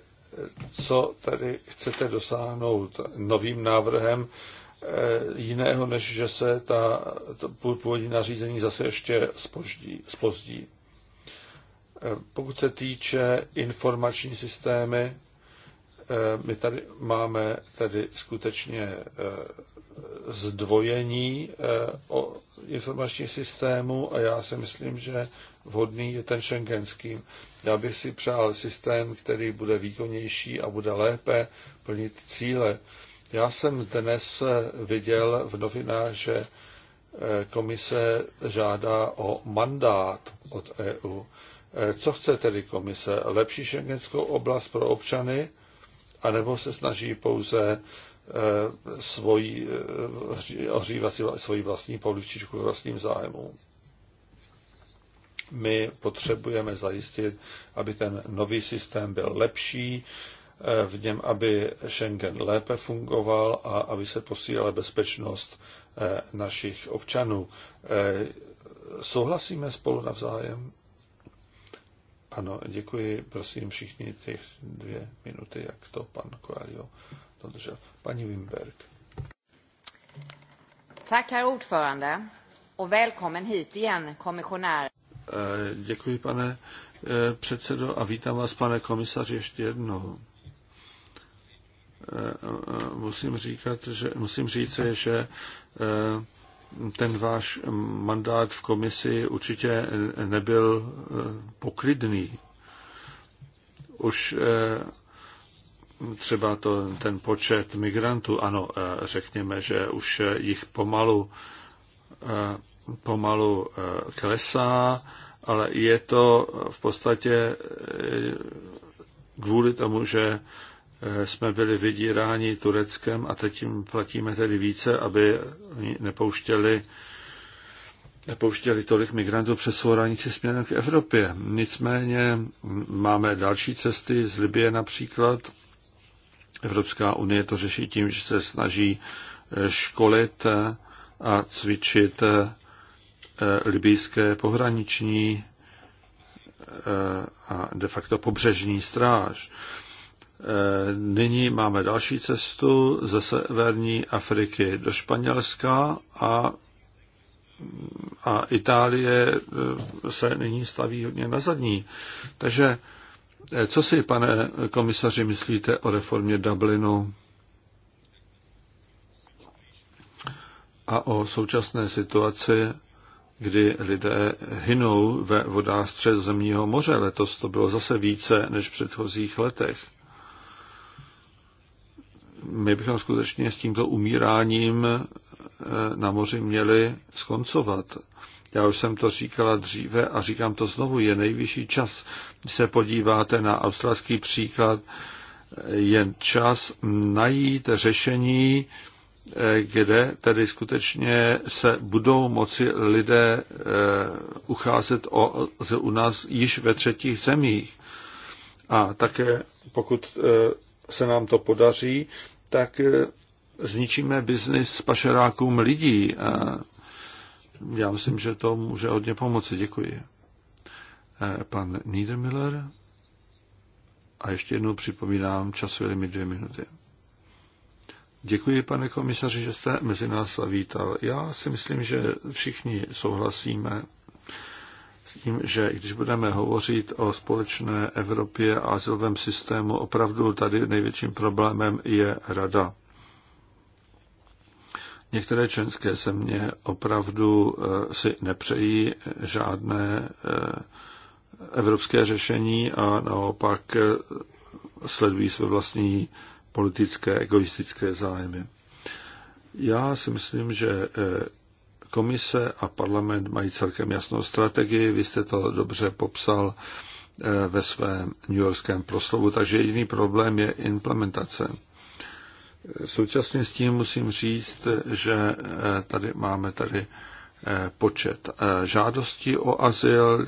co tady chcete dosáhnout novým návrhem? Eh, jiného, než že se ta, původní nařízení zase ještě spoždí, spozdí. Eh, pokud se týče informační systémy, eh, my tady máme tedy skutečně zdvojení o informačních systémů a já si myslím, že vhodný je ten šengenský. Já bych si přál systém, který bude výkonnější a bude lépe plnit cíle. Já jsem dnes viděl v novinách, že eh, komise žádá o mandát od EU. Eh, co chce tedy komise? Lepší šengenskou oblast pro občany? A nebo se snaží pouze eh, svoji, ohřívat si svoji vlastní poličičku vlastním zájmům? My potřebujeme zajistit, aby ten nový systém byl lepší, v něm, aby Schengen lépe fungoval a aby se posílala bezpečnost eh, našich občanů. Eh, souhlasíme spolu navzájem? Ano, děkuji. Prosím všichni těch dvě minuty, jak to pan Koalio dodržel. Paní Wimberg. Tak, herr ordförande. Och välkommen hit igen, kommissionär. Eh, děkuji, pane předsedo, a vítám vás, pane komisaři, ještě jednou musím říkat, že musím říct, že eh, ten váš mandát v komisi určitě nebyl eh, poklidný. Už eh, třeba to, ten počet migrantů, ano, řekněme, že už jich pomalu, pomalu klesá, ale je to v podstatě kvůli tomu, že Eh, jsme byli vydíráni Tureckem a teď jim platíme tedy více, aby nepouštěli, nepouštěli tolik migrantů přes svou hranici směrem k Evropě. Nicméně máme další cesty z Libie například. Evropská unie to řeší tím, že se snaží eh, školit eh, a cvičit libijské pohraniční a de facto pobřežní stráž. Eh, nyní máme další cestu ze severní Afriky do Španělska a, a Itálie eh, se nyní staví hodně na zadní. Takže eh, co si, pane komisaři, myslíte o reformě Dublinu a o současné situaci, kdy lidé hynou ve vodách středozemního moře? Letos to bylo zase více než v předchozích letech my bychom skutečně s tímto umíráním eh, na moři měli skoncovat. Já už jsem to říkala dříve a říkám to znovu, je nejvyšší čas. Když se podíváte na australský příklad, eh, je čas najít řešení, eh, kde tedy skutečně se budou moci lidé ucházet o, u nás již ve třetích zemích. A také pokud se nám to podaří, tak eh, zničíme biznis s pašerákům lidí. A já myslím, že to může hodně pomoci. Děkuji. Eh, pan Niedermiller. A ještě jednou připomínám, časový limit dvě minuty. Děkuji, pane komisaři, že jste mezi nás vítal. Já si myslím, že všichni souhlasíme tím, že když budeme hovořit o společné Evropě a azylovém systému, opravdu tady největším problémem je rada. Některé členské země opravdu eh, si nepřejí žádné eh, evropské řešení a naopak eh, sledují své vlastní politické, egoistické zájmy. Já si myslím, že Komise a parlament mají celkem jasnou strategii, vy jste to dobře popsal eh, ve svém New Yorkském proslovu, takže jediný problém je implementace. Eh, současně s tím musím říct, že eh, tady máme tady počet žádostí o azyl,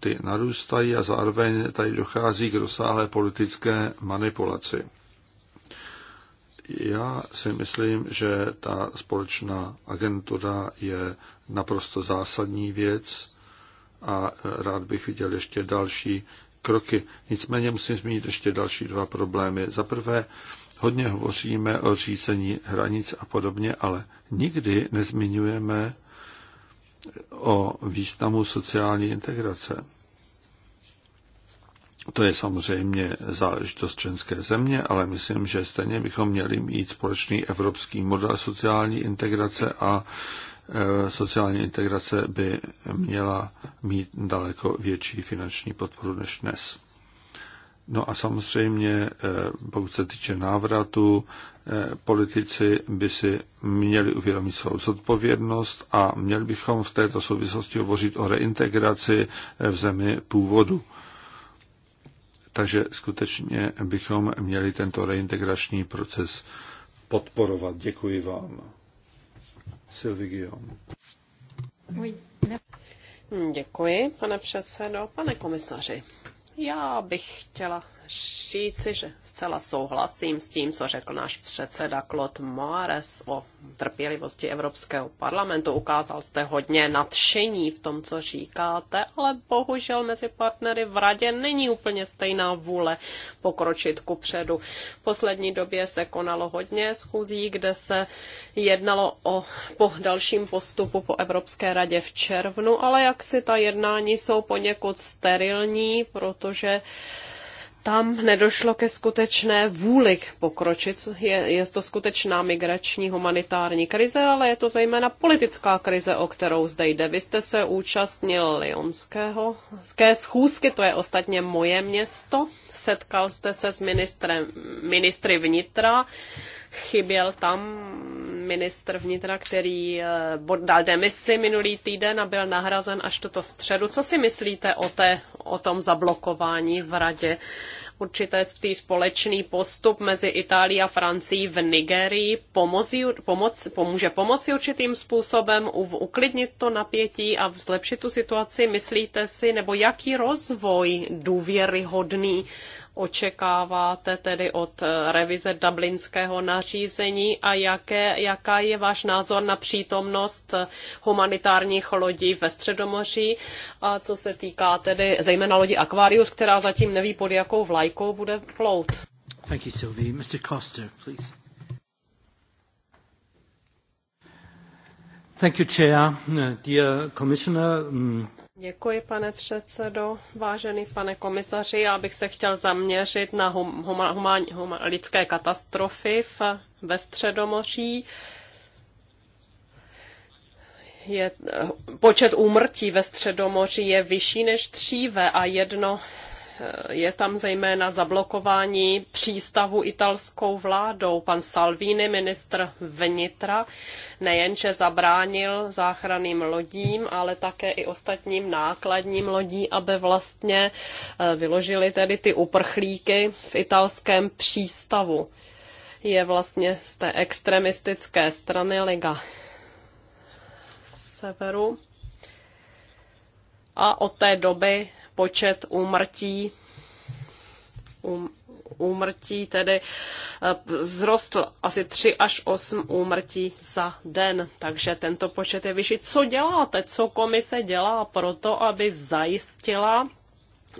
ty narůstají a zároveň tady dochází k rozsáhlé politické manipulaci. Já si myslím, že ta společná agentura je naprosto zásadní věc a rád bych viděl ještě další kroky. Nicméně musím zmínit ještě další dva problémy. Za prvé, hodně hovoříme o řízení hranic a podobně, ale nikdy nezmiňujeme o významu sociální integrace. To je samozřejmě záležitost členské země, ale myslím, že stejně bychom měli mít společný evropský model sociální integrace a e, sociální integrace by měla mít daleko větší finanční podporu než dnes. No a samozřejmě, e, pokud se týče návratu, e, politici by si měli uvědomit svou zodpovědnost a měli bychom v této souvislosti hovořit o reintegraci v zemi původu. Takže skutečně bychom měli tento reintegrační proces podporovat. Děkuji vám. Sylvie Guillaume. Děkuji, pane předsedo. Pane komisaři, já bych chtěla říci, že zcela souhlasím s tím, co řekl náš předseda Claude Moares o trpělivosti Evropského parlamentu. Ukázal jste hodně nadšení v tom, co říkáte, ale bohužel mezi partnery v radě není úplně stejná vůle pokročit ku předu. V poslední době se konalo hodně schůzí, kde se jednalo o po dalším postupu po Evropské radě v červnu, ale jak si ta jednání jsou poněkud sterilní, protože tam nedošlo ke skutečné vůli pokročit. Je, je to skutečná migrační humanitární krize, ale je to zejména politická krize, o kterou zde jde. Vy jste se účastnil Lionského ke schůzky, to je ostatně moje město. Setkal jste se s ministrem, ministry vnitra Chyběl tam ministr vnitra, který eh, dal demisi minulý týden a byl nahrazen až tuto středu. Co si myslíte o, té, o tom zablokování v radě? určité tý společný postup mezi Itálií a Francií v Nigerii pomocí, pomoc, pomůže pomoci určitým způsobem uklidnit to napětí a zlepšit tu situaci? Myslíte si, nebo jaký rozvoj důvěryhodný očekáváte tedy od eh, revize dublinského nařízení a jaké, jaká je váš názor na přítomnost eh, humanitárních lodí ve Středomoří a co se týká tedy zejména lodi Aquarius, která zatím neví pod jakou vlajkou bude plout. Thank you, Sylvie. Mr. Costa, please. Thank you, Chair. Uh, dear Commissioner, mm, Děkuji, pane předsedo. Vážený pane komisaři, já bych se chtěl zaměřit na hum, huma, huma, lidské katastrofy v, ve Středomoří. Je, počet úmrtí ve Středomoří je vyšší než dříve a jedno je tam zejména zablokování přístavu italskou vládou. Pan Salvini, ministr vnitra, nejenže zabránil záchranným lodím, ale také i ostatním nákladním lodím, aby vlastně e, vyložili tedy ty uprchlíky v italském přístavu. Je vlastně z té extremistické strany Liga severu a od té doby počet úmrtí úmrtí tedy eh, zrostl asi 3 až 8 úmrtí za den, takže tento počet je vyšší. Co děláte, co komise dělá pro to, aby zajistila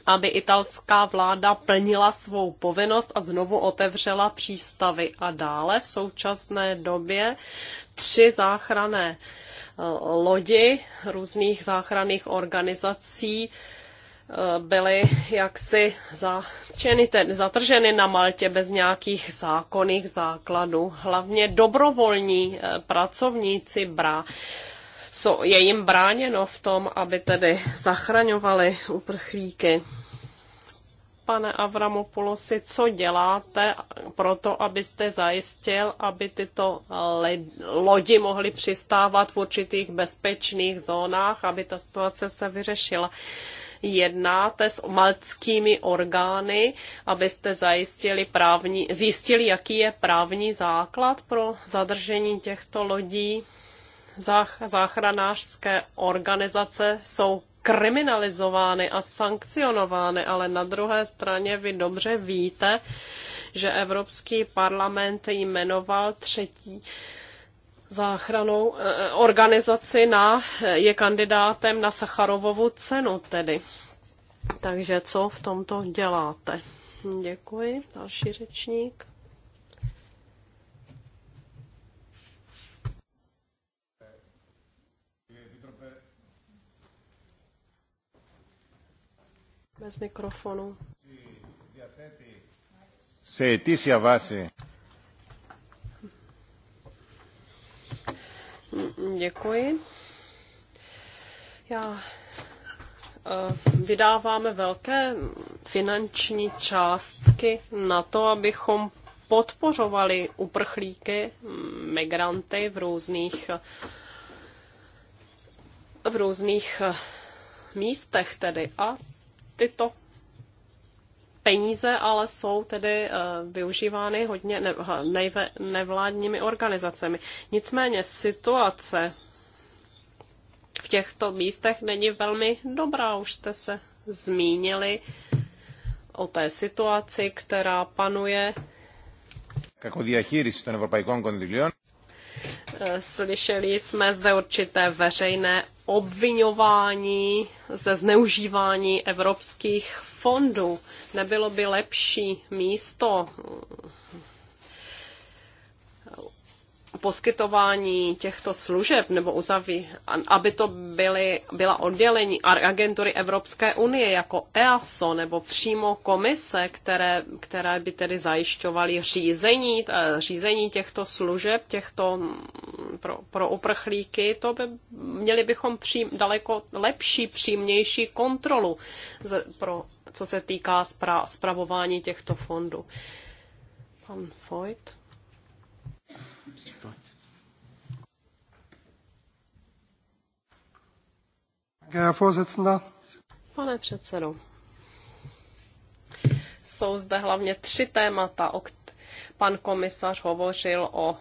aby italská vláda plnila svou povinnost a znovu otevřela přístavy. A dále v současné době tři záchrané eh, lodi různých záchranných organizací Eh, byly jaksi začeny, ten, zatrženy na Maltě bez nějakých zákonných základů. Hlavně dobrovolní eh, pracovníci brá, so, je jim bráněno v tom, aby tedy zachraňovali uprchlíky. Pane Avramopulosi, co děláte pro to, abyste zajistil, aby tyto lodi mohly přistávat v určitých bezpečných zónách, aby ta situace se vyřešila? jednáte s maltskými orgány, abyste zajistili právní, zjistili, jaký je právní základ pro zadržení těchto lodí? Zách, záchranářské organizace jsou kriminalizovány a sankcionovány, ale na druhé straně vy dobře víte, že Evropský parlament jmenoval třetí záchranou eh, eh, organizaci na, eh, je kandidátem na Sacharovovu cenu tedy. Takže co v tomto děláte? Děkuji. Další řečník. Bez mikrofonu. Se si vase. Děkuji. Já eh, vydáváme velké finanční částky na to, abychom podpořovali uprchlíky, migranty v různých v různých eh, místech tedy a tyto peníze ale jsou tedy eh, využívány hodně nevládními organizacemi. Nicméně situace v těchto místech není velmi dobrá. Už jste se zmínili o té situaci, která panuje. Eh, slyšeli jsme zde určité veřejné obvinování ze zneužívání evropských fondu nebylo by lepší místo eh, poskytování těchto služeb nebo uzaví, aby to byly, byla oddělení agentury Evropské unie jako EASO nebo přímo komise, které, které by tedy zajišťovaly řízení, eh, řízení těchto služeb, těchto mm, pro, pro uprchlíky, to by, měli bychom přím, daleko lepší, přímější kontrolu z, pro co se týká spra- spravování těchto fondů. Pan Voigt. Pane předsedo, jsou zde hlavně tři témata. Pan komisař hovořil o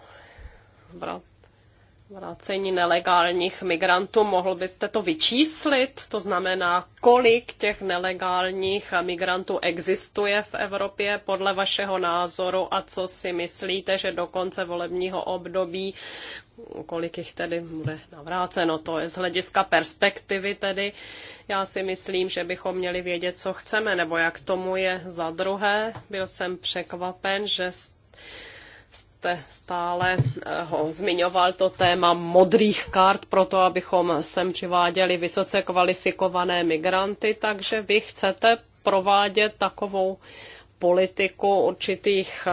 vracení nelegálních migrantů. Mohl byste to vyčíslit? To znamená, kolik těch nelegálních migrantů existuje v Evropě podle vašeho názoru a co si myslíte, že do konce volebního období kolik jich tedy bude navráceno. To je z hlediska perspektivy tedy. Já si myslím, že bychom měli vědět, co chceme, nebo jak tomu je za druhé. Byl jsem překvapen, že jste stále eh, ho zmiňoval to téma modrých kart pro to, abychom sem přiváděli vysoce kvalifikované migranty, takže vy chcete provádět takovou politiku určitých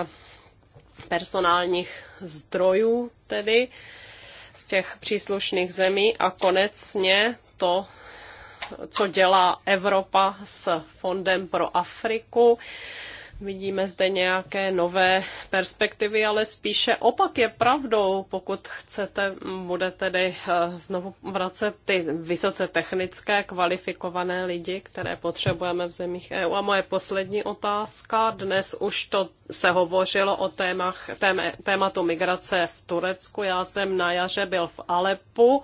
personálních zdrojů tedy z těch příslušných zemí a konecně to, co dělá Evropa s Fondem pro Afriku, Vidíme zde nějaké nové perspektivy, ale spíše opak je pravdou. Pokud chcete, bude tedy eh, znovu vracet ty vysoce technické, kvalifikované lidi, které potřebujeme v zemích EU. A moje poslední otázka. Dnes už to se hovořilo o témach, tém, tématu migrace v Turecku. Já jsem na jaře byl v Alepu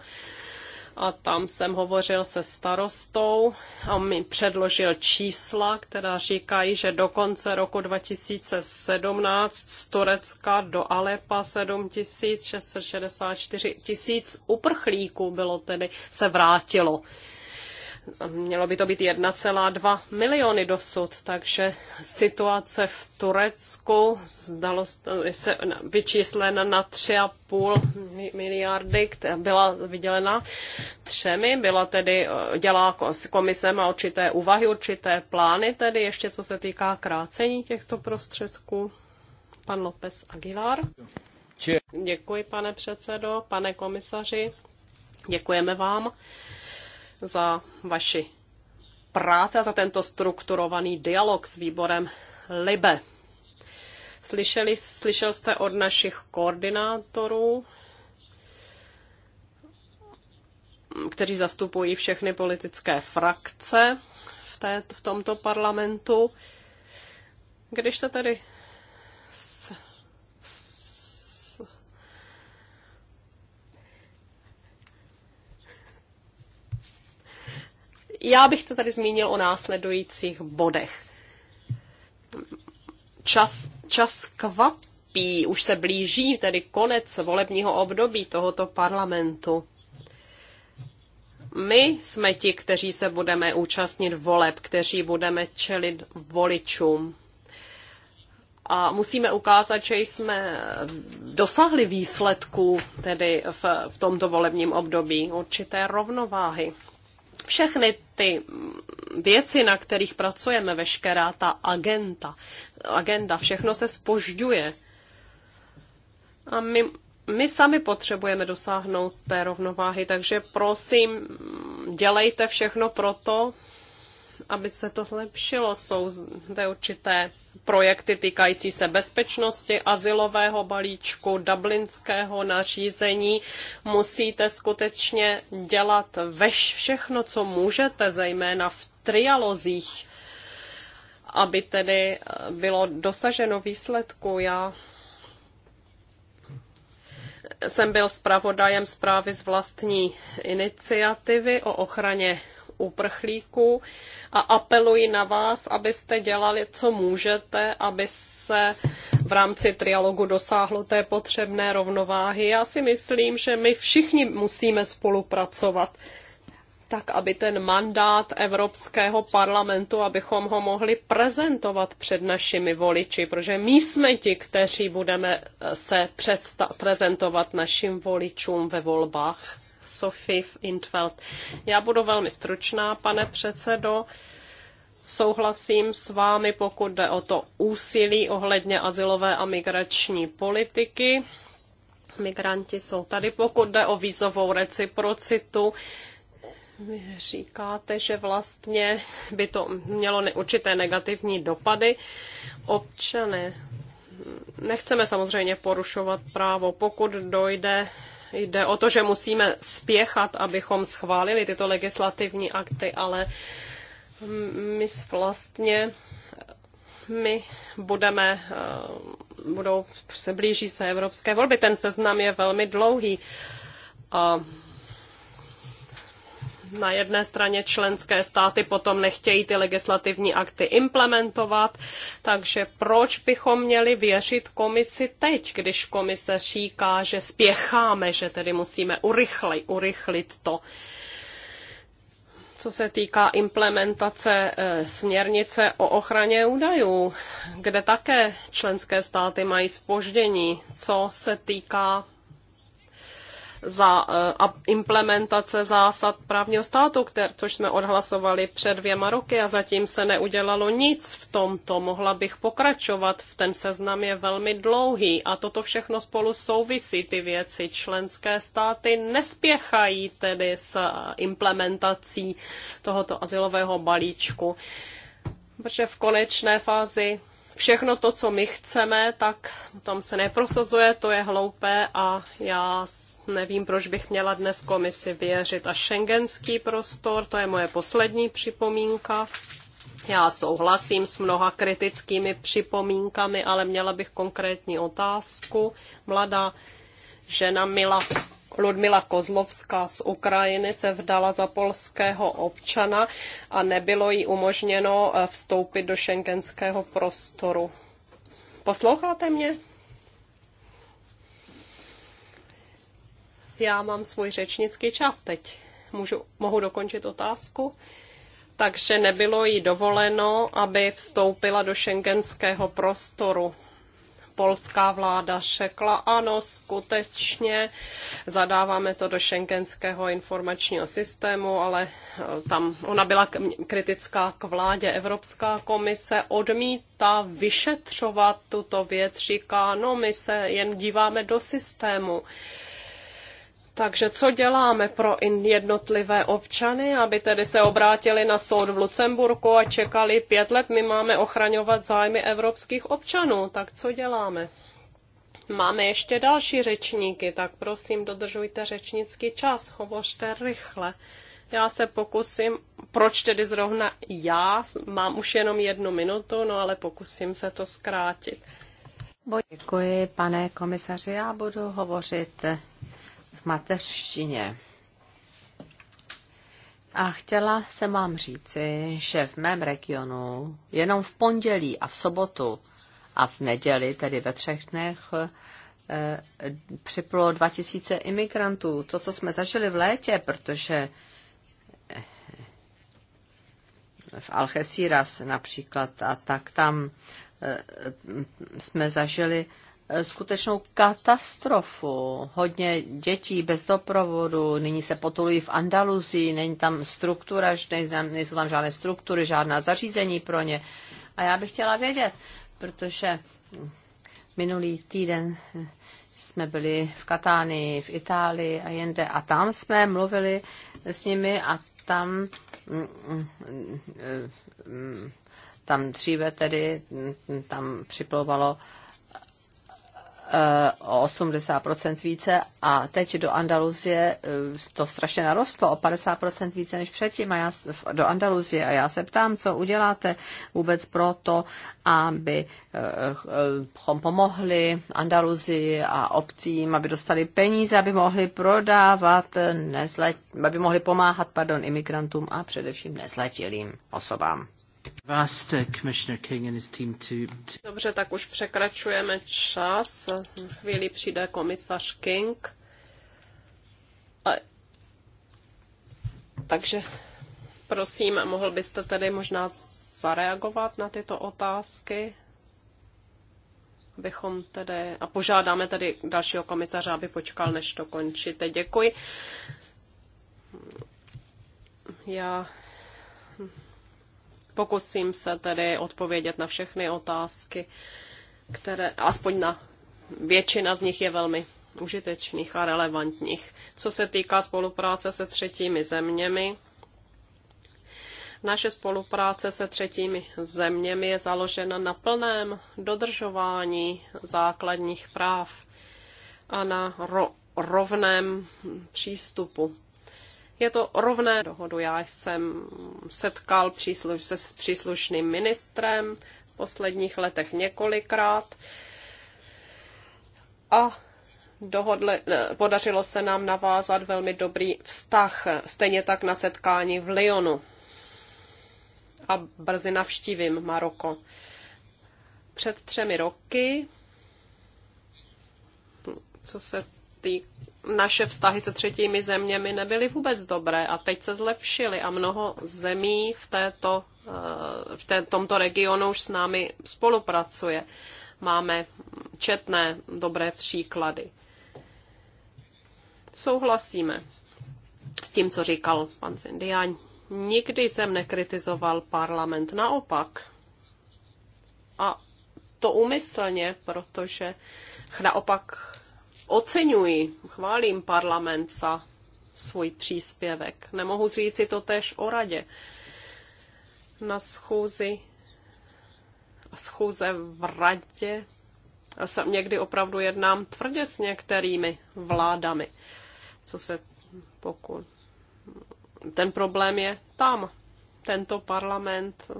a tam jsem hovořil se starostou a mi předložil čísla, která říkají, že do konce roku 2017 z Turecka do Alepa 7664 tisíc uprchlíků bylo tedy se vrátilo. Mělo by to být 1,2 miliony dosud, takže situace v Turecku zdalo se vyčíslena na 3,5 miliardy, která byla vydělena třemi, byla tedy, eh, dělá s komise a určité úvahy, určité plány, tedy ještě co se týká krácení těchto prostředků. Pan López Aguilar. Děkuji, pane předsedo, pane komisaři. Děkujeme vám za vaši práce a za tento strukturovaný dialog s výborem LIBE. Slyšeli, slyšel jste od našich koordinátorů, kteří zastupují všechny politické frakce v, té, v tomto parlamentu. Když se tedy Já bych to tady zmínil o následujících bodech. Čas, čas kvapí, už se blíží tedy konec volebního období tohoto parlamentu. My jsme ti, kteří se budeme účastnit voleb, kteří budeme čelit voličům. A musíme ukázat, že jsme dosáhli výsledků tedy v, v tomto volebním období určité rovnováhy všechny ty věci, na kterých pracujeme, veškerá ta agenda, agenda všechno se spožďuje. A my, my sami potřebujeme dosáhnout té rovnováhy, takže prosím, dělejte všechno proto, aby se to zlepšilo. Jsou zde určité projekty týkající se bezpečnosti, asilového balíčku, dublinského nařízení. Musíte skutečně dělat veš všechno, co můžete, zejména v trialozích, aby tedy eh, bylo dosaženo výsledku. Já jsem byl zpravodajem zprávy z vlastní iniciativy o ochraně uprchlíků a apeluji na vás, abyste dělali, co můžete, aby se v rámci trialogu dosáhlo té potřebné rovnováhy. Já si myslím, že my všichni musíme spolupracovat tak aby ten mandát Evropského parlamentu, abychom ho mohli prezentovat před našimi voliči, protože my jsme ti, kteří budeme se prezentovat našim voličům ve volbách. Sophie Intfeld. Já budu velmi stručná, pane předsedo. Souhlasím s vámi, pokud jde o to úsilí ohledně asilové a migrační politiky. Migranti jsou tady, pokud jde o vízovou reciprocitu. Vy říkáte, že vlastně by to mělo určité negativní dopady. Občané, nechceme samozřejmě porušovat právo, pokud dojde jde o to, že musíme spěchat, abychom schválili tyto legislativní akty, ale my vlastně my budeme, eh, budou, se blíží se evropské volby. Ten seznam je velmi dlouhý. A na jedné straně členské státy potom nechtějí ty legislativní akty implementovat, takže proč bychom měli věřit komisi teď, když komise říká, že spěcháme, že tedy musíme urychlit, urychlit to. Co se týká implementace eh, směrnice o ochraně údajů, kde také členské státy mají spoždění, co se týká za eh, implementace zásad právního státu, které, což jsme odhlasovali před dvěma roky a zatím se neudělalo nic v tomto. Mohla bych pokračovat, v ten seznam je velmi dlouhý a toto všechno spolu souvisí ty věci. Členské státy nespěchají tedy s implementací tohoto asilového balíčku. Protože v konečné fázi všechno to, co my chceme, tak tam se neprosazuje, to je hloupé a já Nevím, proč bych měla dnes komisi věřit. A šengenský prostor, to je moje poslední připomínka. Já souhlasím s mnoha kritickými připomínkami, ale měla bych konkrétní otázku. Mladá žena Mila Ludmila Kozlovská z Ukrajiny se vdala za polského občana a nebylo jí umožněno eh, vstoupit do šengenského prostoru. Posloucháte mě? já mám svůj řečnický čas teď. Můžu, mohu dokončit otázku? Takže nebylo jí dovoleno, aby vstoupila do šengenského prostoru polská vláda řekla, ano, skutečně zadáváme to do šengenského informačního systému, ale e, tam ona byla kritická k vládě. Evropská komise odmítá vyšetřovat tuto věc, říká, no my se jen díváme do systému. Takže co děláme pro jednotlivé občany, aby tedy se obrátili na soud v Lucemburku a čekali pět let? My máme ochraňovat zájmy evropských občanů, tak co děláme? Máme ještě další řečníky, tak prosím, dodržujte řečnický čas, hovořte rychle. Já se pokusím, proč tedy zrovna já, mám už jenom jednu minutu, no ale pokusím se to zkrátit. Děkuji, pane komisaři, já budu hovořit mateřštině. A chtěla jsem vám říci, že v mém regionu jenom v pondělí a v sobotu a v neděli, tedy ve třech dnech, eh, připlo 2000 imigrantů. To, co jsme zažili v létě, protože eh, v Algeciras například, a tak tam eh, jsme zažili Eh, skutečnou katastrofu. Hodně dětí bez doprovodu, nyní se potulují v Andaluzii, není tam struktura, nejsou tam žádné struktury, žádná zařízení pro ně. A já bych chtěla vědět, protože minulý týden jsme byli v Katánii, v Itálii a jinde a tam jsme mluvili s nimi a tam mm, mm, mm, tam dříve tedy tam připlouvalo Eh, o 80% více a teď do Andaluzie eh, to strašně narostlo o 50% více než předtím a já, do Andaluzie a já se ptám, co uděláte vůbec pro to, aby eh, pomohli Andaluzii a obcím, aby dostali peníze, aby mohli prodávat, nezle, aby mohli pomáhat pardon, imigrantům a především nezletilým osobám. Dobře, tak už překračujeme čas. chvíli přijde komisař King. A... Takže prosím, mohl byste tedy možná zareagovat na tyto otázky? abychom tedy, a požádáme tedy dalšího komisaře, aby počkal, než to končíte. Děkuji. Já Pokusím se tedy odpovědět na všechny otázky, které, aspoň na většina z nich je velmi užitečných a relevantních. Co se týká spolupráce se třetími zeměmi, naše spolupráce se třetími zeměmi je založena na plném dodržování základních práv a na ro- rovném přístupu. Je to rovné dohodu. Já jsem setkal přísluš, se s příslušným ministrem v posledních letech několikrát a dohodli, podařilo se nám navázat velmi dobrý vztah, stejně tak na setkání v Lyonu. A brzy navštívím Maroko. Před třemi roky, co se týká naše vztahy se třetími zeměmi nebyly vůbec dobré a teď se zlepšily a mnoho zemí v, této, eh, v té, tomto regionu už s námi spolupracuje. Máme četné dobré příklady. Souhlasíme s tím, co říkal pan Zindián. Nikdy jsem nekritizoval parlament, naopak. A to úmyslně, protože naopak oceňuji, chválím parlament za svůj příspěvek. Nemohu říci to tež o radě. Na schůzi schůze v radě a sam někdy opravdu jednám tvrdě s některými vládami, co se pokud. Ten problém je tam. Tento parlament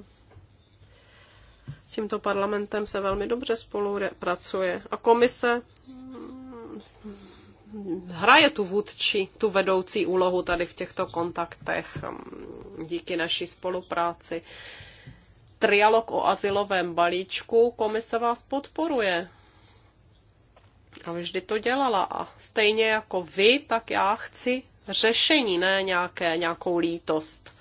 s tímto parlamentem se velmi dobře spolupracuje. A komise hraje tu vůdčí, tu vedoucí úlohu tady v těchto kontaktech um, díky naší spolupráci. Trialog o asilovém balíčku komise vás podporuje. A vždy to dělala. A stejně jako vy, tak já chci řešení, ne nějaké, nějakou lítost.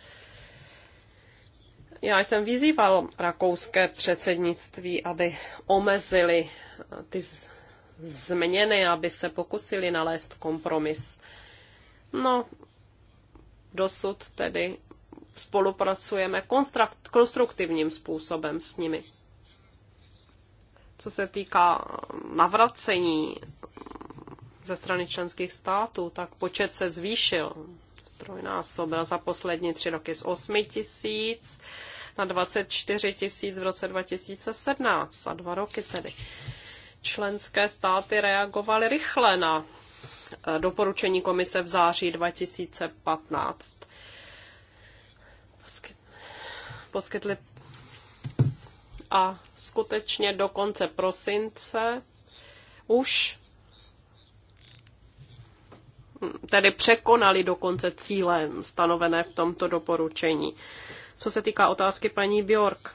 Já jsem vyzýval rakouské předsednictví, aby omezili eh, ty změny, aby se pokusili nalézt kompromis. No, dosud tedy spolupracujeme konstruktivním způsobem s nimi. Co se týká navracení ze strany členských států, tak počet se zvýšil. Strojnásobil za poslední tři roky z 8 tisíc na 24 tisíc v roce 2017, za dva roky tedy členské státy reagovaly rychle na e, doporučení komise v září 2015. Poskytli a skutečně do konce prosince už hm, tedy překonali dokonce cíle stanovené v tomto doporučení. Co se týká otázky paní Bjork,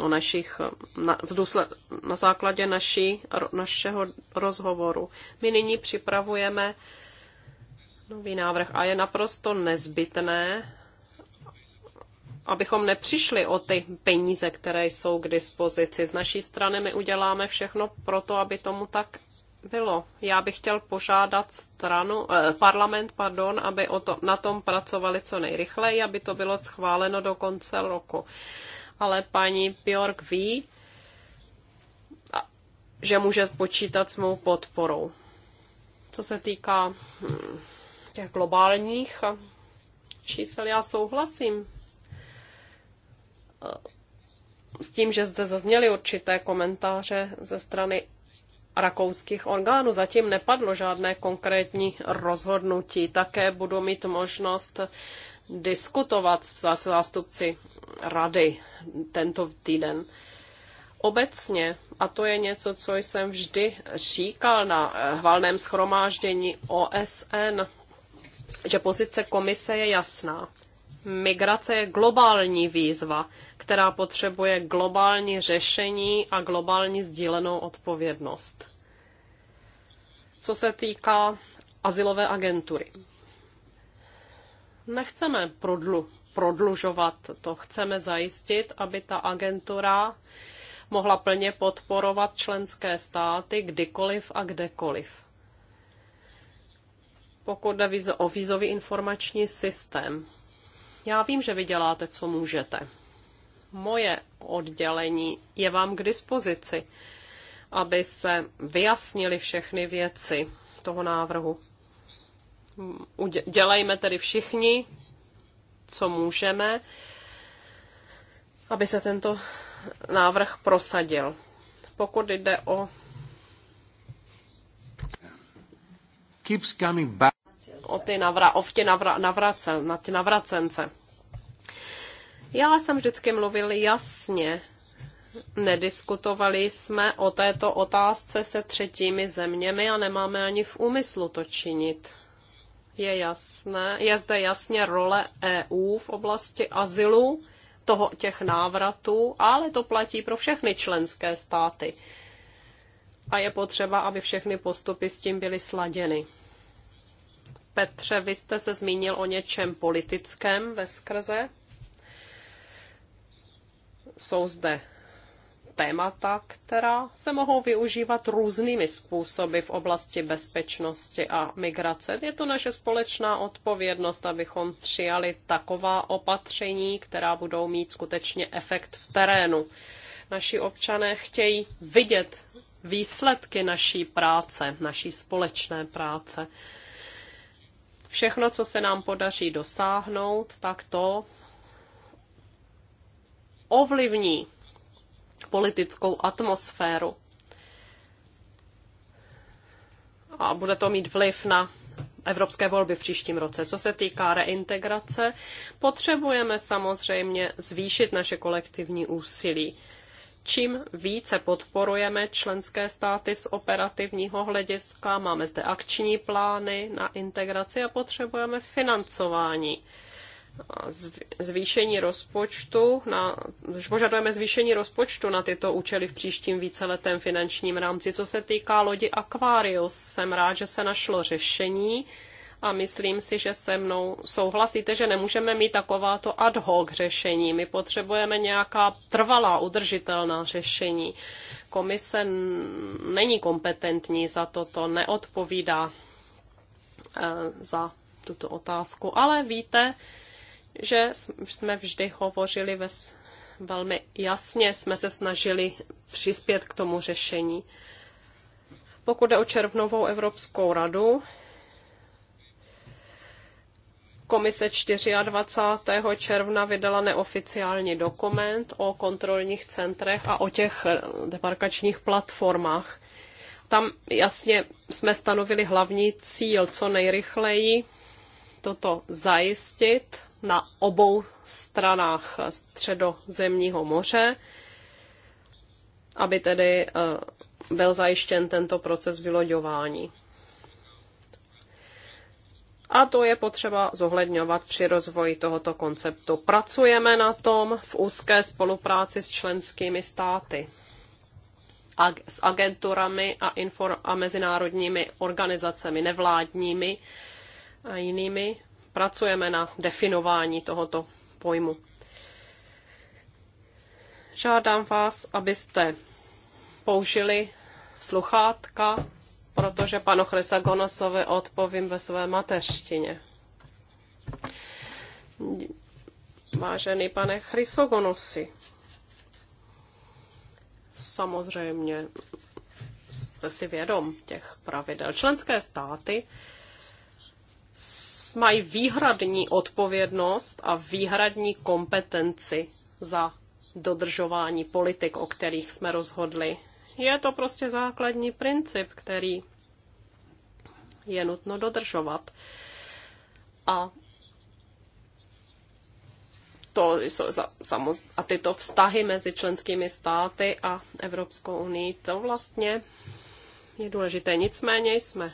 o našich, na, v důsled, na základě naší, našeho rozhovoru. My nyní připravujeme nový návrh a je naprosto nezbytné, abychom nepřišli o ty peníze, které jsou k dispozici. Z naší strany my uděláme všechno pro to, aby tomu tak bylo. Já bych chtěl požádat stranu, eh, parlament, pardon, aby o to, na tom pracovali co nejrychleji, aby to bylo schváleno do konce roku. Eh, ale paní Bjork ví, že může počítat s mou podporou. Co se týká hm, těch globálních čísel, já souhlasím eh, s tím, že zde zazněly určité komentáře ze strany rakouských orgánů. Zatím nepadlo žádné konkrétní rozhodnutí. Také budu mít možnost diskutovat s zástupci rady tento týden. Obecně, a to je něco, co jsem vždy říkal na hvalném eh, schromáždění OSN, že pozice komise je jasná. Migrace je globální výzva, která potřebuje globální řešení a globální sdílenou odpovědnost. Co se týká asilové agentury. Nechceme prodlu, prodlužovat. To chceme zajistit, aby ta agentura mohla plně podporovat členské státy kdykoliv a kdekoliv. Pokud jde o vízový informační systém, já vím, že vy děláte, co můžete. Moje oddělení je vám k dispozici, aby se vyjasnili všechny věci toho návrhu. Dělejme tedy všichni co můžeme, aby se tento návrh prosadil. Pokud jde o O ty navra, o tě navra, navracen, na ty navracence. Já jsem vždycky mluvil jasně. Nediskutovali jsme o této otázce se třetími zeměmi a nemáme ani v úmyslu to činit je jasné, je zde jasně role EU v oblasti azylu, toho, těch návratů, ale to platí pro všechny členské státy. A je potřeba, aby všechny postupy s tím byly sladěny. Petře, vy jste se zmínil o něčem politickém ve skrze. Jsou zde témata, která se mohou využívat různými způsoby v oblasti bezpečnosti a migrace. Je to naše společná odpovědnost, abychom přijali taková opatření, která budou mít skutečně efekt v terénu. Naši občané chtějí vidět výsledky naší práce, naší společné práce. Všechno, co se nám podaří dosáhnout, tak to ovlivní politickou atmosféru. A bude to mít vliv na evropské volby v příštím roce. Co se týká reintegrace, potřebujeme samozřejmě zvýšit naše kolektivní úsilí. Čím více podporujeme členské státy z operativního hlediska, máme zde akční plány na integraci a potřebujeme financování zvýšení rozpočtu na, požadujeme zvýšení rozpočtu na tyto účely v příštím víceletém finančním rámci. Co se týká lodi Aquarius, jsem rád, že se našlo řešení a myslím si, že se mnou souhlasíte, že nemůžeme mít takováto ad hoc řešení. My potřebujeme nějaká trvalá, udržitelná řešení. Komise není kompetentní za toto, neodpovídá eh, za tuto otázku, ale víte, že jsme vždy hovořili ve, velmi jasně, jsme se snažili přispět k tomu řešení. Pokud jde o červnovou Evropskou radu, Komise 24. června vydala neoficiální dokument o kontrolních centrech a o těch eh, debarkačních platformách. Tam jasně jsme stanovili hlavní cíl co nejrychleji toto zajistit na obou stranách středozemního moře, aby tedy eh, byl zajištěn tento proces vyloďování. A to je potřeba zohledňovat při rozvoji tohoto konceptu. Pracujeme na tom v úzké spolupráci s členskými státy, s agenturami a, a mezinárodními organizacemi nevládními, a jinými pracujeme na definování tohoto pojmu. Žádám vás, abyste použili sluchátka, protože panu Gonosovi odpovím ve své mateřštině. Vážený pane Chrysogonosi, samozřejmě jste si vědom těch pravidel. Členské státy mají výhradní odpovědnost a výhradní kompetenci za dodržování politik, o kterých jsme rozhodli. Je to prostě základní princip, který je nutno dodržovat. A to jsou a tyto vztahy mezi členskými státy a Evropskou unii, to vlastně je důležité. Nicméně jsme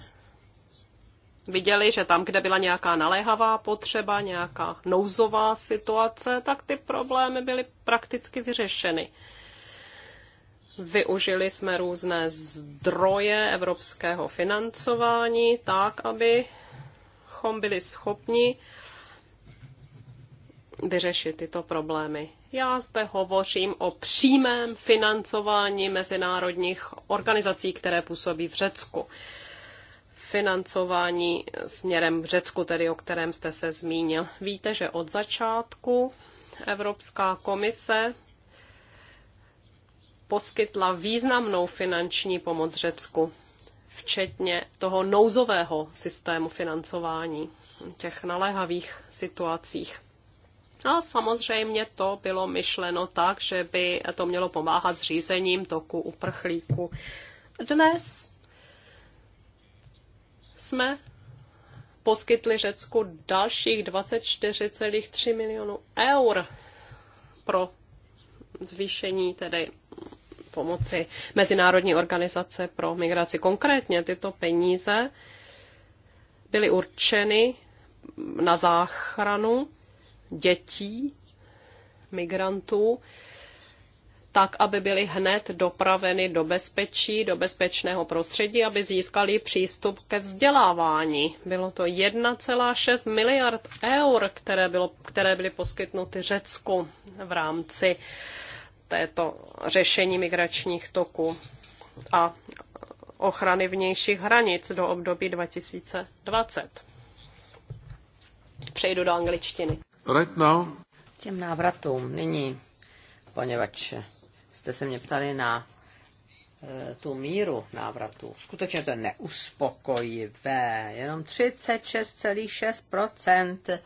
viděli, že tam, kde byla nějaká naléhavá potřeba, nějaká nouzová situace, tak ty problémy byly prakticky vyřešeny. Využili jsme různé zdroje evropského financování tak, abychom byli schopni vyřešit tyto problémy. Já zde hovořím o přímém financování mezinárodních organizací, které působí v Řecku financování směrem k Řecku, tedy o kterém jste se zmínil. Víte, že od začátku Evropská komise poskytla významnou finanční pomoc Řecku, včetně toho nouzového systému financování těch naléhavých situacích. A samozřejmě to bylo myšleno tak, že by to mělo pomáhat s řízením toku uprchlíků. Dnes jsme poskytli Řecku dalších 24,3 milionů eur pro zvýšení tedy pomoci Mezinárodní organizace pro migraci. Konkrétně tyto peníze byly určeny na záchranu dětí, migrantů, tak, aby byly hned dopraveny do bezpečí, do bezpečného prostředí, aby získali přístup ke vzdělávání. Bylo to 1,6 miliard eur, které, bylo, které byly poskytnuty Řecku v rámci této řešení migračních toků a ochrany vnějších hranic do období 2020. Přejdu do angličtiny. Right now. Těm návratům nyní, poněvadž jste se mě ptali na eh, tu míru návratu. Skutečně to je neuspokojivé. Jenom 36,6%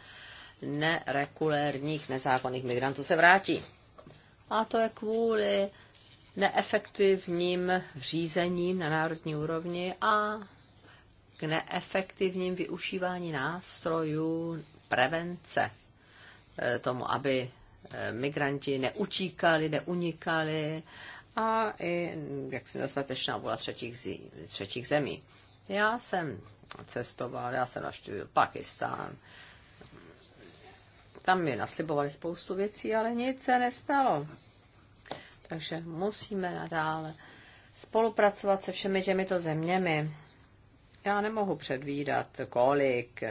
nerekulérních nezákonných migrantů se vrátí. A to je kvůli neefektivním řízením na národní úrovni a k neefektivním využívání nástrojů prevence eh, tomu, aby Eh, migranti neučíkali, neunikali a i si dostatečná byla třetích, třetích zemí. Já jsem cestoval, já jsem navštívil Pakistán, tam mi naslibovali spoustu věcí, ale nic se nestalo. Takže musíme nadále spolupracovat se všemi těmito zeměmi. Já nemohu předvídat, kolik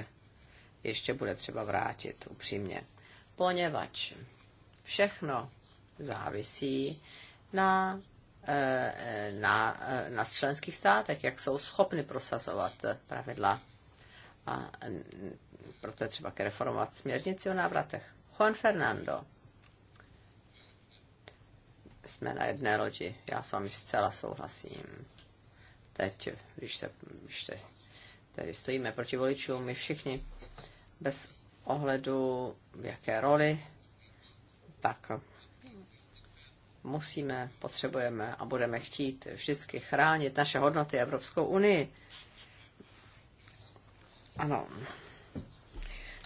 ještě bude třeba vrátit, upřímně. Poněvadž všechno závisí na, eh, eh, na, eh, na členských státech, jak jsou schopny prosazovat pravidla. A proto je třeba k reformovat směrnici o návratech. Juan Fernando. Jsme na jedné lodi. Já s vámi zcela souhlasím. Teď, když se, když se tedy stojíme proti voličům, my všichni, bez ohledu, v jaké roli tak musíme, potřebujeme a budeme chtít vždycky chránit naše hodnoty Evropskou unii. Ano.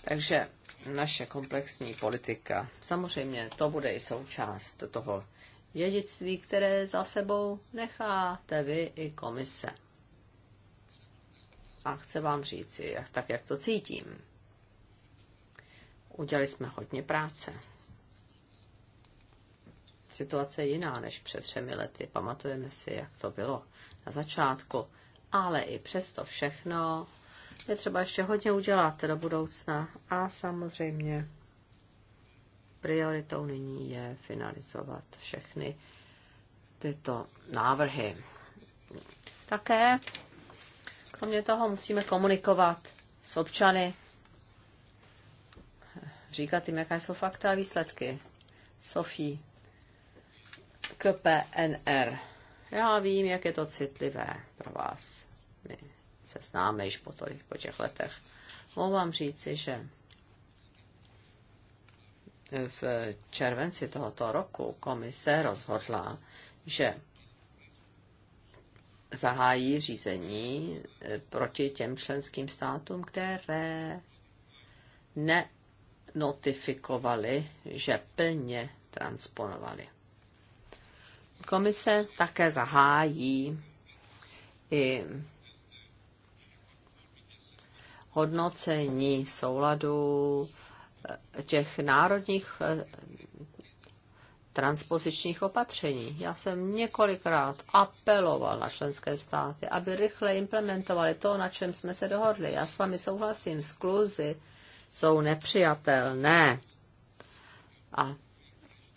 Takže naše komplexní politika, samozřejmě to bude i součást toho dědictví, které za sebou necháte vy i komise. A chci vám říci, jak, tak jak to cítím. Udělali jsme hodně práce situace je jiná než před třemi lety. Pamatujeme si, jak to bylo na začátku. Ale i přesto všechno je třeba ještě hodně udělat do budoucna. A samozřejmě prioritou nyní je finalizovat všechny tyto návrhy. Také kromě toho musíme komunikovat s občany, říkat jim, jaké jsou fakta a výsledky. Sofí Kpnr, Já vím, jak je to citlivé pro vás. My se známe již po, tolik, po těch letech. Mohu vám říci, že v červenci tohoto roku komise rozhodla, že zahájí řízení eh, proti těm členským státům, které nenotifikovali, že plně transponovali Komise také zahájí i hodnocení souladu eh, těch národních eh, transpozičních opatření. Já jsem několikrát apeloval na členské státy, aby rychle implementovali to, na čem jsme se dohodli. Já s vámi souhlasím, skluzy jsou nepřijatelné. A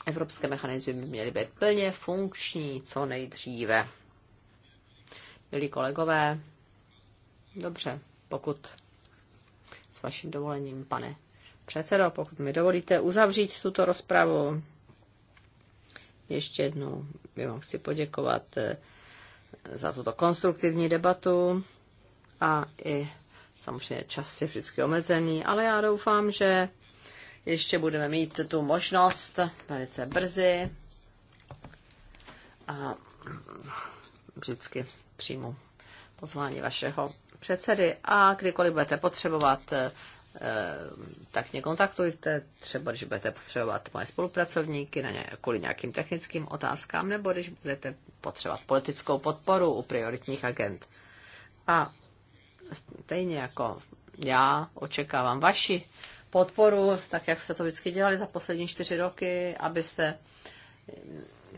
Evropské mechanizmy by měly být plně funkční co nejdříve. Milí kolegové, dobře, pokud s vaším dovolením, pane předsedo, pokud mi dovolíte uzavřít tuto rozpravu, ještě jednou bych vám chci poděkovat eh, za tuto konstruktivní debatu a i samozřejmě čas je vždycky omezený, ale já doufám, že ještě budeme mít tu možnost velice brzy a vždycky přijmu pozvání vašeho předsedy a kdykoliv budete potřebovat, eh, tak mě kontaktujte, třeba když budete potřebovat moje spolupracovníky na nějak, kvůli nějakým technickým otázkám, nebo když budete potřebovat politickou podporu u prioritních agent. A stejně jako já očekávám vaši podporu, tak jak jste to vždycky dělali za poslední čtyři roky, abyste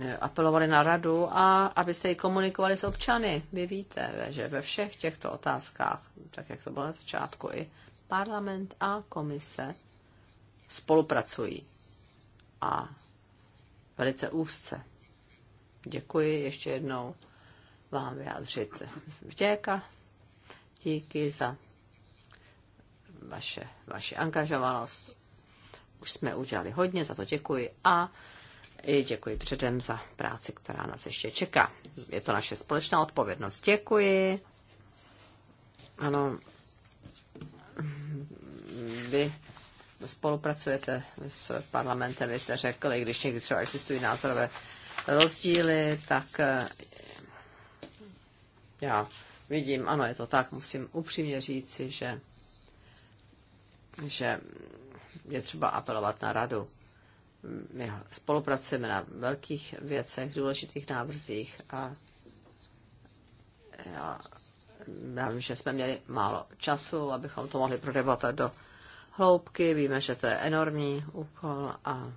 eh, apelovali na radu a abyste ji komunikovali s občany. Vy víte, že ve všech těchto otázkách, tak jak to bylo na začátku, i parlament a komise spolupracují a velice úzce. Děkuji ještě jednou vám vyjádřit vděka. díky za vaše, vaši angažovanost. Už jsme udělali hodně, za to děkuji a i děkuji předem za práci, která nás ještě čeká. Je to naše společná odpovědnost. Děkuji. Ano, vy spolupracujete s parlamentem, vy jste řekli, když někdy třeba existují názorové rozdíly, tak eh, já vidím, ano, je to tak, musím upřímně říci, že že je třeba apelovat na radu. My spolupracujeme na velkých věcech, důležitých návrzích a já, já vím, že jsme měli málo času, abychom to mohli prodebatovat do hloubky. Víme, že to je enormní úkol a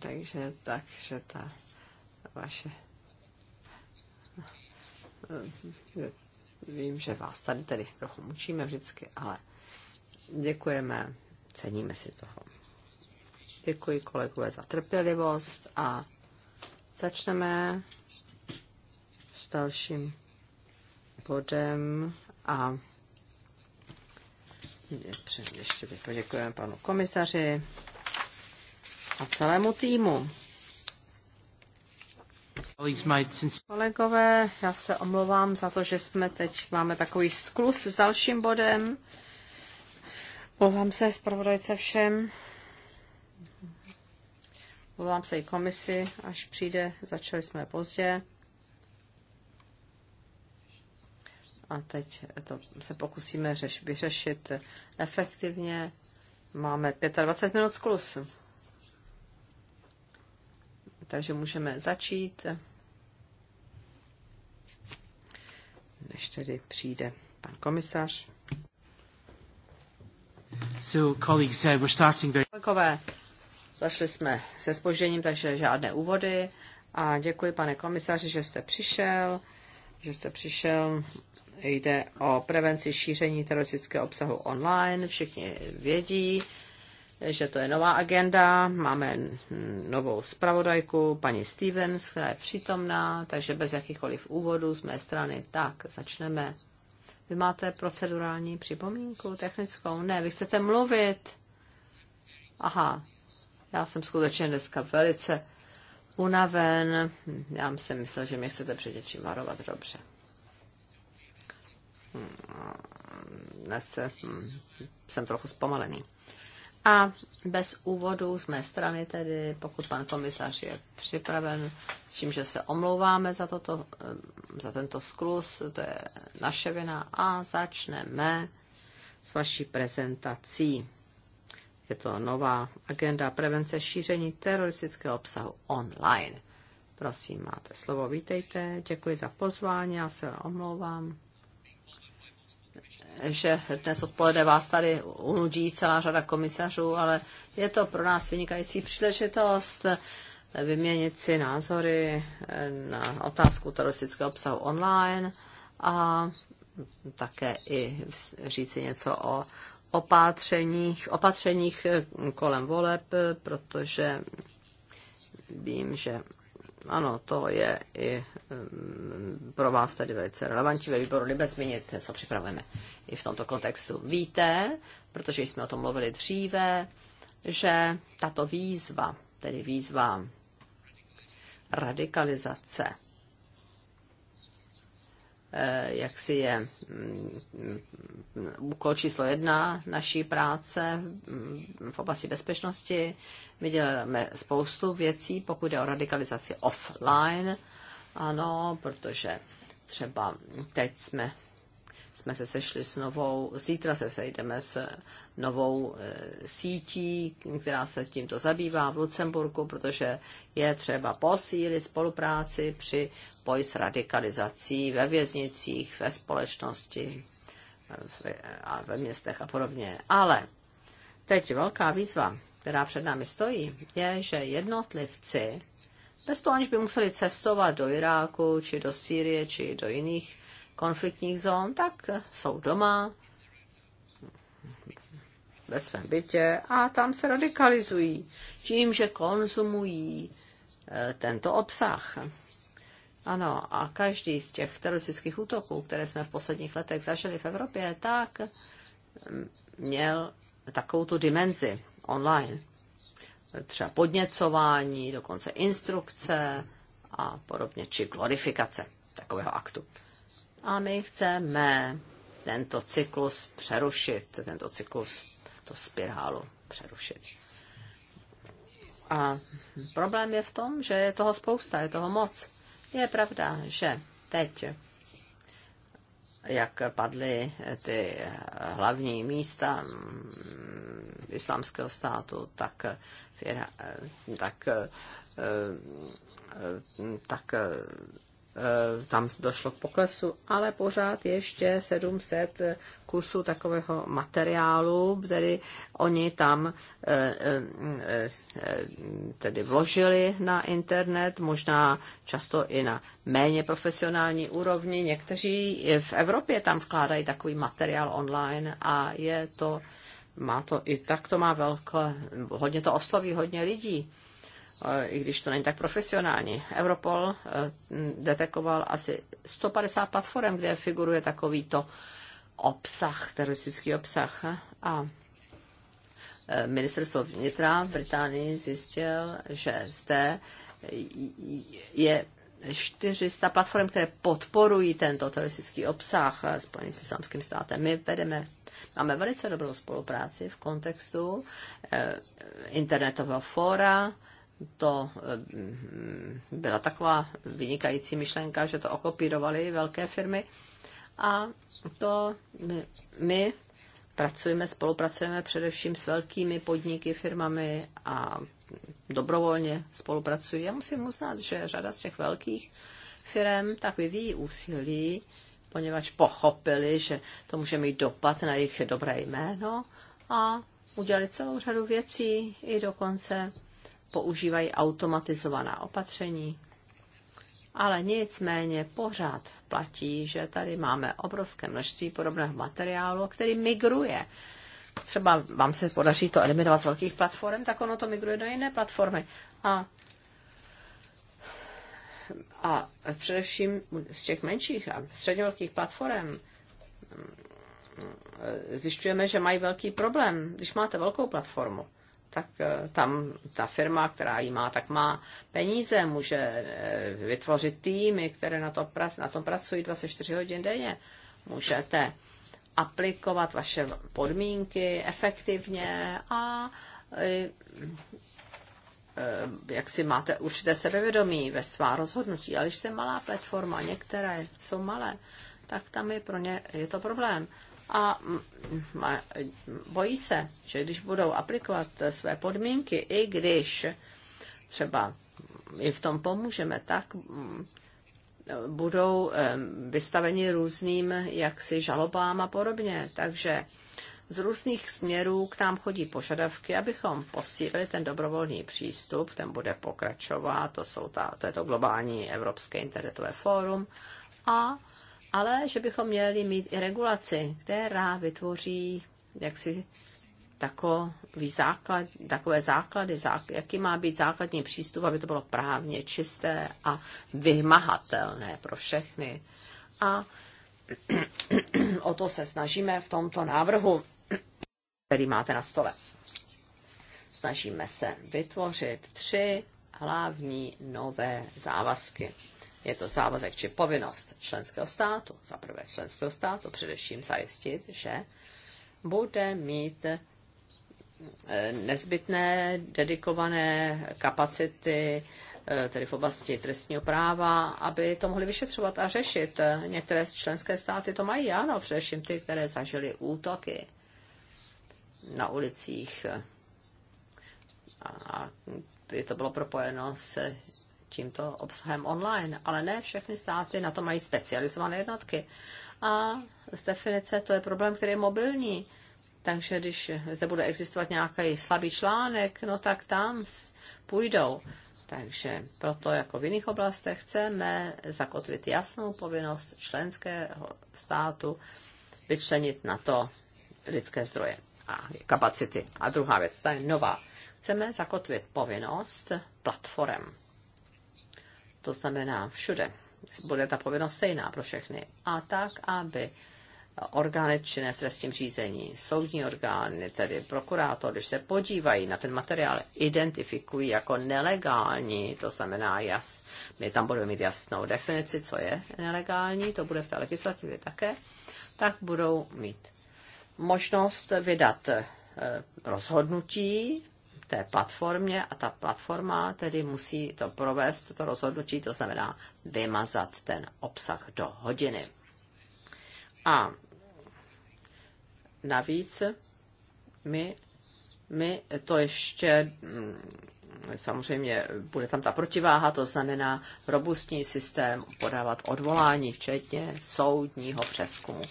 takže takže ta vaše Vím, že vás tady tedy trochu mučíme vždycky, ale děkujeme, ceníme si toho. Děkuji kolegové za trpělivost a začneme s dalším bodem a ještě poděkujeme panu komisaři a celému týmu. Kolegové, já se omlouvám za to, že jsme teď máme takový sklus s dalším bodem. Omlouvám se zpravodajce všem. Omlouvám se i komisi, až přijde, začali jsme pozdě. A teď to se pokusíme řeš, vyřešit efektivně. Máme 25 minut sklus. Takže můžeme začít. než tedy přijde pan komisař. So, colleagues, uh, we're starting very... Kolegové, zašli jsme se spožděním, takže žádné úvody. A děkuji, pane komisaři, že jste přišel, že jste přišel. Jde o prevenci šíření teroristického obsahu online. Všichni vědí, že to je nová agenda. Máme novou zpravodajku, paní Stevens, která je přítomná, takže bez jakýchkoliv úvodů z mé strany. Tak, začneme. Vy máte procedurální připomínku technickou? Ne, vy chcete mluvit. Aha, já jsem skutečně dneska velice unaven. Já jsem myslel, že mě chcete před něčím varovat. Dobře. Hmm, dnes hmm, jsem trochu zpomalený. A bez úvodu z mé strany tedy, pokud pan komisař je připraven, s tím, že se omlouváme za, toto, eh, za tento sklus, to je naše vina, a začneme s vaší prezentací. Je to nová agenda prevence šíření teroristického obsahu online. Prosím, máte slovo, vítejte, děkuji za pozvání, já se omlouvám že dnes odpoledne vás tady unudí celá řada komisařů, ale je to pro nás vynikající příležitost vyměnit si názory eh, na otázku teroristického obsahu online a také i říci něco o opatřeních, opatřeních kolem voleb, protože vím, že ano, to je i mm, pro vás tady velice relevantní ve výboru Libe zmínit, co připravujeme i v tomto kontextu. Víte, protože jsme o tom mluvili dříve, že tato výzva, tedy výzva radikalizace, Eh, jak si je mm, úkol číslo jedna naší práce mm, v oblasti bezpečnosti. My děláme spoustu věcí, pokud jde o radikalizaci offline. Ano, protože třeba teď jsme jsme se sešli s novou, zítra se sejdeme s novou e, sítí, která se tímto zabývá v Lucemburku, protože je třeba posílit spolupráci při boji s radikalizací ve věznicích, ve společnosti a ve městech a podobně. Ale teď velká výzva, která před námi stojí, je, že jednotlivci bez toho, aniž by museli cestovat do Iráku, či do Sýrie, či do jiných konfliktních zón, tak jsou doma, ve svém bytě a tam se radikalizují tím, že konzumují eh, tento obsah. Ano, a každý z těch teroristických útoků, které jsme v posledních letech zažili v Evropě, tak mm, měl takovou tu dimenzi online. Třeba podněcování, dokonce instrukce a podobně, či glorifikace takového aktu. A my chceme tento cyklus přerušit, tento cyklus, to spirálu přerušit. A problém je v tom, že je toho spousta, je toho moc. Je pravda, že teď, jak padly ty hlavní místa islámského státu, tak, tak, tak Eh, tam došlo k poklesu, ale pořád ještě 700 kusů takového materiálu, tedy oni tam eh, eh, tedy vložili na internet, možná často i na méně profesionální úrovni. Někteří v Evropě tam vkládají takový materiál online a je to, má to i tak to má velké, hodně to osloví hodně lidí. Eh, i když to není tak profesionální. Europol eh, detekoval asi 150 platform, kde figuruje takovýto obsah, teroristický obsah. A eh, ministerstvo vnitra v Británii zjistil, že zde je 400 platform, které podporují tento teroristický obsah spojený se samským státem. My vedeme, máme velice dobrou spolupráci v kontextu internetového fóra, to eh, byla taková vynikající myšlenka, že to okopírovaly velké firmy. A to my, my pracujeme, spolupracujeme především s velkými podniky, firmami a dobrovolně spolupracují. Já musím uznat, že řada z těch velkých firm tak vyvíjí úsilí, poněvadž pochopili, že to může mít dopad na jejich dobré jméno a udělali celou řadu věcí i dokonce používají automatizovaná opatření. Ale nicméně pořád platí, že tady máme obrovské množství podobného materiálu, který migruje. Třeba vám se podaří to eliminovat z velkých platform, tak ono to migruje do jiné platformy. A, a především z těch menších a středně velkých platform mm, mm, zjišťujeme, že mají velký problém, když máte velkou platformu tak eh, tam ta firma, která ji má, tak má peníze, může eh, vytvořit týmy, které na, to, na tom pracují 24 hodin denně. Můžete aplikovat vaše podmínky efektivně a eh, jak si máte určité sebevědomí ve svá rozhodnutí. Ale když se malá platforma, některé jsou malé, tak tam je pro ně je to problém a bojí se, že když budou aplikovat své podmínky, i když třeba i v tom pomůžeme, tak budou vystaveni různým jaksi žalobám a podobně. Takže z různých směrů k nám chodí požadavky, abychom posílili ten dobrovolný přístup, ten bude pokračovat, to, jsou ta, to je to globální Evropské internetové fórum a ale že bychom měli mít i regulaci, která vytvoří jaksi takový základ, takové základy, zák, jaký má být základní přístup, aby to bylo právně čisté a vymahatelné pro všechny. A o to se snažíme v tomto návrhu, který máte na stole. Snažíme se vytvořit tři hlavní nové závazky. Je to závazek či povinnost členského státu, za prvé členského státu, především zajistit, že bude mít eh, nezbytné dedikované kapacity, eh, tedy v oblasti trestního práva, aby to mohli vyšetřovat a řešit. Některé členské státy to mají, ano, především ty, které zažily útoky na ulicích. A to bylo propojeno s tímto obsahem online, ale ne všechny státy na to mají specializované jednotky. A z definice to je problém, který je mobilní. Takže když zde bude existovat nějaký slabý článek, no tak tam půjdou. Takže proto jako v jiných oblastech chceme zakotvit jasnou povinnost členského státu vyčlenit na to lidské zdroje a kapacity. A druhá věc, ta je nová. Chceme zakotvit povinnost platform to znamená všude. Bude ta povinnost stejná pro všechny. A tak, aby orgány činné v trestním řízení, soudní orgány, tedy prokurátor, když se podívají na ten materiál, identifikují jako nelegální, to znamená, jas, my tam budeme mít jasnou definici, co je nelegální, to bude v té legislativě také, tak budou mít možnost vydat eh, rozhodnutí té platformě a ta platforma tedy musí to provést, to rozhodnutí, to znamená vymazat ten obsah do hodiny. A navíc my, my to ještě mm, samozřejmě bude tam ta protiváha, to znamená robustní systém podávat odvolání, včetně soudního přeskumu.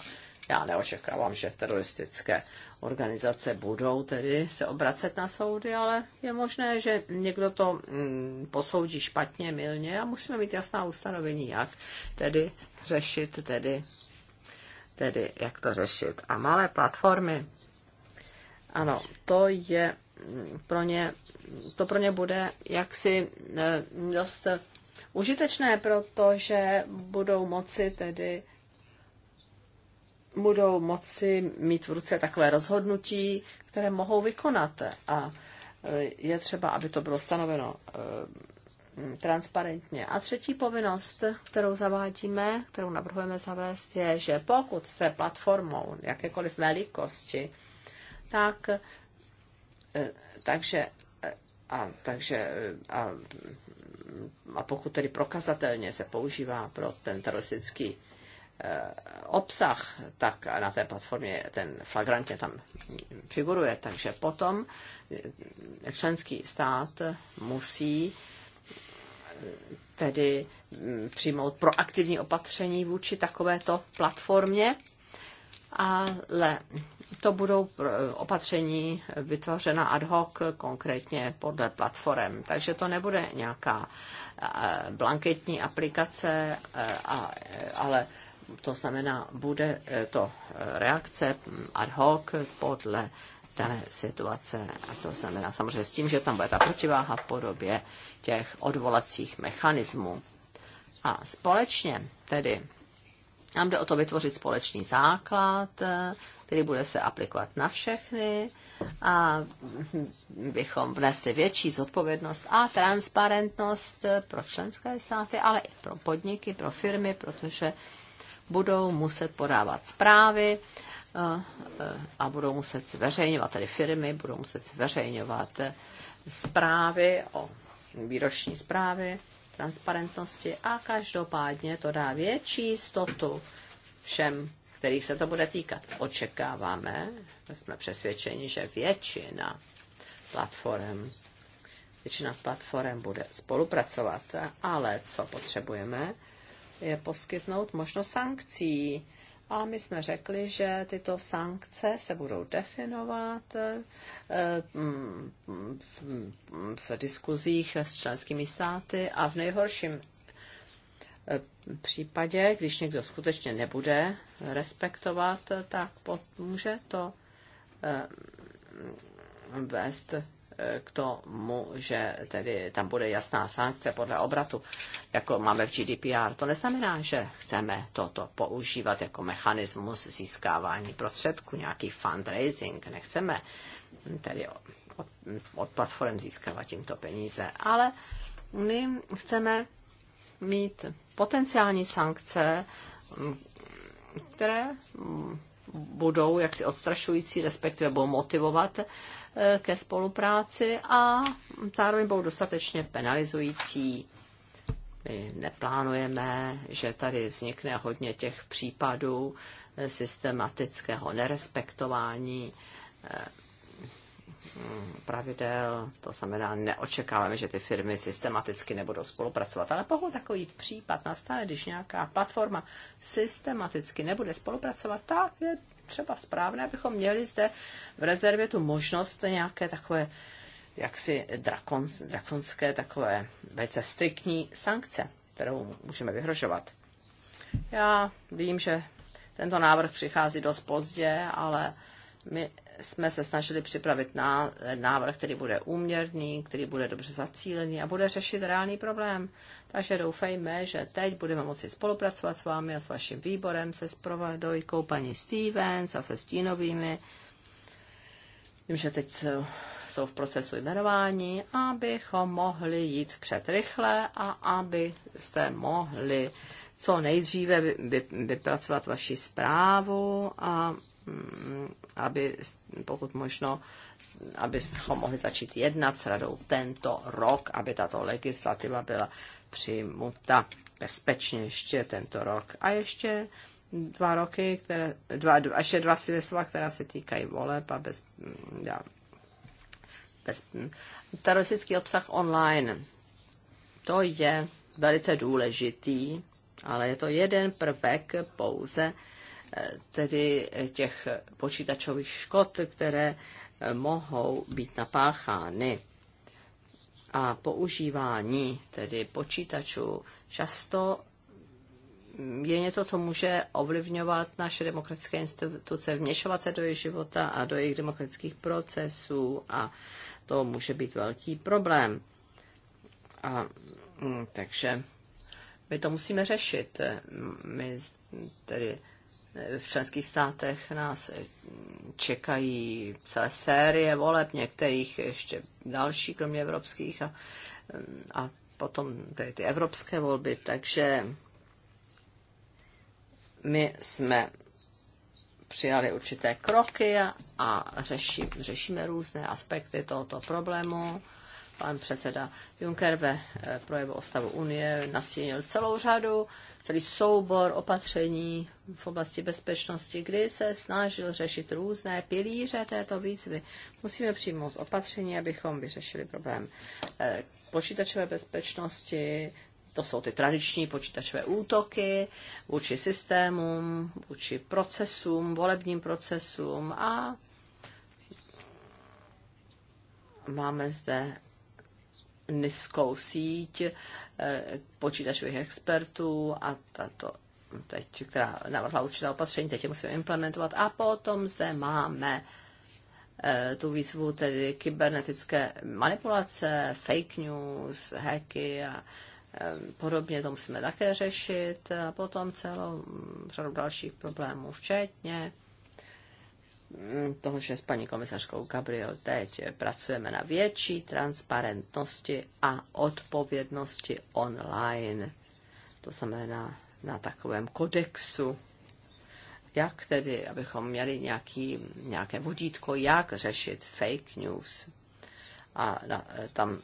Já neočekávám, že teroristické organizace budou tedy se obracet na soudy, ale je možné, že někdo to mm, posoudí špatně, milně a musíme mít jasná ustanovení, jak tedy řešit, tedy, tedy jak to řešit. A malé platformy, ano, to je mm, pro ně, to pro ně bude jaksi eh, dost užitečné, protože budou moci tedy budou moci mít v ruce takové rozhodnutí, které mohou vykonat. A e, je třeba, aby to bylo stanoveno e, transparentně. A třetí povinnost, kterou zavádíme, kterou navrhujeme zavést, je, že pokud jste platformou jakékoliv velikosti, tak e, takže a, takže a, a pokud tedy prokazatelně se používá pro ten teroristický Eh, obsah, tak na té platformě ten flagrantně tam figuruje. Takže potom eh, členský stát musí eh, tedy mm, přijmout proaktivní opatření vůči takovéto platformě, ale to budou opatření vytvořena ad hoc, konkrétně podle platform. Takže to nebude nějaká blanketní aplikace, ale to znamená, bude eh, to eh, reakce ad hoc podle dané situace. A to znamená samozřejmě s tím, že tam bude ta protiváha v podobě těch odvolacích mechanismů. A společně tedy nám jde o to vytvořit společný základ, eh, který bude se aplikovat na všechny a bychom vnesli větší zodpovědnost a transparentnost pro členské státy, ale i pro podniky, pro firmy, protože budou muset podávat zprávy eh, eh, a budou muset zveřejňovat, tedy firmy budou muset zveřejňovat eh, zprávy o výroční zprávy, transparentnosti a každopádně to dá větší jistotu všem, kterých se to bude týkat. Očekáváme, jsme přesvědčeni, že většina platform většina platform bude spolupracovat, ale co potřebujeme, je poskytnout možnost sankcí. A my jsme řekli, že tyto sankce se budou definovat eh, mm, v diskuzích s členskými státy a v nejhorším eh, případě, když někdo skutečně nebude respektovat, tak může to eh, vést k tomu, že tedy tam bude jasná sankce podle obratu, jako máme v GDPR. To neznamená, že chceme toto používat jako mechanismus získávání prostředků, nějaký fundraising. Nechceme tedy od, od platform získávat tímto peníze, ale my chceme mít potenciální sankce, které budou jaksi odstrašující, respektive budou motivovat ke spolupráci a zároveň budou dostatečně penalizující. My neplánujeme, že tady vznikne hodně těch případů systematického nerespektování eh, pravidel, to znamená, neočekáváme, že ty firmy systematicky nebudou spolupracovat. Ale pokud takový případ nastane, když nějaká platforma systematicky nebude spolupracovat, tak je třeba správné, abychom měli zde v rezervě tu možnost nějaké takové jaksi drakons, drakonské, takové velice striktní sankce, kterou můžeme vyhrožovat. Já vím, že tento návrh přichází dost pozdě, ale my jsme se snažili připravit návrh, který bude úměrný, který bude dobře zacílený a bude řešit reálný problém. Takže doufejme, že teď budeme moci spolupracovat s vámi a s vaším výborem, se zpravodajkou paní Stevens a se stínovými. Vím, že teď jsou v procesu jmenování, abychom mohli jít před rychle a abyste mohli co nejdříve vypracovat vaši zprávu a Mm, aby pokud možno, aby ho mohli začít jednat s radou tento rok, aby tato legislativa byla přijmuta bezpečně ještě tento rok. A ještě dva roky, které, dva, dva, ještě dva svěstva, která se týkají voleb a bez, mm, já, bez, mm, teroristický obsah online. To je velice důležitý, ale je to jeden prvek pouze tedy těch počítačových škod, které eh, mohou být napáchány. A používání tedy počítačů často je něco, co může ovlivňovat naše demokratické instituce, vměšovat se do jejich života a do jejich demokratických procesů a to může být velký problém. A, mm, takže my to musíme řešit. My tedy v členských státech nás čekají celé série voleb, některých ještě další, kromě evropských a, a potom tady ty evropské volby, takže my jsme přijali určité kroky a řeší, řešíme různé aspekty tohoto problému. Pan předseda Juncker ve eh, projevu o stavu Unie nastínil celou řadu, celý soubor opatření, v oblasti bezpečnosti, kdy se snažil řešit různé pilíře této výzvy. Musíme přijmout opatření, abychom vyřešili problém eh, počítačové bezpečnosti, to jsou ty tradiční počítačové útoky vůči systémům, vůči procesům, volebním procesům a máme zde niskou síť eh, počítačových expertů a tato teď, která navrhla určitá opatření, teď je musíme implementovat. A potom zde máme eh, tu výzvu tedy kybernetické manipulace, fake news, hacky a eh, podobně, to musíme také řešit a potom celou řadu dalších problémů, včetně mm, toho, že s paní komisařkou Gabriel teď pracujeme na větší transparentnosti a odpovědnosti online. To znamená, na takovém kodexu, jak tedy, abychom měli nějaký, nějaké vodítko, jak řešit fake news. A na, tam,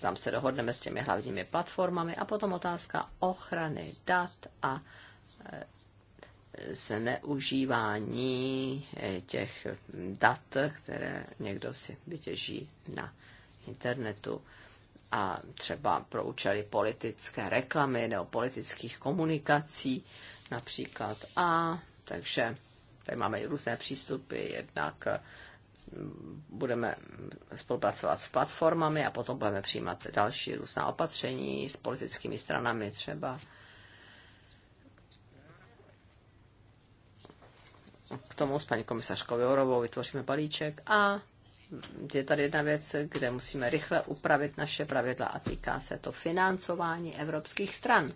tam se dohodneme s těmi hlavními platformami. A potom otázka ochrany dat a e, zneužívání e, těch dat, které někdo si vytěží na internetu a třeba pro účely politické reklamy nebo politických komunikací například. A takže tady máme i různé přístupy, jednak eh, budeme spolupracovat s platformami a potom budeme přijímat další různá opatření s politickými stranami třeba. K tomu s paní komisařkou Jourovou vytvoříme balíček a je tady jedna věc, kde musíme rychle upravit naše pravidla a týká se to financování evropských stran.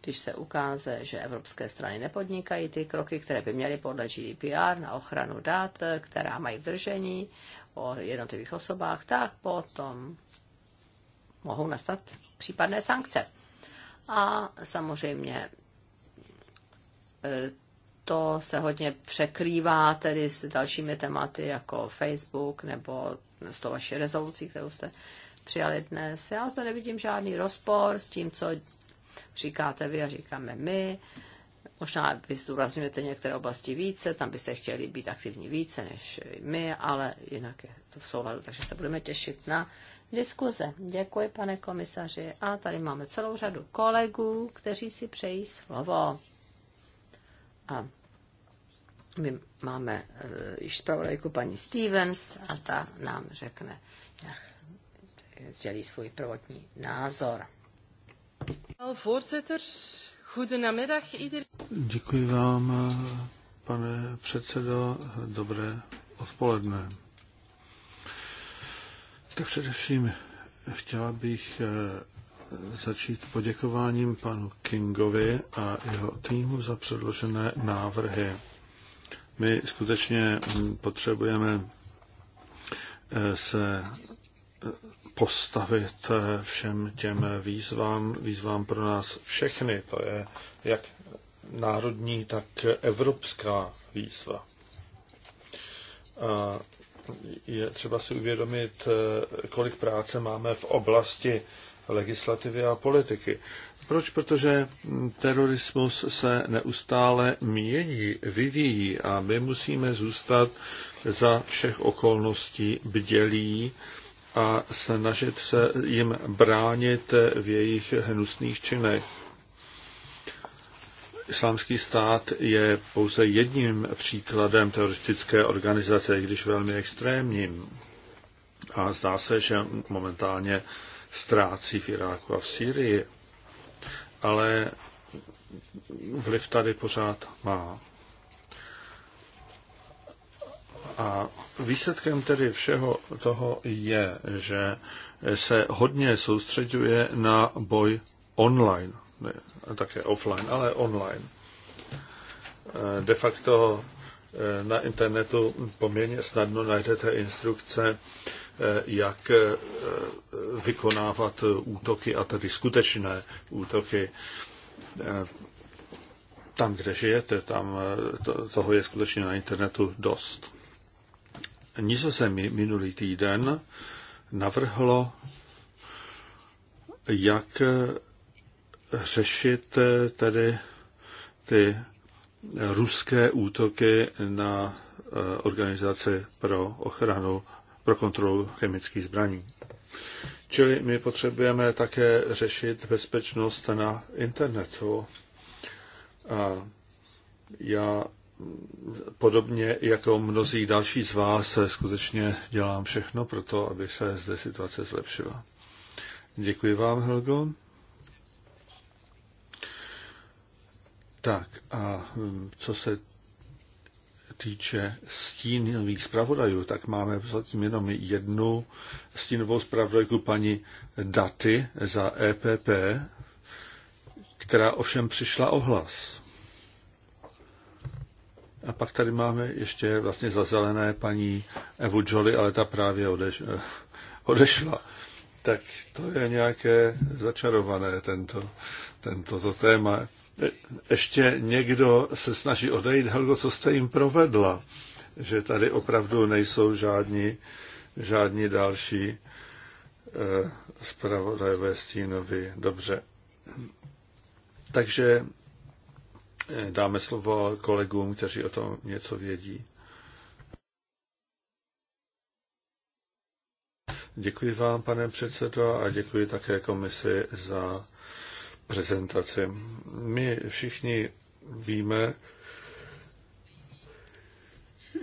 Když se ukáže, že evropské strany nepodnikají ty kroky, které by měly podle GDPR na ochranu dat, která mají v držení o jednotlivých osobách, tak potom mohou nastat případné sankce. A samozřejmě eh, to se hodně překrývá tedy s dalšími tématy jako Facebook nebo s tou vaší rezolucí, kterou jste přijali dnes. Já zde nevidím žádný rozpor s tím, co říkáte vy a říkáme my. Možná vy zdůrazňujete některé oblasti více, tam byste chtěli být aktivní více než my, ale jinak je to v souladu, takže se budeme těšit na diskuze. Děkuji, pane komisaři. A tady máme celou řadu kolegů, kteří si přejí slovo. A my máme eh, již zpravodajku paní Stevens a ta nám řekne, jak sdělí svůj prvotní názor. Děkuji vám, pane předsedo. Dobré odpoledne. Tak především chtěla bych eh, začít poděkováním panu Kingovi a jeho týmu za předložené návrhy. My skutečně mm, potřebujeme eh, se eh, postavit eh, všem těm výzvám, výzvám pro nás všechny. To je jak národní, tak evropská výzva. A je třeba si uvědomit, kolik práce máme v oblasti legislativy a politiky. Proč? Protože terorismus se neustále mění, vyvíjí a my musíme zůstat za všech okolností bdělí a snažit se jim bránit v jejich hnusných činech. Islámský stát je pouze jedním příkladem teroristické organizace, když velmi extrémním. A zdá se, že momentálně ztrácí v Iráku a v Sýrii ale vliv tady pořád má. A výsledkem tedy všeho toho je, že se hodně soustředuje na boj online, ne, také offline, ale online. De facto eh, na internetu poměrně snadno najdete instrukce, jak eh, vykonávat útoky, a tedy skutečné útoky eh, tam, kde žijete, tam eh, toho je skutečně na internetu dost. mi minulý týden navrhlo, jak řešit tedy ty ruské útoky na organizaci pro ochranu pro kontrolu chemických zbraní. Čili my potřebujeme také řešit bezpečnost na internetu. A já podobně jako mnozí další z vás skutečně dělám všechno pro to, aby se zde situace zlepšila. Děkuji vám, Helgo. Tak a co se týče stínových zpravodajů, tak máme zatím jenom jednu stínovou zpravodajku paní Daty za EPP, která ovšem přišla ohlas. A pak tady máme ještě vlastně za zelené paní Evu Jolly, ale ta právě odeš, eh, odešla. Tak to je nějaké začarované tento, tento to téma ještě někdo se snaží odejít, Helgo, co jste jim provedla, že tady opravdu nejsou žádní, žádní další eh, zpravodajové stínovi. Dobře. Takže eh, dáme slovo kolegům, kteří o tom něco vědí. Děkuji vám, pane předsedo, a děkuji také komisi za prezentaci. My všichni víme,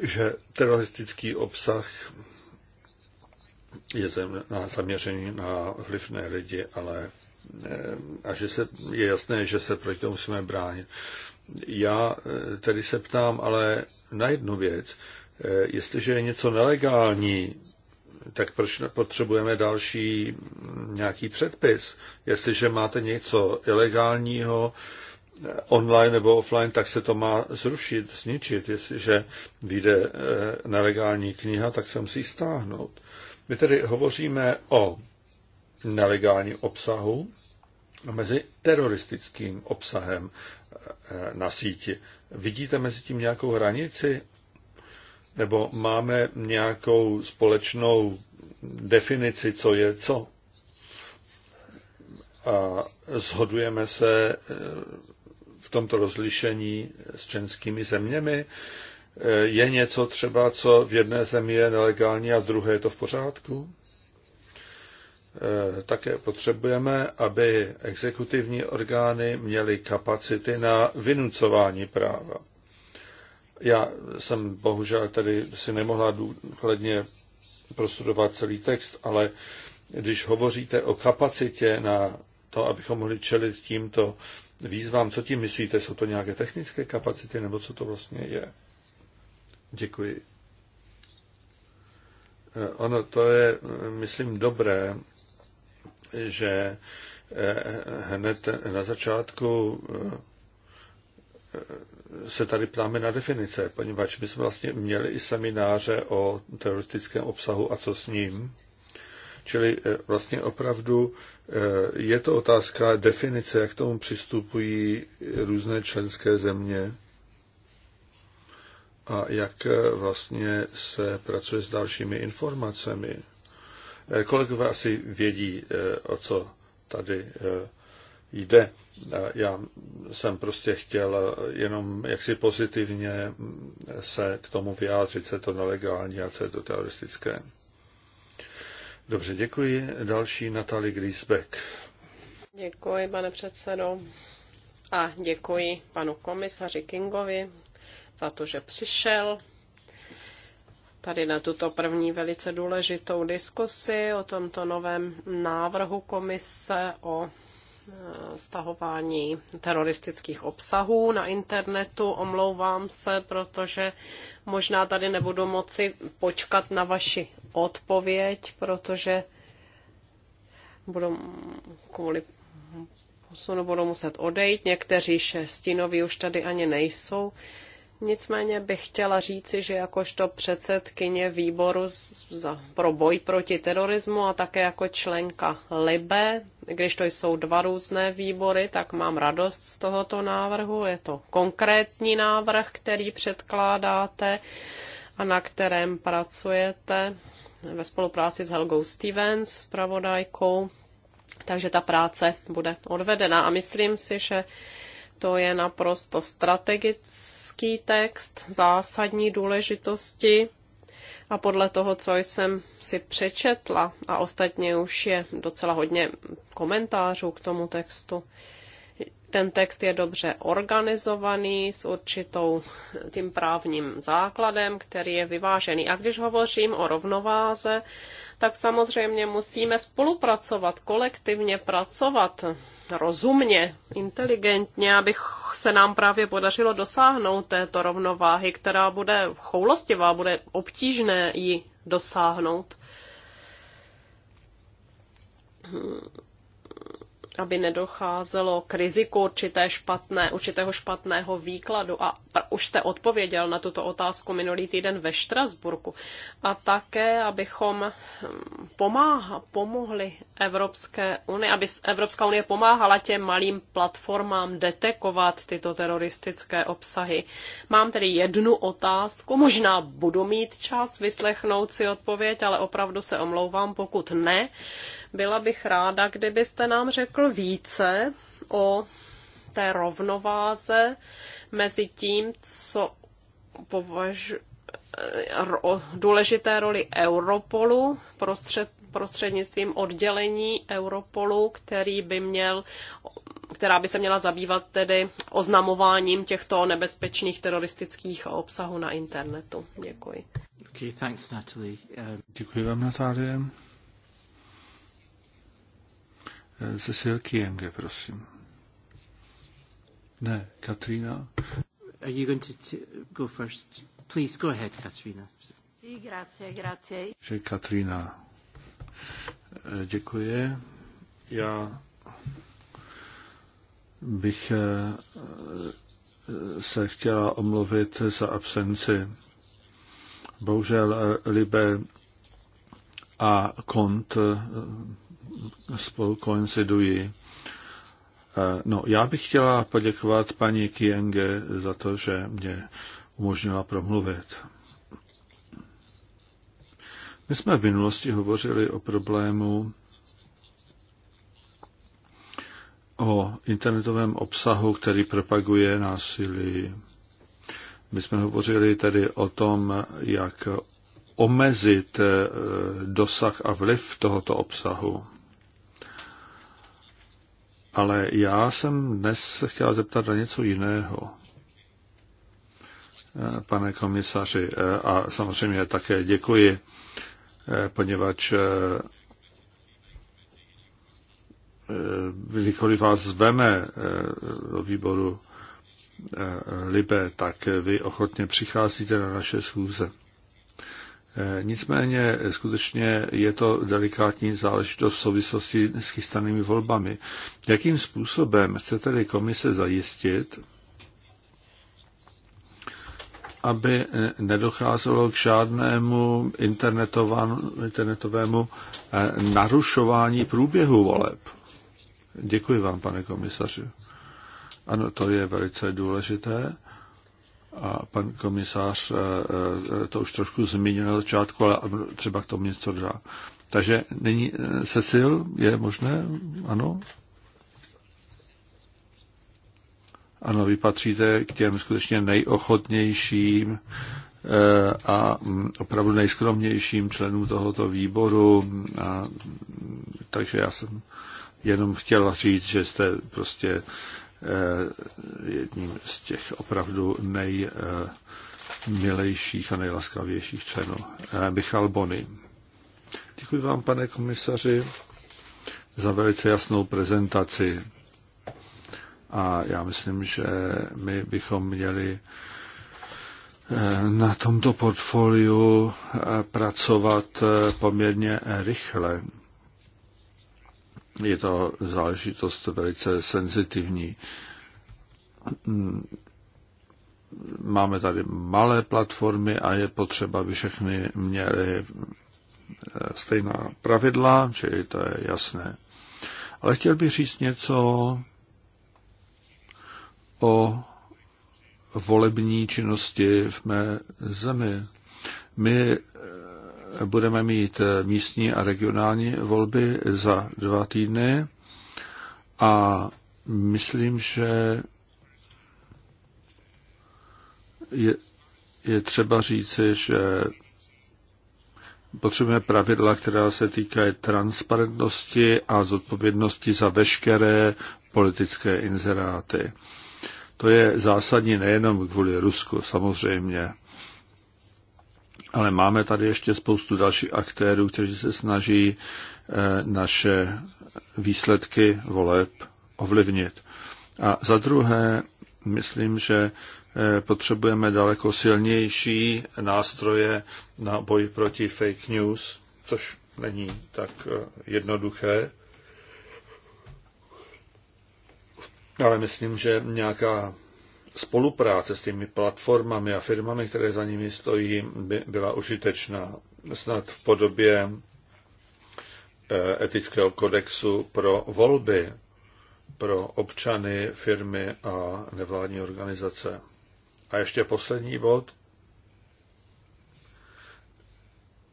že teroristický obsah je zaměřený na vlivné lidi, ale eh, a že se, je jasné, že se proti tomu musíme bránit. Já eh, tedy se ptám ale na jednu věc. Eh, jestliže je něco nelegální, tak proč potřebujeme další nějaký předpis? Jestliže máte něco ilegálního, eh, online nebo offline, tak se to má zrušit, zničit. Jestliže vyjde eh, nelegální kniha, tak se musí stáhnout. My tedy hovoříme o nelegálním obsahu a mezi teroristickým obsahem eh, na síti. Vidíte mezi tím nějakou hranici? nebo máme nějakou společnou definici, co je co. A zhodujeme se eh, v tomto rozlišení s českými zeměmi. Eh, je něco třeba, co v jedné zemi je nelegální a v druhé je to v pořádku? Eh, také potřebujeme, aby exekutivní orgány měly kapacity na vynucování práva. Já jsem bohužel tedy si nemohla důkladně prostudovat celý text, ale když hovoříte o kapacitě na to, abychom mohli čelit tímto výzvám, co tím myslíte? Jsou to nějaké technické kapacity, nebo co to vlastně je? Děkuji. Eh, ono to je, eh, myslím, dobré, že eh, hned na začátku se tady ptáme na definice, poněvadž my jsme vlastně měli i semináře o teroristickém obsahu a co s ním. Čili eh, vlastně opravdu eh, je to otázka definice, jak k tomu přistupují různé členské země a jak eh, vlastně se pracuje s dalšími informacemi. Kolegové asi vědí, o co tady jde já jsem prostě chtěl jenom jaksi pozitivně se k tomu vyjádřit, je to nelegální a co je to teroristické. Dobře, děkuji. Další Natali Griesbeck. Děkuji, pane předsedo. A děkuji panu komisaři Kingovi za to, že přišel tady na tuto první velice důležitou diskusi o tomto novém návrhu komise o Eh, stahování teroristických obsahů na internetu. Omlouvám se, protože možná tady nebudu moci počkat na vaši odpověď, protože budu kvůli posunu budu muset odejít. Někteří šestinoví už tady ani nejsou. Uh, Nicméně bych chtěla říci, že jakožto předsedkyně výboru za, pro boj proti terorismu a také jako členka LIBE, když to jsou dva různé výbory, tak mám radost z tohoto návrhu. Je to konkrétní návrh, který předkládáte a na kterém pracujete ve spolupráci s Helgou Stevens, pravodajkou. Takže ta práce bude odvedena a myslím si, že to je naprosto strategický text zásadní důležitosti a podle toho, co jsem si přečetla, a ostatně už je docela hodně komentářů k tomu textu, ten text je dobře organizovaný s určitou tím právním základem, který je vyvážený. A když hovořím o rovnováze, tak samozřejmě musíme spolupracovat, kolektivně pracovat rozumně, inteligentně, aby se nám právě podařilo dosáhnout této rovnováhy, která bude choulostivá, bude obtížné ji dosáhnout aby nedocházelo k riziku určité špatné, určitého špatného výkladu. A už jste odpověděl na tuto otázku minulý týden ve Štrasburku. A také, abychom hm, pomáha, pomohli Evropské unii, aby Evropská unie pomáhala těm malým platformám detekovat tyto teroristické obsahy. Mám tedy jednu otázku, možná budu mít čas vyslechnout si odpověď, ale opravdu se omlouvám, pokud ne byla bych ráda, kdybyste nám řekl více o té rovnováze mezi tím, co považuji eh, důležité roli Europolu prostřed, prostřednictvím oddělení Europolu, který by měl, která by se měla zabývat tedy oznamováním těchto nebezpečných teroristických obsahů na internetu. Děkuji. Okay, thanks, Natalie. Um... Děkuji vám, Natálie. Eh, Silky Jenge, prosím. Ne, Katrina. Are you going to go first? Please go ahead, Katrina. Sí, grazie, grazie. Že Katrina. Eh, děkuji. Já bych eh, se chtěla omluvit za absenci. Bohužel Libe a Kont spolu koincidují. Eh, no, já bych chtěla poděkovat paní Kienge za to, že mě umožnila promluvit. My jsme v minulosti hovořili o problému o internetovém obsahu, který propaguje násilí. My jsme hovořili tedy o tom, jak omezit eh, dosah a vliv tohoto obsahu. Ale já jsem dnes se chtěla zeptat na něco jiného, eh, pane komisaři. Eh, a samozřejmě také děkuji, eh, poněvadž kdykoliv vás zveme do výboru Libe, tak vy ochotně přicházíte na naše schůze. Eh, nicméně eh, skutečně je to delikátní záležitost v souvislosti s chystanými volbami. Jakým způsobem chce tedy komise zajistit, aby eh, nedocházelo k žádnému internetovému narušování průběhu voleb? Děkuji vám, pane komisaři. Ano, to je velice důležité a pan komisář eh, eh, to už trošku zmínil na začátku, ale třeba k tomu něco dá. Takže není eh, Cecil, je možné? Ano? Ano, vy patříte k těm skutečně nejochotnějším a mm, opravdu nejskromnějším členům tohoto výboru. A, mm, takže já jsem jenom chtěla říct, že jste prostě Eh, jedním z těch opravdu nejmilejších a nejlaskavějších členů, eh, Michal Bony. Děkuji vám, pane komisaři, za velice jasnou prezentaci. A já myslím, že my bychom měli eh, na tomto portfoliu pracovat poměrně rychle je to záležitost velice senzitivní. Máme tady malé platformy a je potřeba, aby všechny měly eh, stejná pravidla, že to je jasné. Ale chtěl bych říct něco o volební činnosti v mé zemi. My budeme mít eh, místní a regionální volby za dva týdny a myslím, že je, je třeba říci, že potřebujeme pravidla, která se týkají transparentnosti a zodpovědnosti za veškeré politické inzeráty. To je zásadní nejenom kvůli Rusku, samozřejmě. Ale máme tady ještě spoustu dalších aktérů, kteří se snaží eh, naše výsledky voleb ovlivnit. A za druhé, myslím, že eh, potřebujeme daleko silnější nástroje na boj proti fake news, což není tak eh, jednoduché. Ale myslím, že nějaká spolupráce s těmi platformami a firmami, které za nimi stojí, by byla užitečná. Snad v podobě eh, etického kodexu pro volby, pro občany, firmy a nevládní organizace. A ještě poslední bod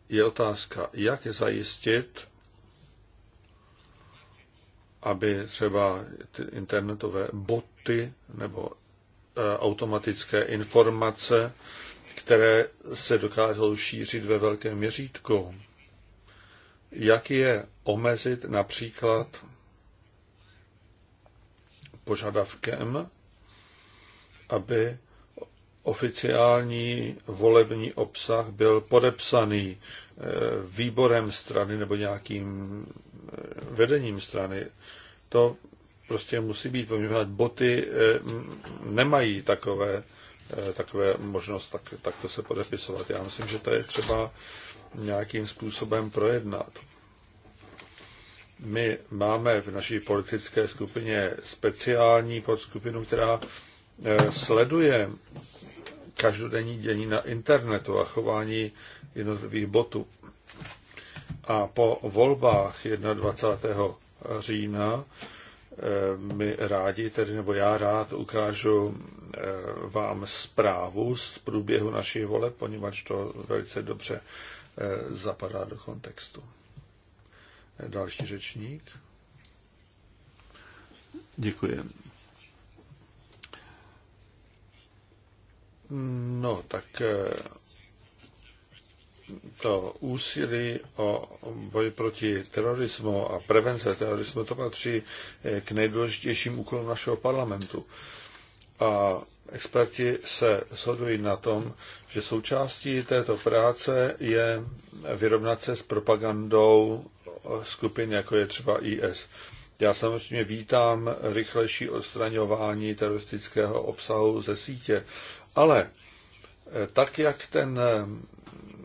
je otázka, jak zajistit, aby třeba ty internetové boty nebo E, automatické informace, které se dokázalo šířit ve velkém měřítku. Jak je omezit například požadavkem, aby oficiální volební obsah byl podepsaný e, výborem strany nebo nějakým e, vedením strany. To prostě musí být poměrně. Boty eh, nemají takové, eh, takové možnost tak, to se podepisovat. Já myslím, že to je třeba nějakým způsobem projednat. My máme v naší politické skupině speciální podskupinu, která eh, sleduje každodenní dění na internetu a chování jednotlivých botů. A po volbách 21. října Eh, my rádi, tedy nebo já rád ukážu eh, vám zprávu z průběhu našich voleb, poněvadž to velice dobře eh, zapadá do kontextu. Další řečník. Děkuji. No, tak to úsilí o boj proti terorismu a prevence terorismu, to patří eh, k nejdůležitějším úkolům našeho parlamentu. A experti se shodují na tom, že součástí této práce je vyrovnat se s propagandou eh, skupin, jako je třeba IS. Já samozřejmě vítám rychlejší odstraňování teroristického obsahu ze sítě, ale eh, tak, jak ten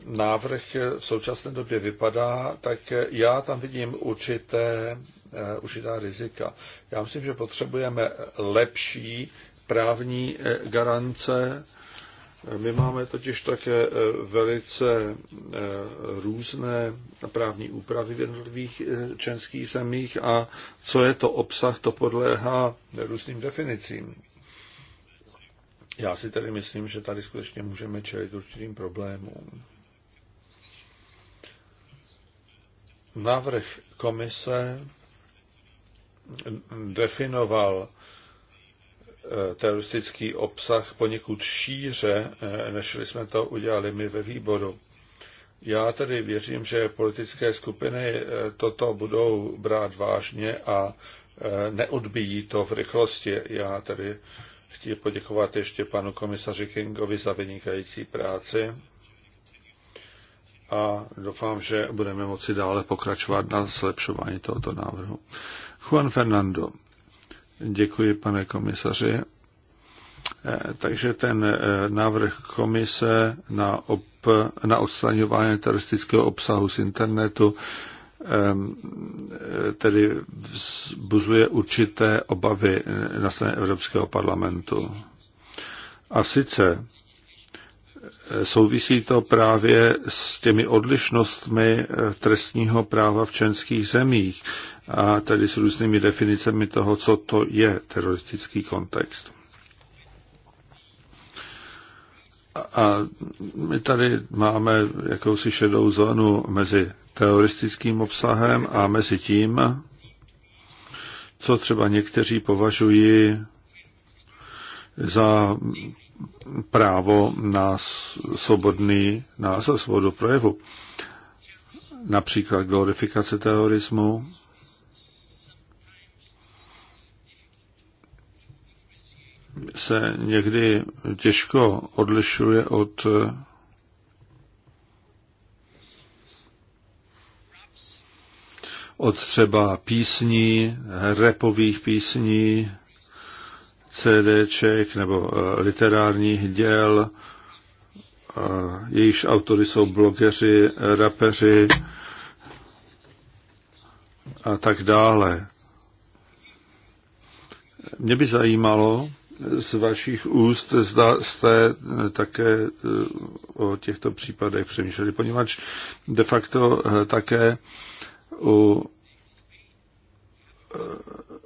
návrh v současné době vypadá, tak já tam vidím určité, eh, určitá rizika. Já myslím, že potřebujeme lepší právní eh, garance. My máme totiž také eh, velice různé právní úpravy v jednotlivých členských zemích a co je to obsah, to podléhá různým definicím. Já si tedy myslím, že tady skutečně můžeme čelit určitým problémům. Návrh komise definoval eh, teroristický obsah poněkud šíře, eh, než jsme to udělali my ve výboru. Já tedy věřím, že politické skupiny eh, toto budou brát vážně a neodbíjí to v rychlosti. Já tedy chtěl poděkovat ještě panu komisaři Kingovi za vynikající práci a doufám, že budeme moci dále pokračovat na zlepšování tohoto návrhu. Juan Fernando, děkuji pane komisaři. E, takže ten e, návrh komise na, op, na odstraňování teroristického obsahu z internetu e, tedy vzbuzuje určité obavy na straně Evropského parlamentu. A sice souvisí to právě s těmi odlišnostmi eh, trestního práva v členských zemích a tedy s různými definicemi toho, co to je teroristický kontext. A my tady máme jakousi šedou zónu mezi teroristickým obsahem a mezi tím, co třeba někteří považují za právo na svobodný na svobodu projevu. Například glorifikace terorismu, se někdy těžko odlišuje od od třeba písní, repových písní, CDček nebo eh, literárních děl, eh, jejíž autory jsou blogeři, rapeři a tak dále. Mě by zajímalo z vašich úst, zda jste eh, také o těchto případech přemýšleli, poněvadž de facto také u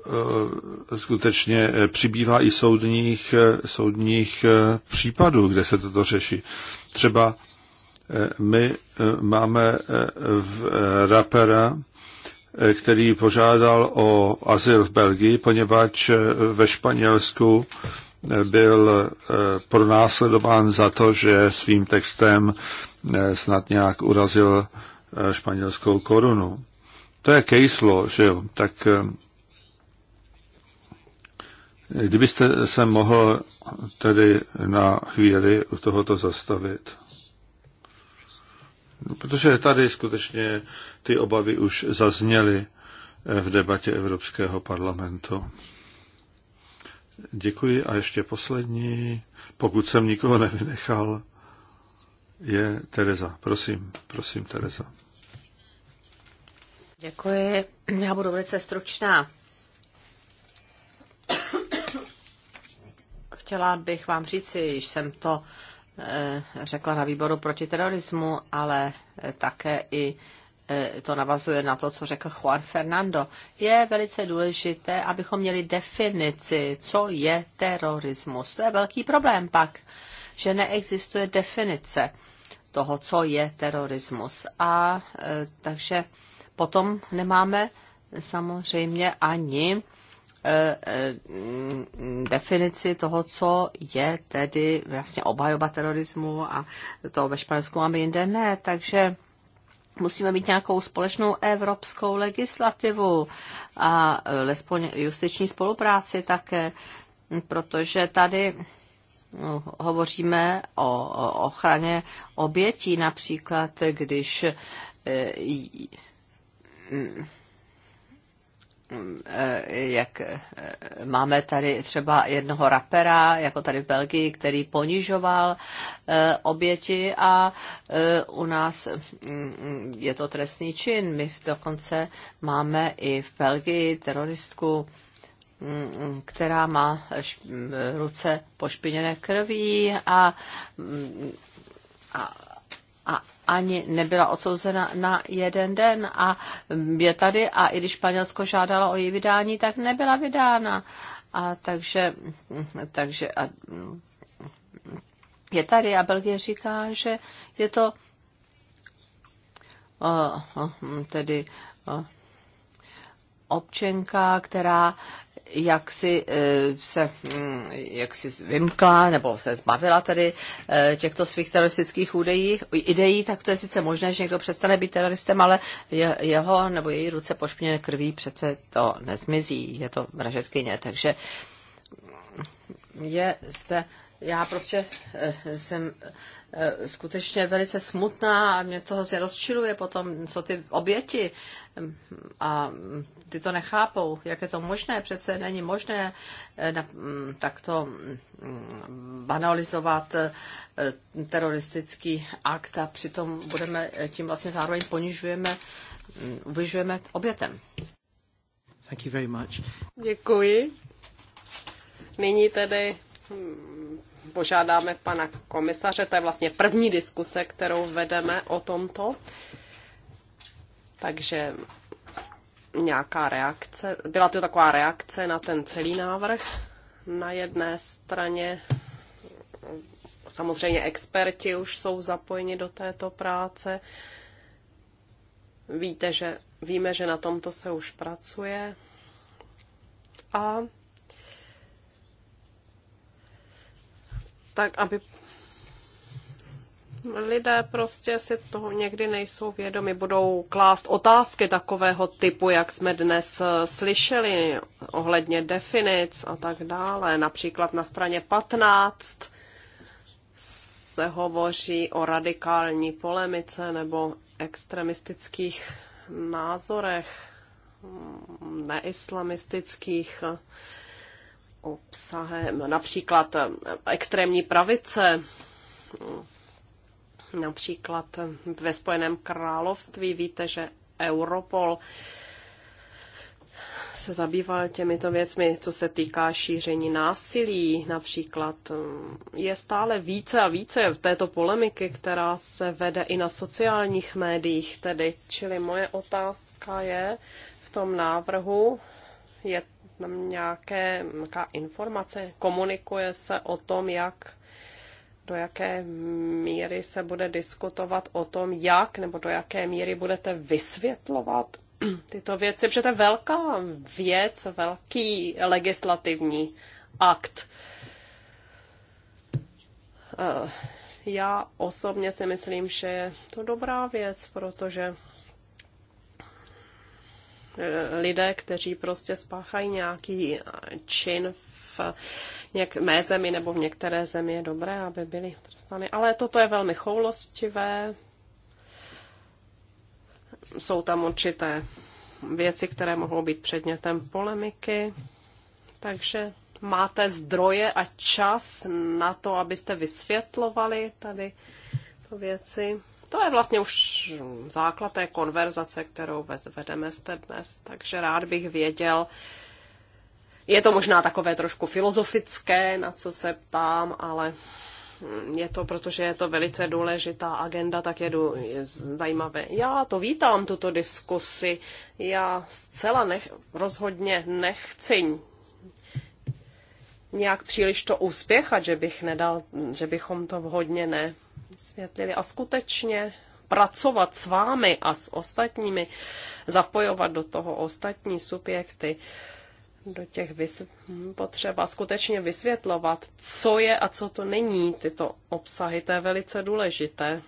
E, skutečně e, přibývá i soudních, e, soudních případů, kde se toto řeší. Třeba my máme v rapera, který požádal o azyl v Belgii, poněvadž ve Španělsku byl pronásledován za to, že svým textem snad nějak urazil španělskou korunu. To je case law, že jo? Tak Kdybyste se mohl tedy na chvíli u tohoto zastavit. Protože tady skutečně ty obavy už zazněly v debatě Evropského parlamentu. Děkuji a ještě poslední, pokud jsem nikoho nevynechal, je Tereza. Prosím, prosím, Tereza. Děkuji. Já budu velice stručná. chtěla bych vám říci, již jsem to eh, řekla na výboru proti terorismu, ale eh, také i eh, to navazuje na to, co řekl Juan Fernando. Je velice důležité, abychom měli definici, co je terorismus. To je velký problém pak, že neexistuje definice toho, co je terorismus. A takže potom nemáme samozřejmě ani Eh, eh, definici toho, co je tedy vlastně obhajoba terorismu a to ve Španělsku máme jinde ne, takže musíme mít nějakou společnou evropskou legislativu a lespoň justiční spolupráci také, protože tady no, hovoříme o ochraně obětí například, když eh, Eh, jak eh, máme tady třeba jednoho rapera, jako tady v Belgii, který ponižoval eh, oběti a u nás mm, je to trestný čin. My dokonce máme i v Belgii teroristku, mm, která má ruce pošpiněné krví a, mm, a, a ani nebyla odsouzena na jeden den a je tady a i když Španělsko žádala o její vydání, tak nebyla vydána. A takže, takže a je tady a Belgie říká, že je to eh, eh, tedy eh, občenka, která jak si eh, se mm, jak si vymkla nebo se zbavila tedy eh, těchto svých teroristických údejí, ideí, tak to je sice možné, že někdo přestane být teroristem, ale jeho nebo její ruce pošpiněné krví přece to nezmizí, je to vražetkyně, takže je zde, já prostě eh, jsem Eh, skutečně velice smutná a mě toho rozčiluje potom, co ty oběti mm, a mm, ty to nechápou, jak je to možné, přece není možné eh, mm, takto banalizovat eh, teroristický akt a přitom budeme tím vlastně zároveň ponižujeme, ubližujeme obětem. Thank you very much. Děkuji. Nyní tedy hm, požádáme pana komisaře. To je vlastně první diskuse, kterou vedeme o tomto. Takže nějaká reakce. Byla to taková reakce na ten celý návrh. Na jedné straně samozřejmě experti už jsou zapojeni do této práce. Víte, že víme, že na tomto se už pracuje. A tak aby lidé prostě si toho někdy nejsou vědomi, budou klást otázky takového typu, jak jsme dnes eh, slyšeli ohledně definic a tak dále. Například na straně 15 se hovoří o radikální polemice nebo extremistických názorech mm, neislamistických obsahem. Například eh, extrémní pravice, mm, například eh, ve Spojeném království víte, že Europol se zabýval těmito věcmi, co se týká šíření násilí. Například eh, je stále více a více v této polemiky, která se vede i na sociálních médiích. Tedy, čili moje otázka je v tom návrhu, je tam nějaké, nějaká informace, komunikuje se o tom, jak do jaké míry se bude diskutovat o tom, jak nebo do jaké míry budete vysvětlovat tyto věci, protože to je velká věc, velký legislativní akt. Eh, já osobně si myslím, že je to dobrá věc, protože lidé, kteří prostě spáchají nějaký čin v něk- mé zemi nebo v některé zemi, je dobré, aby byli trestány. Ale toto je velmi choulostivé. Jsou tam určité věci, které mohou být předmětem polemiky. Takže máte zdroje a čas na to, abyste vysvětlovali tady to věci. To je vlastně už základ té konverzace, kterou vedeme jste dnes, takže rád bych věděl, je to možná takové trošku filozofické, na co se ptám, ale je to, protože je to velice důležitá agenda, tak je, dů, je zajímavé. Já to vítám, tuto diskusi. Já zcela nech, rozhodně nechci nějak příliš to úspěchat, že bych nedal, že bychom to vhodně ne, vysvětlili a skutečně pracovat s vámi a s ostatními, zapojovat do toho ostatní subjekty, do těch vys- potřeba skutečně vysvětlovat, co je a co to není tyto obsahy, to je velice důležité.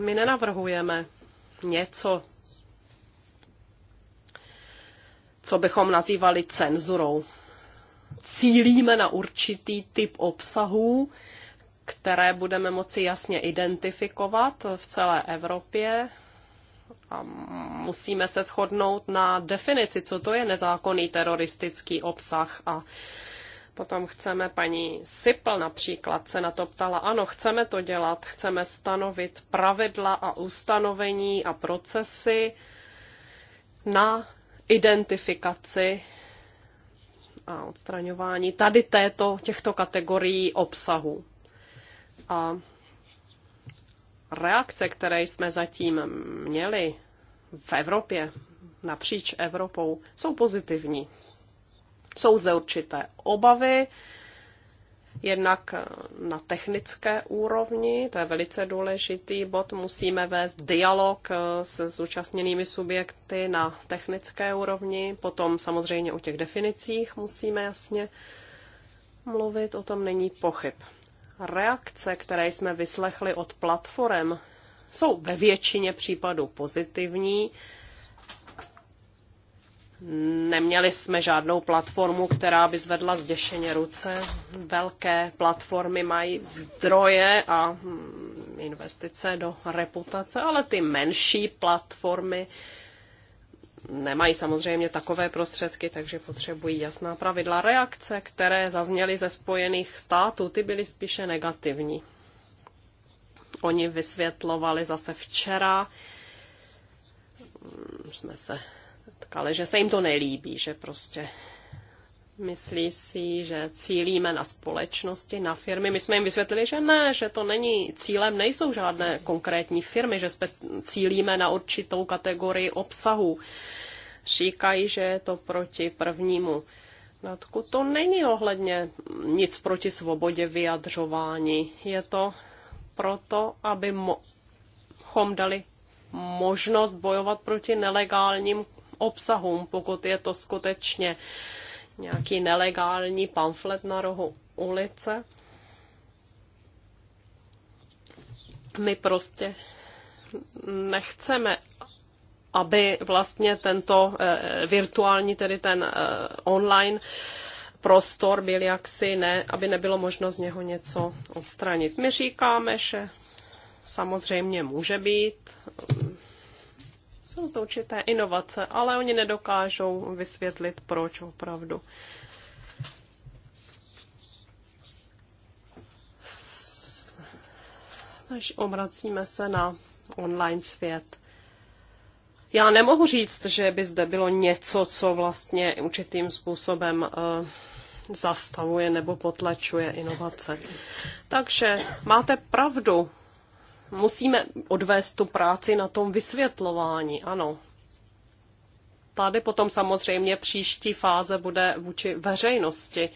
My nenavrhujeme něco, co bychom nazývali cenzurou. Cílíme na určitý typ obsahů, které budeme moci jasně identifikovat v celé Evropě. A musíme se shodnout na definici, co to je nezákonný teroristický obsah a Potom chceme paní Sipl například se na to ptala, ano, chceme to dělat, chceme stanovit pravidla a ustanovení a procesy na identifikaci a odstraňování tady této, těchto kategorií obsahu. A reakce, které jsme zatím měli v Evropě, napříč Evropou, jsou pozitivní. Jsou ze určité obavy, jednak na technické úrovni, to je velice důležitý bod, musíme vést dialog eh, se zúčastněnými subjekty na technické úrovni, potom samozřejmě o těch definicích musíme jasně mluvit, o tom není pochyb. Reakce, které jsme vyslechli od platform, jsou ve většině případů pozitivní. Neměli jsme žádnou platformu, která by zvedla zděšeně ruce. Velké platformy mají zdroje a hm, investice do reputace, ale ty menší platformy nemají samozřejmě takové prostředky, takže potřebují jasná pravidla. Reakce, které zazněly ze Spojených států, ty byly spíše negativní. Oni vysvětlovali zase včera, mm, jsme se tkali, že se jim to nelíbí, že prostě Myslí si, že cílíme na společnosti, na firmy. My jsme jim vysvětlili, že ne, že to není cílem, nejsou žádné konkrétní firmy, že cílíme na určitou kategorii obsahu. Říkají, že je to proti prvnímu Natku, to není ohledně nic proti svobodě vyjadřování. Je to proto, aby chom dali možnost bojovat proti nelegálním obsahům, pokud je to skutečně uh, nějaký nelegální pamflet na rohu ulice. My prostě nechceme, aby vlastně tento eh, virtuální, tedy ten eh, online prostor byl jaksi ne, aby nebylo možno z něho něco odstranit. My říkáme, že samozřejmě může být jsou z určité inovace, ale oni nedokážou vysvětlit, proč opravdu. Až obracíme se na online svět. Já nemohu říct, že by zde bylo něco, co vlastně určitým způsobem eh, zastavuje nebo potlačuje inovace. Takže máte pravdu, musíme odvést tu práci na tom vysvětlování, ano. Tady potom samozřejmě příští fáze bude vůči veřejnosti.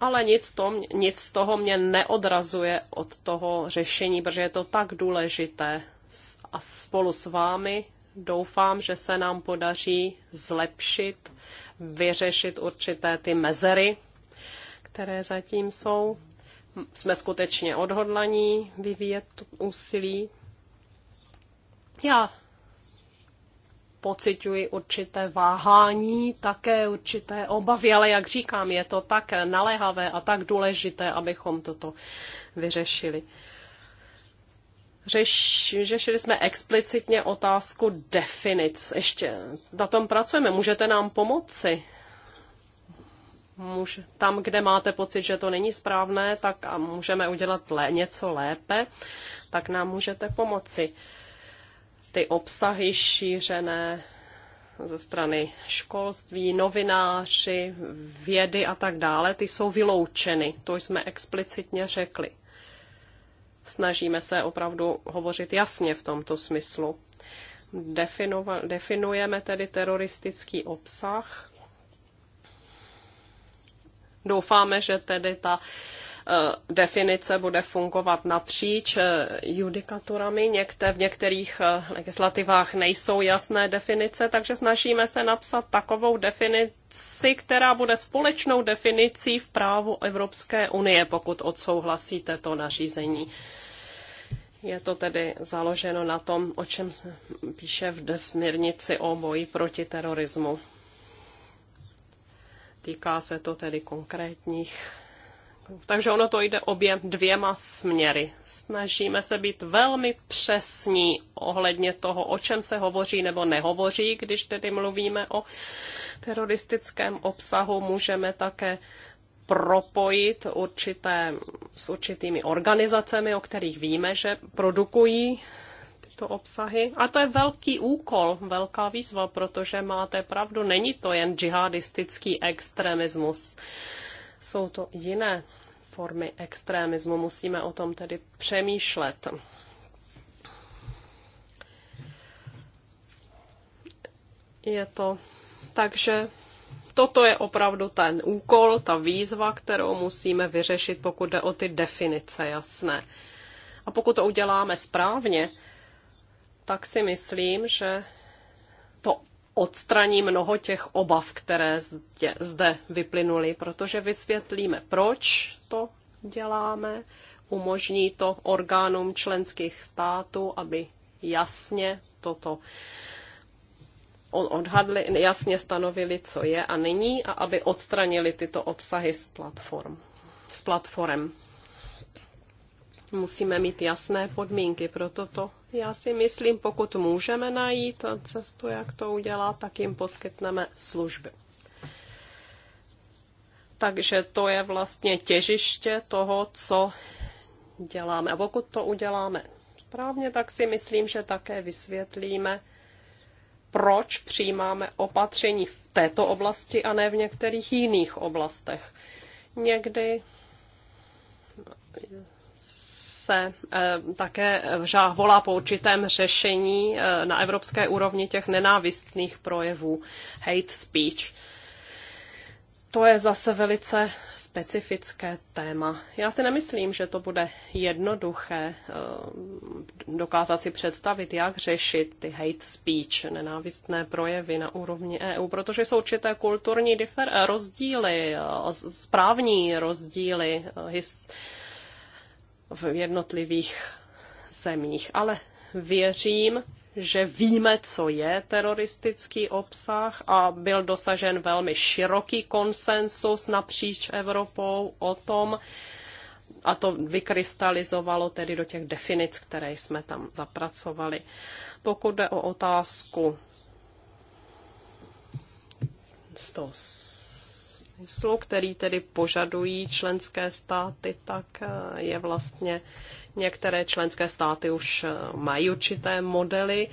Ale nic, to, nic z toho mě neodrazuje od toho řešení, protože je to tak důležité. A spolu s vámi doufám, že se nám podaří zlepšit, vyřešit určité ty mezery, které zatím jsou jsme skutečně odhodlaní vyvíjet úsilí. Já pociťuji určité váhání, také určité obavy, ale jak říkám, je to tak naléhavé a tak důležité, abychom toto vyřešili. řešili jsme explicitně otázku definic. Ještě na tom pracujeme. Můžete nám pomoci muž, tam, kde máte pocit, že to není správné, tak a můžeme udělat lé, něco lépe, tak nám můžete pomoci. Ty obsahy šířené ze strany školství, novináři, vědy a tak dále, ty jsou vyloučeny. To jsme explicitně řekli. Snažíme se opravdu hovořit jasně v tomto smyslu. Definujeme tedy teroristický obsah Doufáme, že tedy ta eh, definice bude fungovat napříč eh, judikaturami. Někte, v některých eh, legislativách nejsou jasné definice, takže snažíme se napsat takovou definici, která bude společnou definicí v právu Evropské unie, pokud odsouhlasíte to nařízení. Je to tedy založeno na tom, o čem se píše v desmírnici o boji proti terorismu. Týká se to tedy konkrétních. Takže ono to jde obě dvěma směry. Snažíme se být velmi přesní ohledně toho, o čem se hovoří nebo nehovoří, když tedy mluvíme o teroristickém obsahu. Můžeme také propojit určité, s určitými organizacemi, o kterých víme, že produkují tyto obsahy. A to je velký úkol, velká výzva, protože máte pravdu, není to jen džihadistický extremismus. Jsou to jiné formy extremismu, musíme o tom tedy přemýšlet. Je to. Takže toto je opravdu ten úkol, ta výzva, kterou musíme vyřešit, pokud jde o ty definice, jasné. A pokud to uděláme správně, tak si myslím, že to odstraní mnoho těch obav, které zde, zde vyplynuly, protože vysvětlíme, proč to děláme, umožní to orgánům členských států, aby jasně toto on odhadli, jasně stanovili, co je a není, a aby odstranili tyto obsahy z platform. S platform. Musíme mít jasné podmínky pro toto já si myslím, pokud můžeme najít cestu, jak to udělat, tak jim poskytneme služby. Takže to je vlastně těžiště toho, co děláme. A pokud to uděláme správně, tak si myslím, že také vysvětlíme, proč přijímáme opatření v této oblasti a ne v některých jiných oblastech. Někdy se eh, také volá po určitém řešení eh, na evropské úrovni těch nenávistných projevů, hate speech. To je zase velice specifické téma. Já si nemyslím, že to bude jednoduché eh, dokázat si představit, jak řešit ty hate speech, nenávistné projevy na úrovni EU, protože jsou určité kulturní rozdíly, správní rozdíly, his- v jednotlivých zemích. Ale věřím, že víme, co je teroristický obsah a byl dosažen velmi široký konsensus napříč Evropou o tom, a to vykrystalizovalo tedy do těch definic, které jsme tam zapracovali. Pokud jde o otázku 100 smyslu, který tedy požadují členské státy, tak eh, je vlastně některé členské státy už eh, mají určité modely,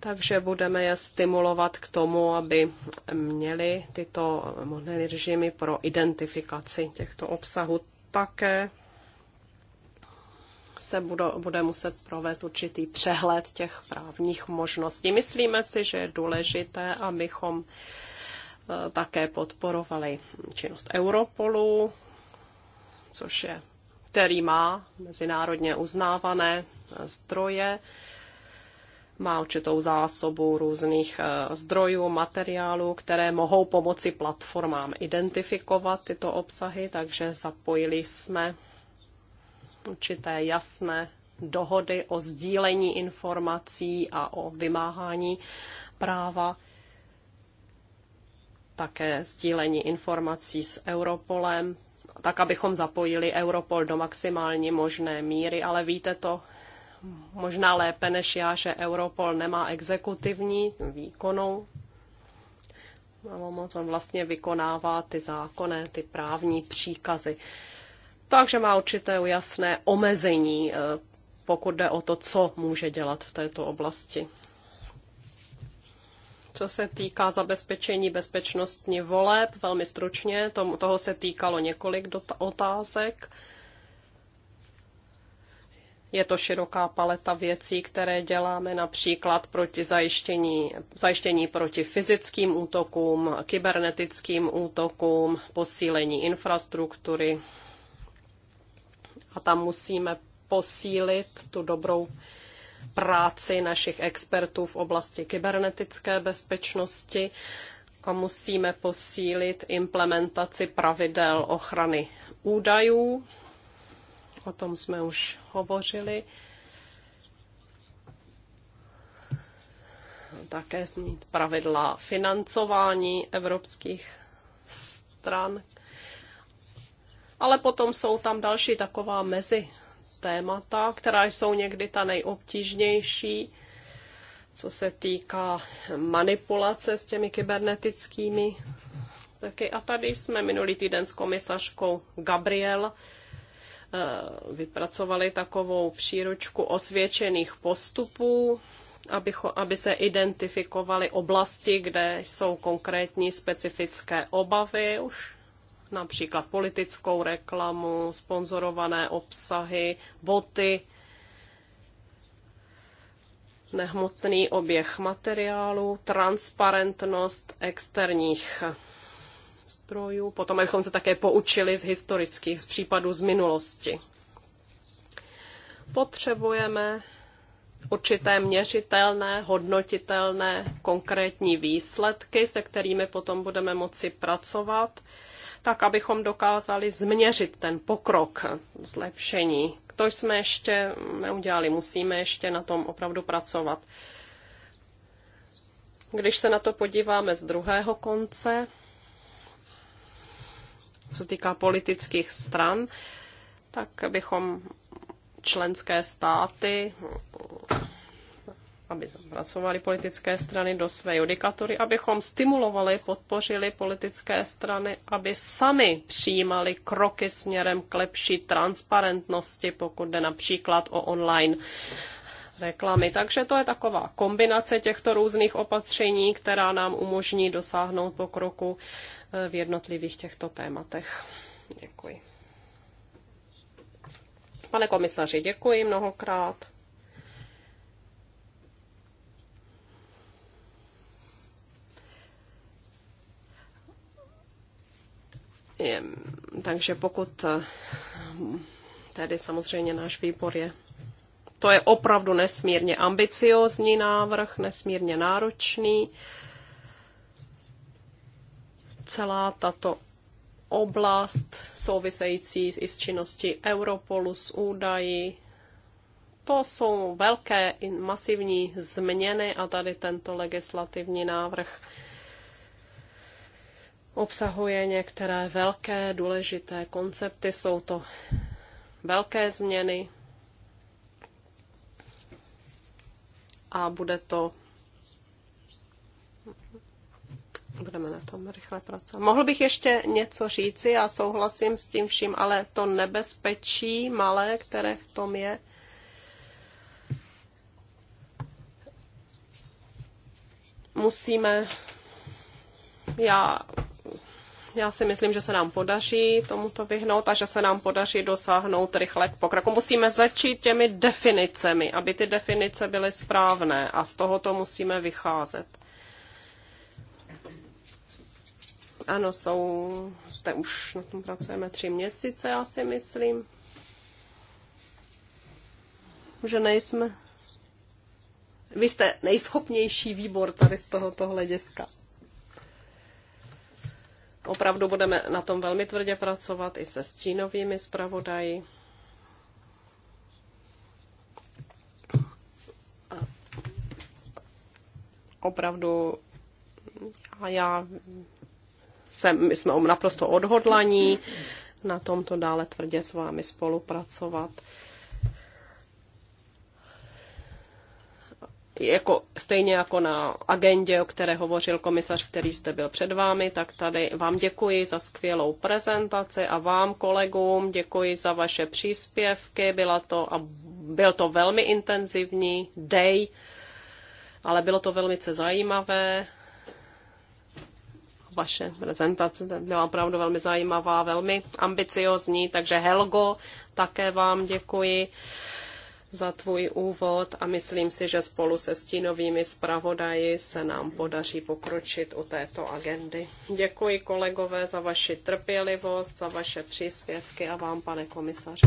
takže budeme je stimulovat k tomu, aby měli tyto modely režimy pro identifikaci těchto obsahů také se bude, bude muset provést určitý přehled těch právních možností. Myslíme si, že je důležité, abychom Eh, také podporovali činnost Europolu, což je, který má mezinárodně uznávané zdroje, má určitou zásobu různých eh, zdrojů, materiálů, které mohou pomoci platformám identifikovat tyto obsahy, takže zapojili jsme určité jasné dohody o sdílení informací a o vymáhání práva také sdílení informací s Europolem, tak abychom zapojili Europol do maximální možné míry, ale víte to možná lépe než já, že Europol nemá exekutivní výkonu moc, on vlastně vykonává ty zákonné, ty právní příkazy. Takže má určité jasné omezení, eh, pokud jde o to, co může dělat v této oblasti. Co se týká zabezpečení bezpečnostní voleb, velmi stručně, tomu, toho se týkalo několik otázek. Je to široká paleta věcí, které děláme například proti zajištění, zajištění proti fyzickým útokům, kybernetickým útokům, posílení infrastruktury. A tam musíme posílit tu dobrou práci našich expertů v oblasti kybernetické bezpečnosti a musíme posílit implementaci pravidel ochrany údajů. O tom jsme už hovořili. Také změnit pravidla financování evropských stran. Ale potom jsou tam další taková mezi témata, která jsou někdy ta nejobtížnější, co se týká manipulace s těmi kybernetickými taky. A tady jsme minulý týden s komisařkou Gabriel eh, vypracovali takovou příručku osvědčených postupů, aby, aby se identifikovaly oblasti, kde jsou konkrétní specifické obavy. Už například politickou reklamu, sponzorované obsahy, boty, nehmotný oběh materiálu, transparentnost externích strojů, potom abychom se také poučili z historických, z případů z minulosti. Potřebujeme určité měřitelné, hodnotitelné, konkrétní výsledky, se kterými potom budeme moci pracovat tak abychom dokázali změřit ten pokrok zlepšení. To jsme ještě neudělali, musíme ještě na tom opravdu pracovat. Když se na to podíváme z druhého konce, co se týká politických stran, tak bychom členské státy aby zapracovali politické strany do své judikatury, abychom stimulovali, podpořili politické strany, aby sami přijímali kroky směrem k lepší transparentnosti, pokud jde například o online reklamy. Takže to je taková kombinace těchto různých opatření, která nám umožní dosáhnout pokroku eh, v jednotlivých těchto tématech. Děkuji. Pane komisaři, děkuji mnohokrát. Je, takže pokud eh, tedy samozřejmě náš výbor je to je opravdu nesmírně ambiciózní návrh, nesmírně náročný. Celá tato oblast související i s činností Europolu, s údají, to jsou velké masivní změny a tady tento legislativní návrh obsahuje některé velké důležité koncepty. Jsou to velké změny a bude to budeme na tom rychle pracovat. Mohl bych ještě něco říci, já souhlasím s tím vším, ale to nebezpečí malé, které v tom je, musíme, já já si myslím, že se nám podaří tomuto vyhnout a že se nám podaří dosáhnout rychle pokroku. Musíme začít těmi definicemi, aby ty definice byly správné a z tohoto musíme vycházet. Ano, jsou, jste už na tom pracujeme tři měsíce, já si myslím. Že nejsme. Vy jste nejschopnější výbor tady z tohoto hlediska. Opravdu budeme na tom velmi tvrdě pracovat i se stínovými zpravodaji. Opravdu a já jsem, my jsme naprosto odhodlaní na tomto dále tvrdě s vámi spolupracovat. jako, stejně jako na agendě, o které hovořil komisař, který zde byl před vámi, tak tady vám děkuji za skvělou prezentaci a vám kolegům děkuji za vaše příspěvky. Byla to, a byl to velmi intenzivní day, ale bylo to velmi zajímavé. Vaše prezentace byla opravdu velmi zajímavá, velmi ambiciozní, takže Helgo, také vám děkuji za tvůj úvod a myslím si, že spolu se stínovými zpravodaji se nám podaří pokročit u této agendy. Děkuji kolegové za vaši trpělivost, za vaše příspěvky a vám, pane komisaři.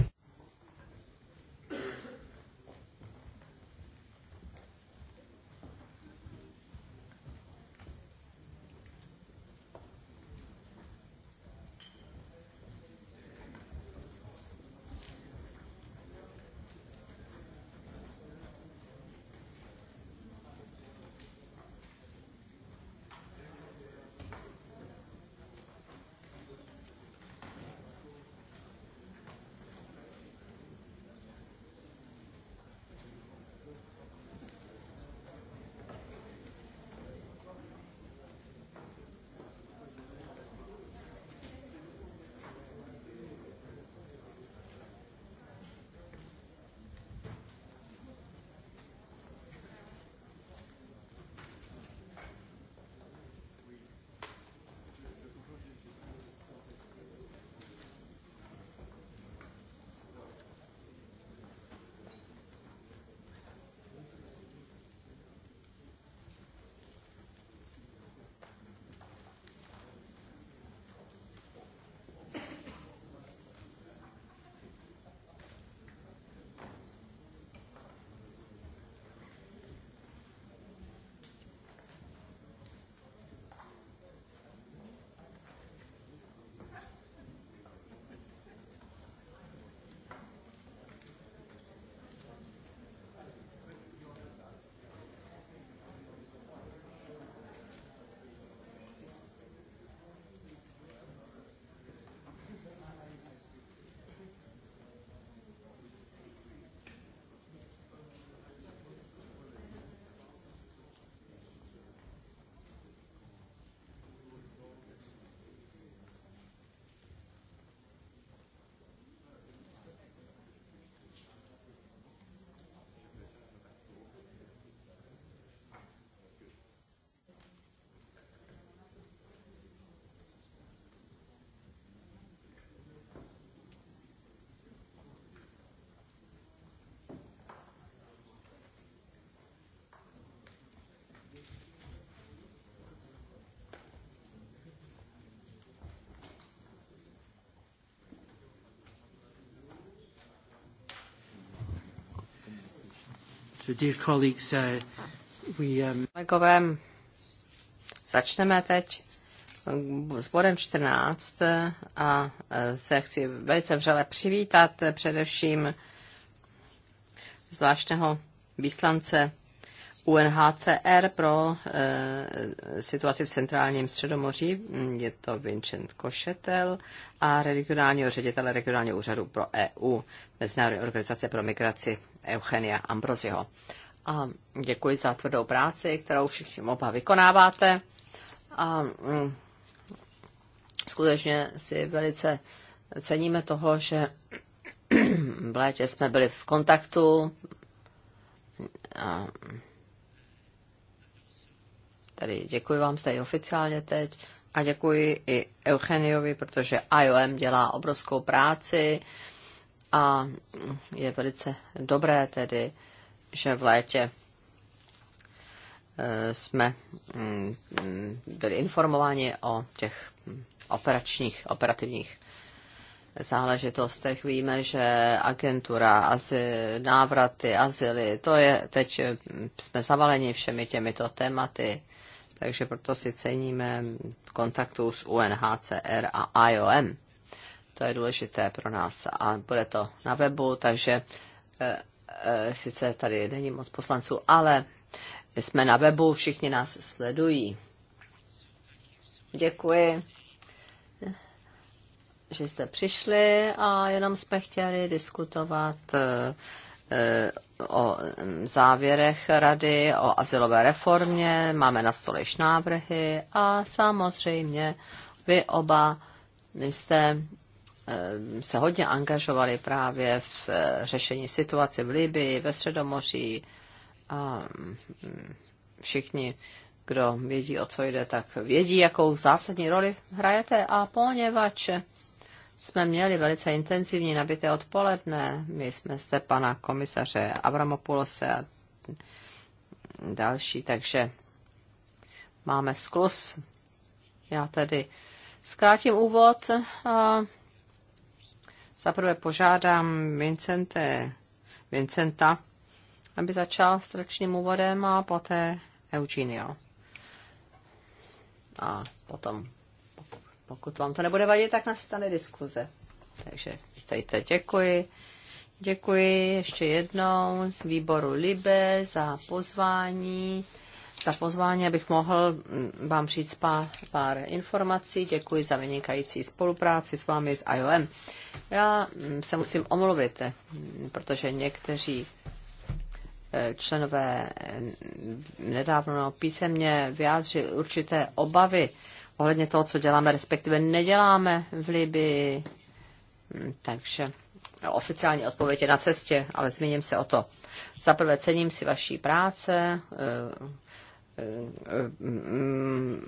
dear colleagues, uh, we, um... Kolegové, začneme teď s bodem 14 a eh, se chci velice vřele přivítat eh, především zvláštního výslance UNHCR pro eh, situaci v centrálním středomoří, mm, je to Vincent Košetel, a regionálního ředitele regionálního úřadu pro EU, Mezinárodní organizace pro migraci Eugenia Ambroziho. A děkuji za tvrdou práci, kterou všichni oba vykonáváte. A mm, skutečně si velice ceníme toho, že v létě jsme byli v kontaktu. A, tady děkuji vám se i oficiálně teď. A děkuji i Eugeniovi, protože IOM dělá obrovskou práci. A je velice dobré tedy, že v létě eh, jsme mm, byli informováni o těch operačních, operativních záležitostech. Víme, že agentura, azyl, návraty, azyly, to je, teď mm, jsme zavaleni všemi těmito tématy, takže proto si ceníme kontaktů s UNHCR a IOM. To je důležité pro nás a bude to na webu, takže eh, eh, sice tady není moc poslanců, ale jsme na webu, všichni nás sledují. Děkuji, že jste přišli a jenom jsme chtěli diskutovat eh, o mm, závěrech rady, o asilové reformě, máme na stole již návrhy a samozřejmě vy oba jste Ehm, se hodně angažovali právě v eh, řešení situace v Libii, ve Středomoří a mm, všichni, kdo vědí, o co jde, tak vědí, jakou zásadní roli hrajete a poněvadž jsme měli velice intenzivní nabité odpoledne. My jsme zde pana komisaře Avramopulose a další, takže máme sklus. Já tedy zkrátím úvod a Zaprvé požádám Vincente, Vincenta, aby začal stručným úvodem a poté Eugenio. A potom, pokud vám to nebude vadit, tak nastane diskuze. Takže vítejte, děkuji. Děkuji ještě jednou z výboru Libe za pozvání za pozvání, abych mohl mm, vám říct pár, pár informací. Děkuji za vynikající spolupráci s vámi s IOM. Já mm, se musím omluvit, eh, protože někteří eh, členové mm, nedávno písemně vyjádřili určité obavy ohledně toho, co děláme, respektive neděláme v Libii. Takže oficiální odpověď je na cestě, ale zmíním se o to. Za prvé cením si vaší práce, eh,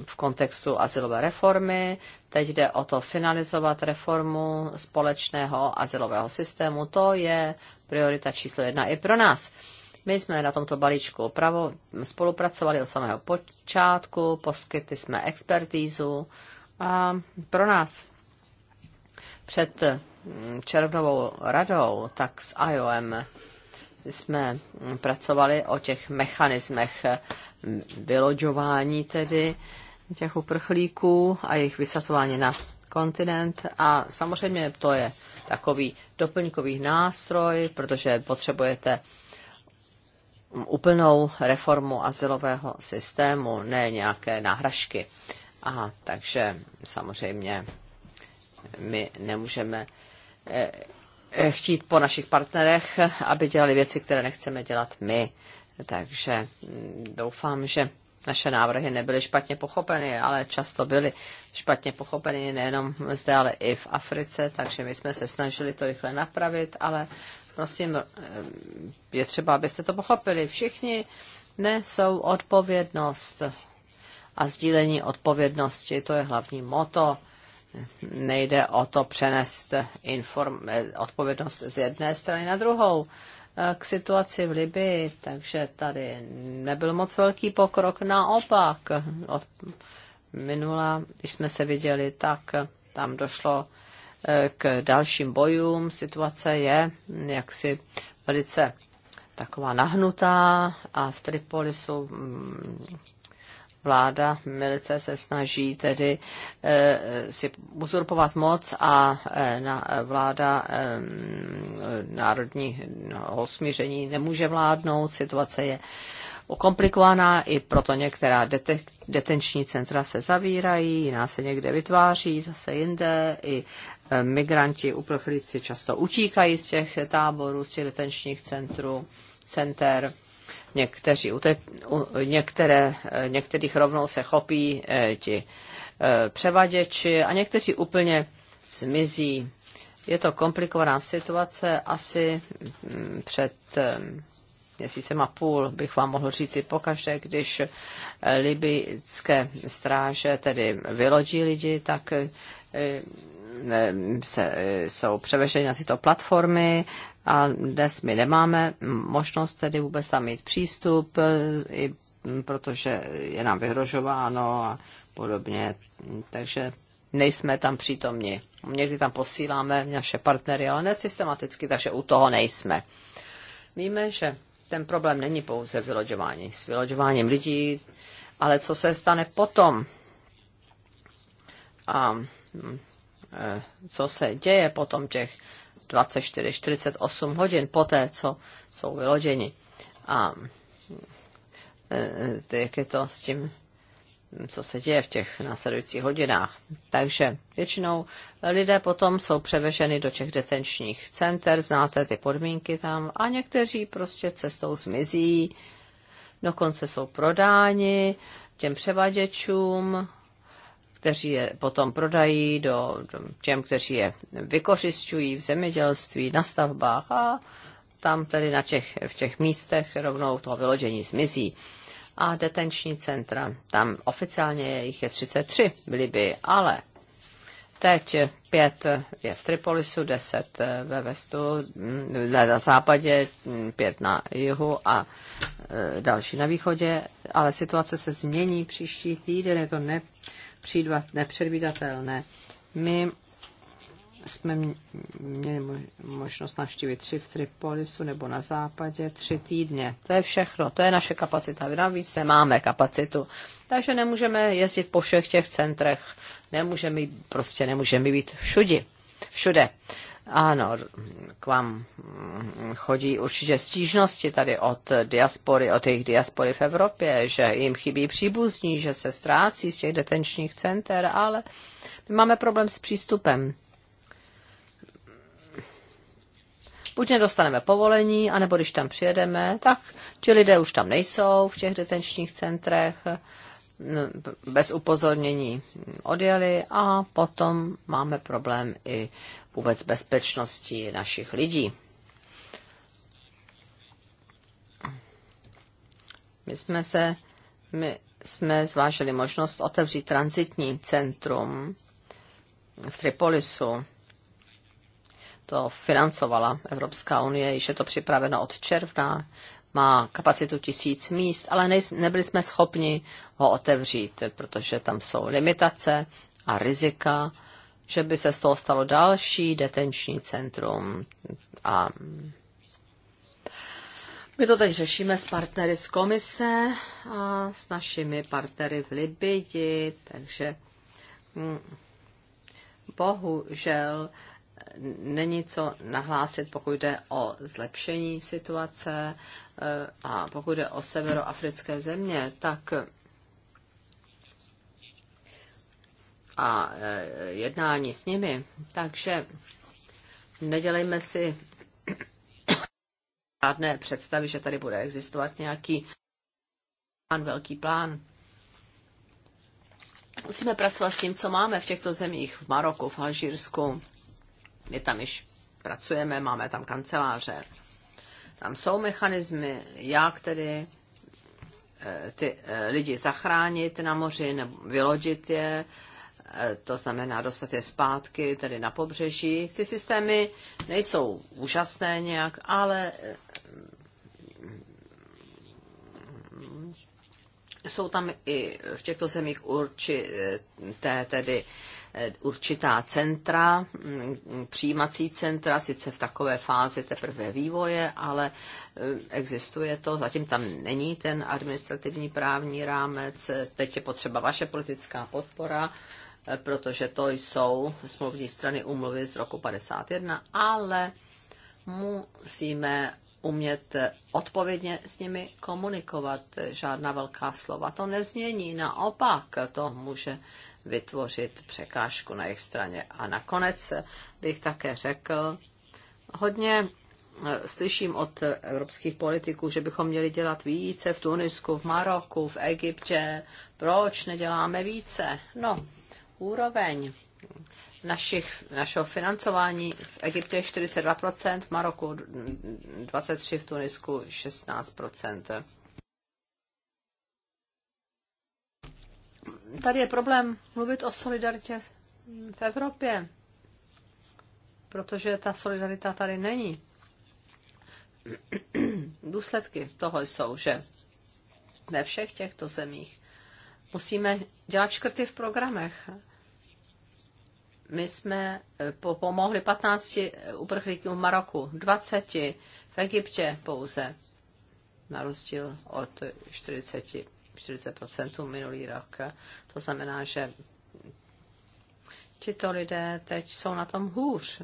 v kontextu asilové reformy. Teď jde o to finalizovat reformu společného asilového systému. To je priorita číslo jedna i pro nás. My jsme na tomto balíčku opravo, spolupracovali od samého počátku, poskytli jsme expertízu a pro nás před červnovou radou, tak s IOM jsme pracovali o těch mechanismech vyloďování tedy těch uprchlíků a jejich vysazování na kontinent a samozřejmě to je takový doplňkový nástroj, protože potřebujete úplnou reformu asilového systému, ne nějaké náhražky. A takže samozřejmě my nemůžeme eh, eh, chtít po našich partnerech, aby dělali věci, které nechceme dělat my. Takže mm, doufám, že naše návrhy nebyly špatně pochopeny, ale často byly špatně pochopeny nejenom zde, ale i v Africe, takže my jsme se snažili to rychle napravit, ale prosím, mm, je třeba, abyste to pochopili. Všichni nesou odpovědnost a sdílení odpovědnosti, to je hlavní moto. Nejde o to přenést inform- eh, odpovědnost z jedné strany na druhou. Eh, k situaci v Libii, takže tady nebyl moc velký pokrok. Naopak, od minula, když jsme se viděli, tak tam došlo eh, k dalším bojům. Situace je jaksi velice taková nahnutá a v Tripolisu mm, vláda, milice se snaží tedy e, si uzurpovat moc a e, na, vláda e, eh, národní no, smíření nemůže vládnout. Situace je komplikovaná, i proto některá dete, detenční centra se zavírají, jiná se někde vytváří, zase jinde, i migranti, uprchlíci často utíkají z těch táborů, z těch detenčních centrů, center Někteří, u některé, eh, některých rovnou se chopí eh, ti eh, převaděči a někteří úplně zmizí. Je to komplikovaná situace. Asi mm, před měsícem a půl bych vám mohl říct, i pokaždé, když libické stráže tedy vylodí lidi, tak se, jsou převeženi na tyto platformy, a dnes my nemáme možnost tedy vůbec tam mít přístup, e, i protože je nám vyhrožováno a podobně, takže nejsme tam přítomni. Někdy tam posíláme naše partnery, ale nesystematicky, takže u toho nejsme. Víme, že ten problém není pouze vyloďování. S vyloďováním lidí, ale co se stane potom? A mm, e, co se děje potom těch 24-48 hodin poté, co jsou vyloděni. A e, e, jak je to s tím, co se děje v těch následujících hodinách. Takže většinou lidé potom jsou převeženi do těch detenčních center, znáte ty podmínky tam, a někteří prostě cestou zmizí, dokonce jsou prodáni těm převaděčům, kteří je potom prodají do, do těm, kteří je vykořišťují v zemědělství, na stavbách a tam tedy na těch, v těch místech rovnou to vyložení zmizí. A detenční centra, tam oficiálně jich je 33 v Libii, ale teď pět je v Tripolisu, deset ve vestu, mm, na západě, mm, pět na jihu a e, další na východě, ale situace se změní příští týden, je to ne, přídat nepředvídatelné. My jsme měli možnost navštívit tři v Tripolisu nebo na západě tři týdně. To je všechno, to je naše kapacita. My navíc nemáme kapacitu, takže nemůžeme jezdit po všech těch centrech. Nemůžeme, prostě nemůžeme být všude. všude. Ano, k vám chodí určitě stížnosti tady od diaspory, od jejich diaspory v Evropě, že jim chybí příbuzní, že se ztrácí z těch detenčních center, ale my máme problém s přístupem. Buď nedostaneme povolení, anebo když tam přijedeme, tak ti lidé už tam nejsou v těch detenčních centrech bez upozornění odjeli a potom máme problém i vůbec bezpečnosti našich lidí. My jsme se, my jsme zvážili možnost otevřít transitní centrum v Tripolisu. To financovala Evropská unie, již je to připraveno od června, má kapacitu tisíc míst, ale nej, nebyli jsme schopni ho otevřít, protože tam jsou limitace a rizika že by se z toho stalo další detenční centrum. A my to teď řešíme s partnery z komise a s našimi partnery v Libidi, takže hm, bohužel není co nahlásit, pokud jde o zlepšení situace eh, a pokud jde o severoafrické země, tak a e, jednání s nimi. Takže nedělejme si žádné představy, že tady bude existovat nějaký plán, velký plán. Musíme pracovat s tím, co máme v těchto zemích, v Maroku, v Alžírsku. My tam již pracujeme, máme tam kanceláře. Tam jsou mechanismy, jak tedy e, ty e, lidi zachránit na moři nebo vylodit je, to znamená dostat je zpátky, tedy na pobřeží. Ty systémy nejsou úžasné nějak, ale eh, jsou tam i v těchto zemích určité, tedy eh, určitá centra, mm, přijímací centra, sice v takové fázi teprve vývoje, ale eh, existuje to, zatím tam není ten administrativní právní rámec, teď je potřeba vaše politická podpora, protože to jsou smluvní strany umluvy z roku 51, ale musíme umět odpovědně s nimi komunikovat. Žádná velká slova to nezmění, naopak to může vytvořit překážku na jejich straně. A nakonec bych také řekl, hodně slyším od evropských politiků, že bychom měli dělat více v Tunisku, v Maroku, v Egyptě. Proč neděláme více? No, úroveň našich, našeho financování v Egyptě je 42%, v Maroku 23%, v Tunisku 16%. Tady je problém mluvit o solidaritě v Evropě, protože ta solidarita tady není. Důsledky toho jsou, že ve všech těchto zemích musíme dělat škrty v programech my jsme eh, pomohli 15 uprchlíkům v Maroku, 20 v Egyptě pouze, na rozdíl od 40, 40% minulý rok. To znamená, že tito lidé teď jsou na tom hůř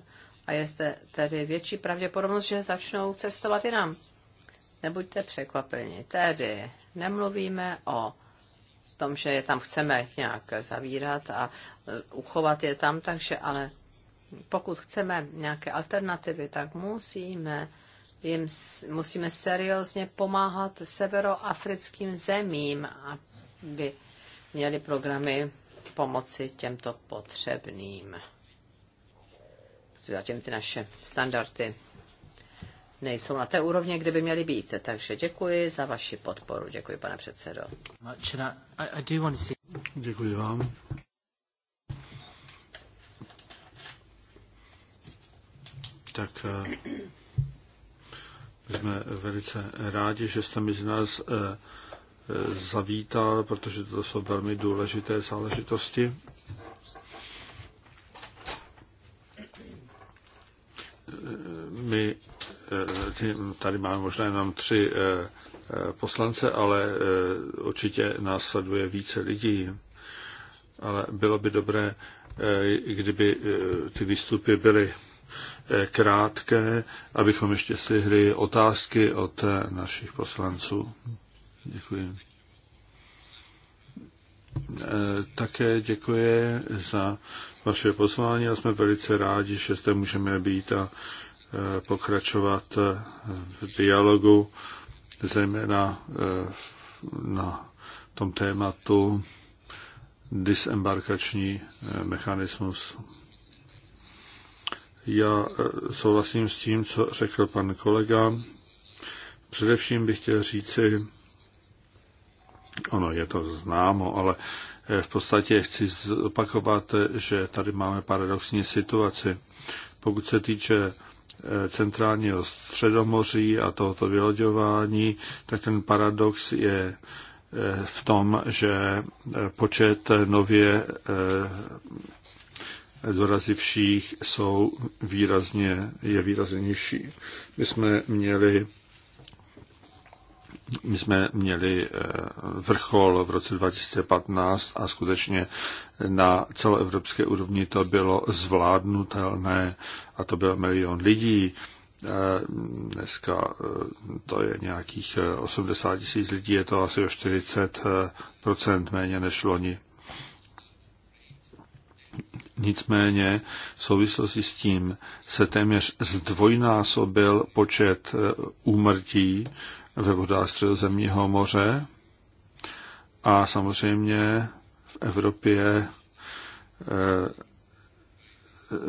a je zde tedy větší pravděpodobnost, že začnou cestovat i nám. Nebuďte překvapeni. Tedy nemluvíme o tom, že je tam chceme nějak zavírat a e, uchovat je tam, takže ale pokud chceme nějaké alternativy, tak musíme jim, musíme seriózně pomáhat severoafrickým zemím, aby měli programy pomoci těmto potřebným. Zatím ty naše standardy nejsou na té úrovni, kde by měly být. Takže děkuji za vaši podporu. Děkuji, pane předsedo. Děkuji vám. Tak my eh, jsme velice rádi, že jste mezi nás eh, eh, zavítal, protože to jsou velmi důležité záležitosti. My E, e, tady máme možná jenom tři e, poslance, ale určitě následuje více lidí. Ale bylo by dobré, kdyby ty výstupy byly krátké, abychom ještě slyhli otázky od našich poslanců. Děkuji. Také děkuji za vaše pozvání a jsme velice rádi, že zde můžeme být a pokračovat v dialogu, zejména eh, na tom tématu disembarkační eh, mechanismus. Já eh, souhlasím s tím, co řekl pan kolega. Především bych chtěl říci, ono je to známo, ale v podstatě chci zopakovat, že tady máme paradoxní situaci. Pokud se týče Eh, centrálního středomoří a tohoto vyloďování, tak ten paradox je eh, v tom, že eh, počet nově dorazivších jsou výrazně, je výrazně nižší. My jsme měli my jsme měli eh, vrchol v roce 2015 a skutečně na celoevropské úrovni to bylo zvládnutelné a to byl milion lidí. Eh, dneska eh, to je nějakých 80 tisíc lidí, je to asi o 40 méně než loni. Nicméně v souvislosti s tím se téměř zdvojnásobil počet úmrtí ve vodách středozemního moře a samozřejmě v Evropě eh,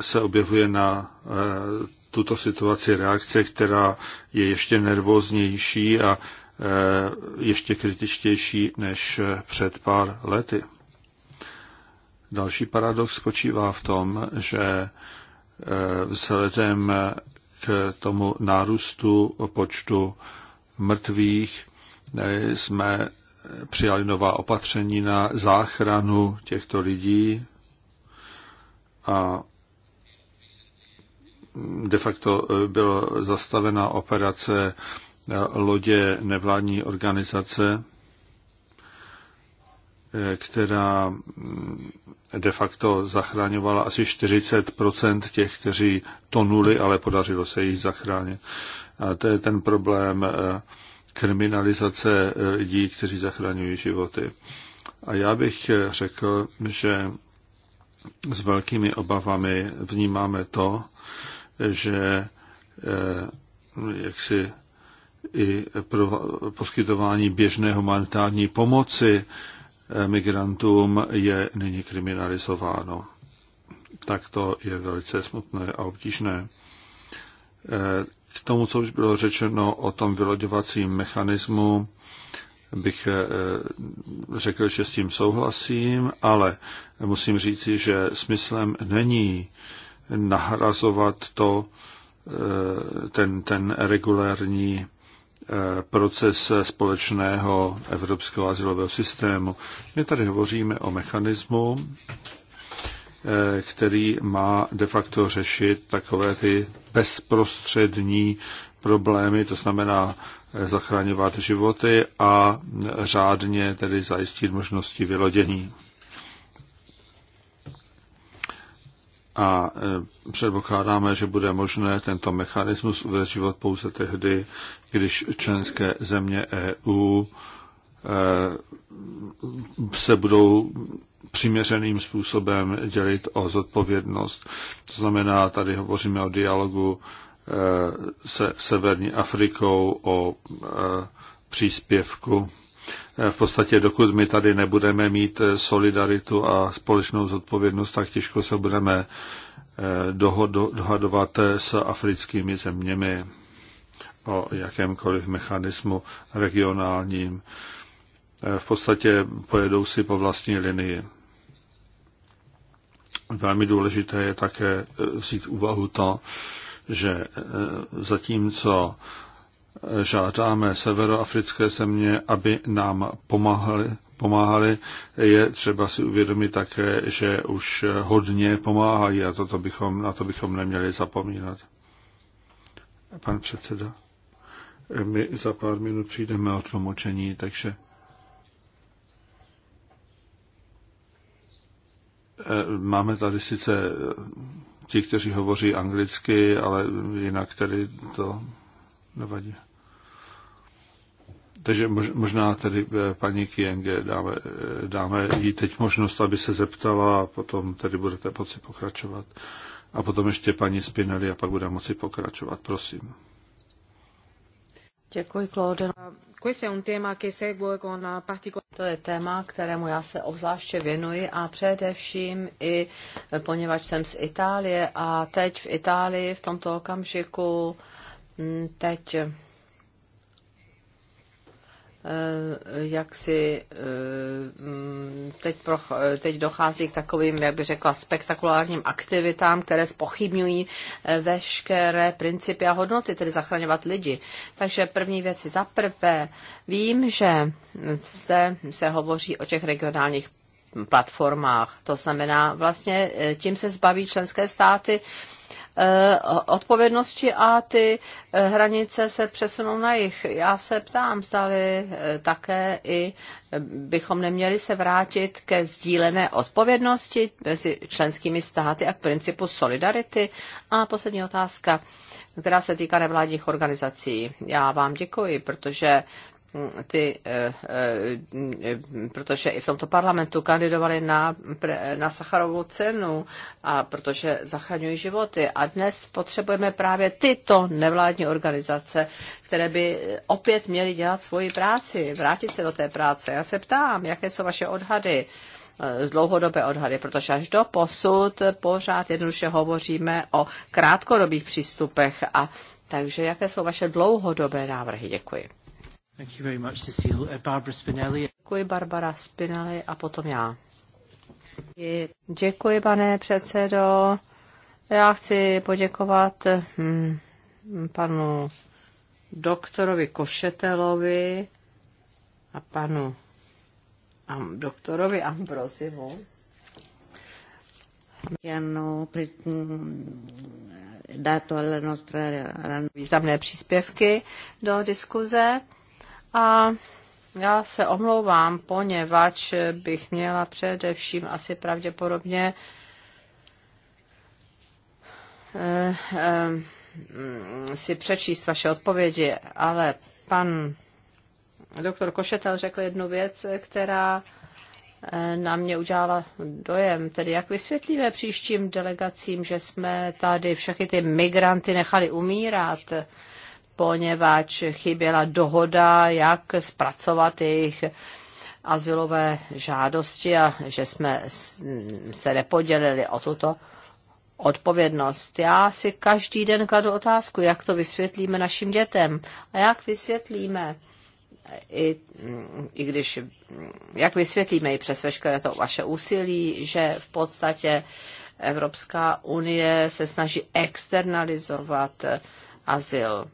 se objevuje na eh, tuto situaci reakce, která je ještě nervóznější a eh, ještě kritičtější než před pár lety. Další paradox spočívá v tom, že vzhledem k tomu nárůstu počtu mrtvých, eh, jsme přijali nová opatření na záchranu těchto lidí a de facto eh, byla zastavena operace eh, lodě nevládní organizace, která mm, de facto zachraňovala asi 40 těch, kteří tonuli, ale podařilo se jich zachránit. A to je ten problém eh, kriminalizace eh, lidí, kteří zachraňují životy. A já bych eh, řekl, že s velkými obavami vnímáme to, že jaksi i pro poskytování běžné humanitární pomoci migrantům je nyní kriminalizováno. Tak to je velice smutné a obtížné. K tomu, co už bylo řečeno o tom vyloďovacím mechanismu, bych eh, řekl, že s tím souhlasím, ale musím říci, že smyslem není nahrazovat to, eh, ten, ten regulérní eh, proces společného evropského azylového systému. My tady hovoříme o mechanismu, který má de facto řešit takové ty bezprostřední problémy, to znamená eh, zachraňovat životy a eh, řádně tedy zajistit možnosti vylodění. A eh, předpokládáme, že bude možné tento mechanismus uvést život pouze tehdy, když členské země EU se budou přiměřeným způsobem dělit o zodpovědnost. To znamená, tady hovoříme o dialogu eh, se Severní Afrikou, o eh, příspěvku. Eh, v podstatě, dokud my tady nebudeme mít solidaritu a společnou zodpovědnost, tak těžko se budeme dohadovat s africkými zeměmi o jakémkoliv mechanismu regionálním. V podstatě pojedou si po vlastní linii. Velmi důležité je také eh, vzít úvahu to, že eh, zatímco eh, žádáme severoafrické země, aby nám pomáhali, pomáhali, je třeba si uvědomit také, že už hodně pomáhají a toto bychom, na to bychom neměli zapomínat. Pan předseda, my za pár minut přijdeme o tlumočení, takže Eh, máme tady sice eh, ti, kteří hovoří anglicky, ale jinak tedy to nevadí. Takže možná tedy eh, paní Kienge dáme, dáme jí teď možnost, aby se zeptala a potom tedy budete moci pokračovat. A potom ještě paní Spinelli a pak bude moci pokračovat. Prosím. Děkuji, Claude. Eh, to je téma, kterému já se obzvláště věnuji a především i eh, poněvadž jsem z Itálie a teď v Itálii v tomto okamžiku hm, teď Eh, jak si eh, mm, teď, pro, eh, teď dochází k takovým, jak bych řekla, spektakulárním aktivitám, které spochybňují veškeré principy a hodnoty, tedy zachraňovat lidi. Takže první věci. Za prvé, vím, že zde se hovoří o těch regionálních platformách. To znamená, vlastně tím se zbaví členské státy Eh, odpovědnosti a ty eh, hranice se přesunou na jich. Já se ptám, zdali eh, také i bychom neměli se vrátit ke sdílené odpovědnosti mezi členskými státy a k principu solidarity. A poslední otázka, která se týká nevládních organizací. Já vám děkuji, protože ty, eh, eh, protože i v tomto parlamentu kandidovali na, na Sacharovou cenu a protože zachraňují životy. A dnes potřebujeme právě tyto nevládní organizace, které by opět měly dělat svoji práci, vrátit se do té práce. Já se ptám, jaké jsou vaše odhady? Eh, dlouhodobé odhady, protože až do posud pořád jednoduše hovoříme o krátkodobých přístupech a takže jaké jsou vaše dlouhodobé návrhy? Děkuji. Thank you very much, Cecile. Uh, Barbara Spinelli. Děkuji, Barbara Spinelli, a potom já. Děkuji, pane předsedo. Já chci poděkovat hm, panu doktorovi Košetelovi a panu am, doktorovi Ambrozivu. Hanno dato alla nostra... Významné příspěvky do diskuze. A já se omlouvám, poněvadž bych měla především asi pravděpodobně eh, eh, si přečíst vaše odpovědi, ale pan doktor Košetel řekl jednu věc, která eh, na mě udělala dojem. Tedy jak vysvětlíme příštím delegacím, že jsme tady všechny ty migranty nechali umírat poněvadž chyběla dohoda, jak zpracovat jejich asilové žádosti a že jsme se nepodělili o tuto odpovědnost. Já si každý den kladu otázku, jak to vysvětlíme našim dětem a jak vysvětlíme, i, i když, jak vysvětlíme i přes veškeré to vaše úsilí, že v podstatě Evropská unie se snaží externalizovat azyl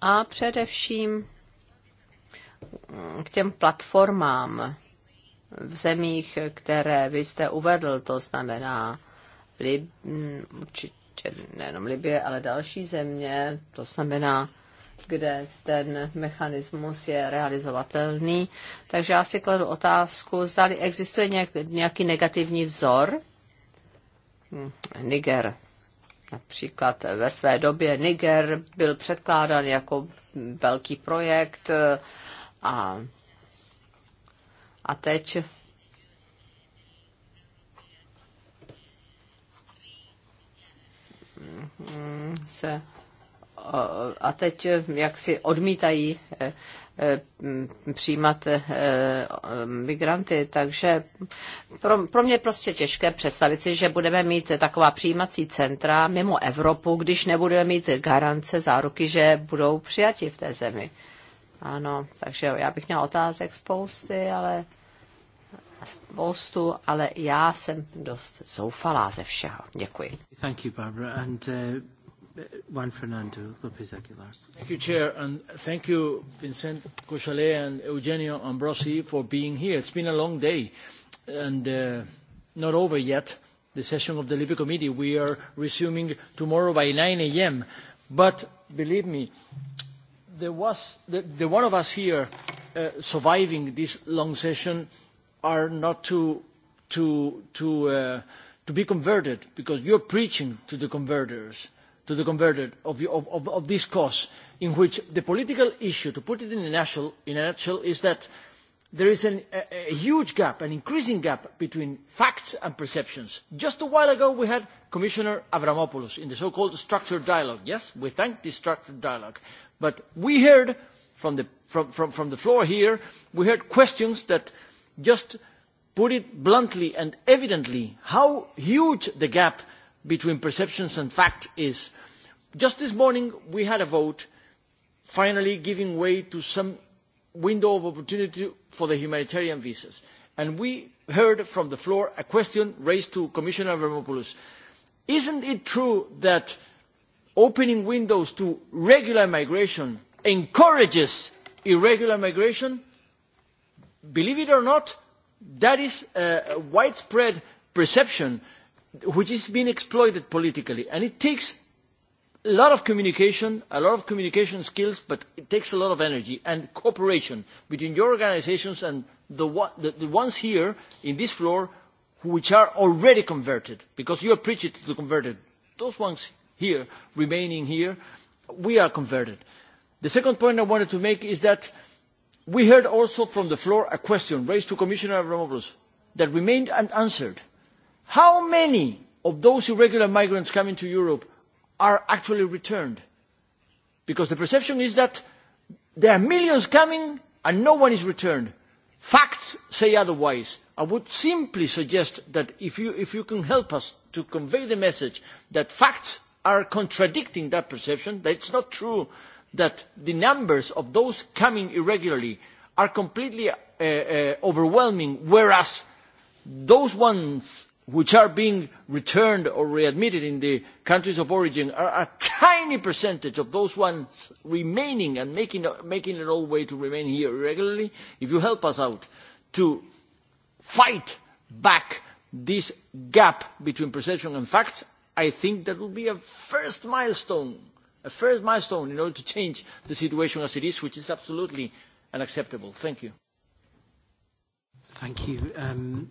a především k těm platformám v zemích, které vy jste uvedl, to znamená Lib, určitě nejenom Libie, ale další země, to znamená, kde ten mechanismus je realizovatelný. Takže já si kladu otázku, zda existuje nějaký negativní vzor? Hm, Niger, Například ve své době Niger byl předkládán jako velký projekt eh, a, a teď se a teď jak si odmítají eh, eh, přijímat eh, migranty. Takže pro, pro mě prostě těžké představit si, že budeme mít taková přijímací centra mimo Evropu, když nebudeme mít garance, záruky, že budou přijati v té zemi. Ano, takže já bych měla otázek spousty, ale spoustu, ale já jsem dost zoufalá ze všeho. Děkuji. Thank you, Barbara. And, uh... Juan Fernando Lopez Aguilar. Thank you, Chair, and thank you, Vincent Cochalet and Eugenio Ambrosi, for being here. It's been a long day and uh, not over yet, the session of the Libre Committee. We are resuming tomorrow by 9 a.m. But believe me, there was the, the one of us here uh, surviving this long session are not to, to, to, uh, to be converted because you're preaching to the converters to the converted of, the, of, of, of this cause, in which the political issue, to put it in a nutshell, in a nutshell is that there is an, a, a huge gap, an increasing gap between facts and perceptions. Just a while ago, we had Commissioner Avramopoulos in the so-called structured dialogue. Yes, we thank this structured dialogue. But we heard from the, from, from, from the floor here, we heard questions that just put it bluntly and evidently how huge the gap between perceptions and fact is just this morning we had a vote finally giving way to some window of opportunity for the humanitarian visas and we heard from the floor a question raised to commissioner avramopoulos isn't it true that opening windows to regular migration encourages irregular migration? believe it or not that is a widespread perception which is being exploited politically. And it takes a lot of communication, a lot of communication skills, but it takes a lot of energy and cooperation between your organisations and the, the, the ones here in this floor which are already converted, because you are preaching to the converted. Those ones here, remaining here, we are converted. The second point I wanted to make is that we heard also from the floor a question raised to Commissioner Avramopoulos that remained unanswered How many of those irregular migrants coming to Europe are actually returned? Because the perception is that there are millions coming and no one is returned. Facts say otherwise. I would simply suggest that if you, if you can help us to convey the message that facts are contradicting that perception, that it's not true that the numbers of those coming irregularly are completely uh, uh, overwhelming, whereas those ones which are being returned or readmitted in the countries of origin are a tiny percentage of those ones remaining and making, making it all way to remain here regularly. if you help us out to fight back this gap between perception and facts, I think that will be a first milestone, a first milestone in order to change the situation as it is, which is absolutely unacceptable. Thank you. Thank you. Um,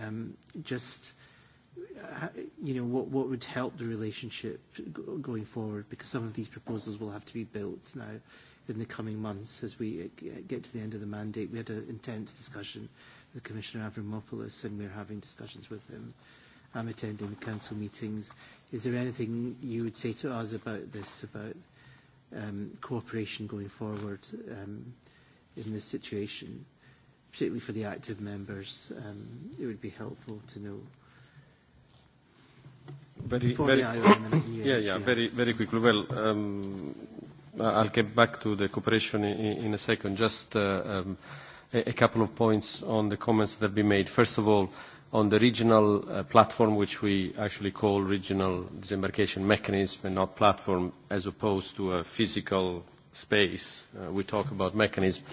Um, just uh, you know what what would help the relationship going forward because some of these proposals will have to be built now in the coming months as we uh, uh, get to the end of the mandate. We had an intense discussion with Commissioner Avramopoulos and we're having discussions with him. I'm attending the council meetings. Is there anything you would say to us about this, about um, cooperation going forward um, in this situation? particularly for the active members, um, it would be helpful to know. Very, very, the IOM e yeah, yeah, yeah, very, very quickly. Well, um, I'll get back to the cooperation in, in a second. Just uh, um, a, a couple of points on the comments that have been made. First of all, on the regional uh, platform, which we actually call regional disembarkation mechanism and not platform, as opposed to a physical space. Uh, we talk about mechanism. Uh,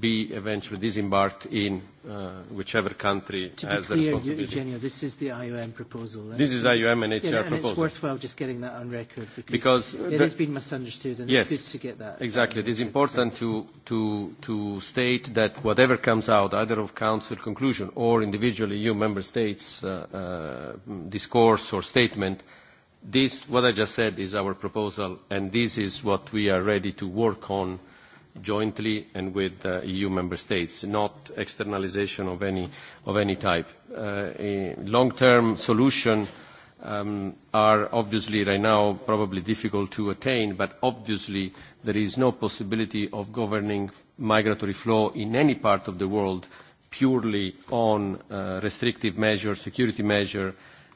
be eventually disembarked in uh, whichever country to has the responsibility. Eugenio, this is the IOM proposal. Eh? This is IOM and HCR yeah, and proposal. it's worthwhile just getting that on record because, because it the, has been misunderstood and yes, it's good to get that. Uh, exactly. It is important so. to, to, to state that whatever comes out, either of Council conclusion or individually EU member states' uh, uh, discourse or statement, this, what I just said, is our proposal and this is what we are ready to work on uh, jointly and with the uh, EU member states, not externalization of any, of any type. Uh, a long-term solution um, are obviously right now probably difficult to attain, but obviously there is no possibility of governing migratory flow in any part of the world purely on uh, restrictive measures, security measure,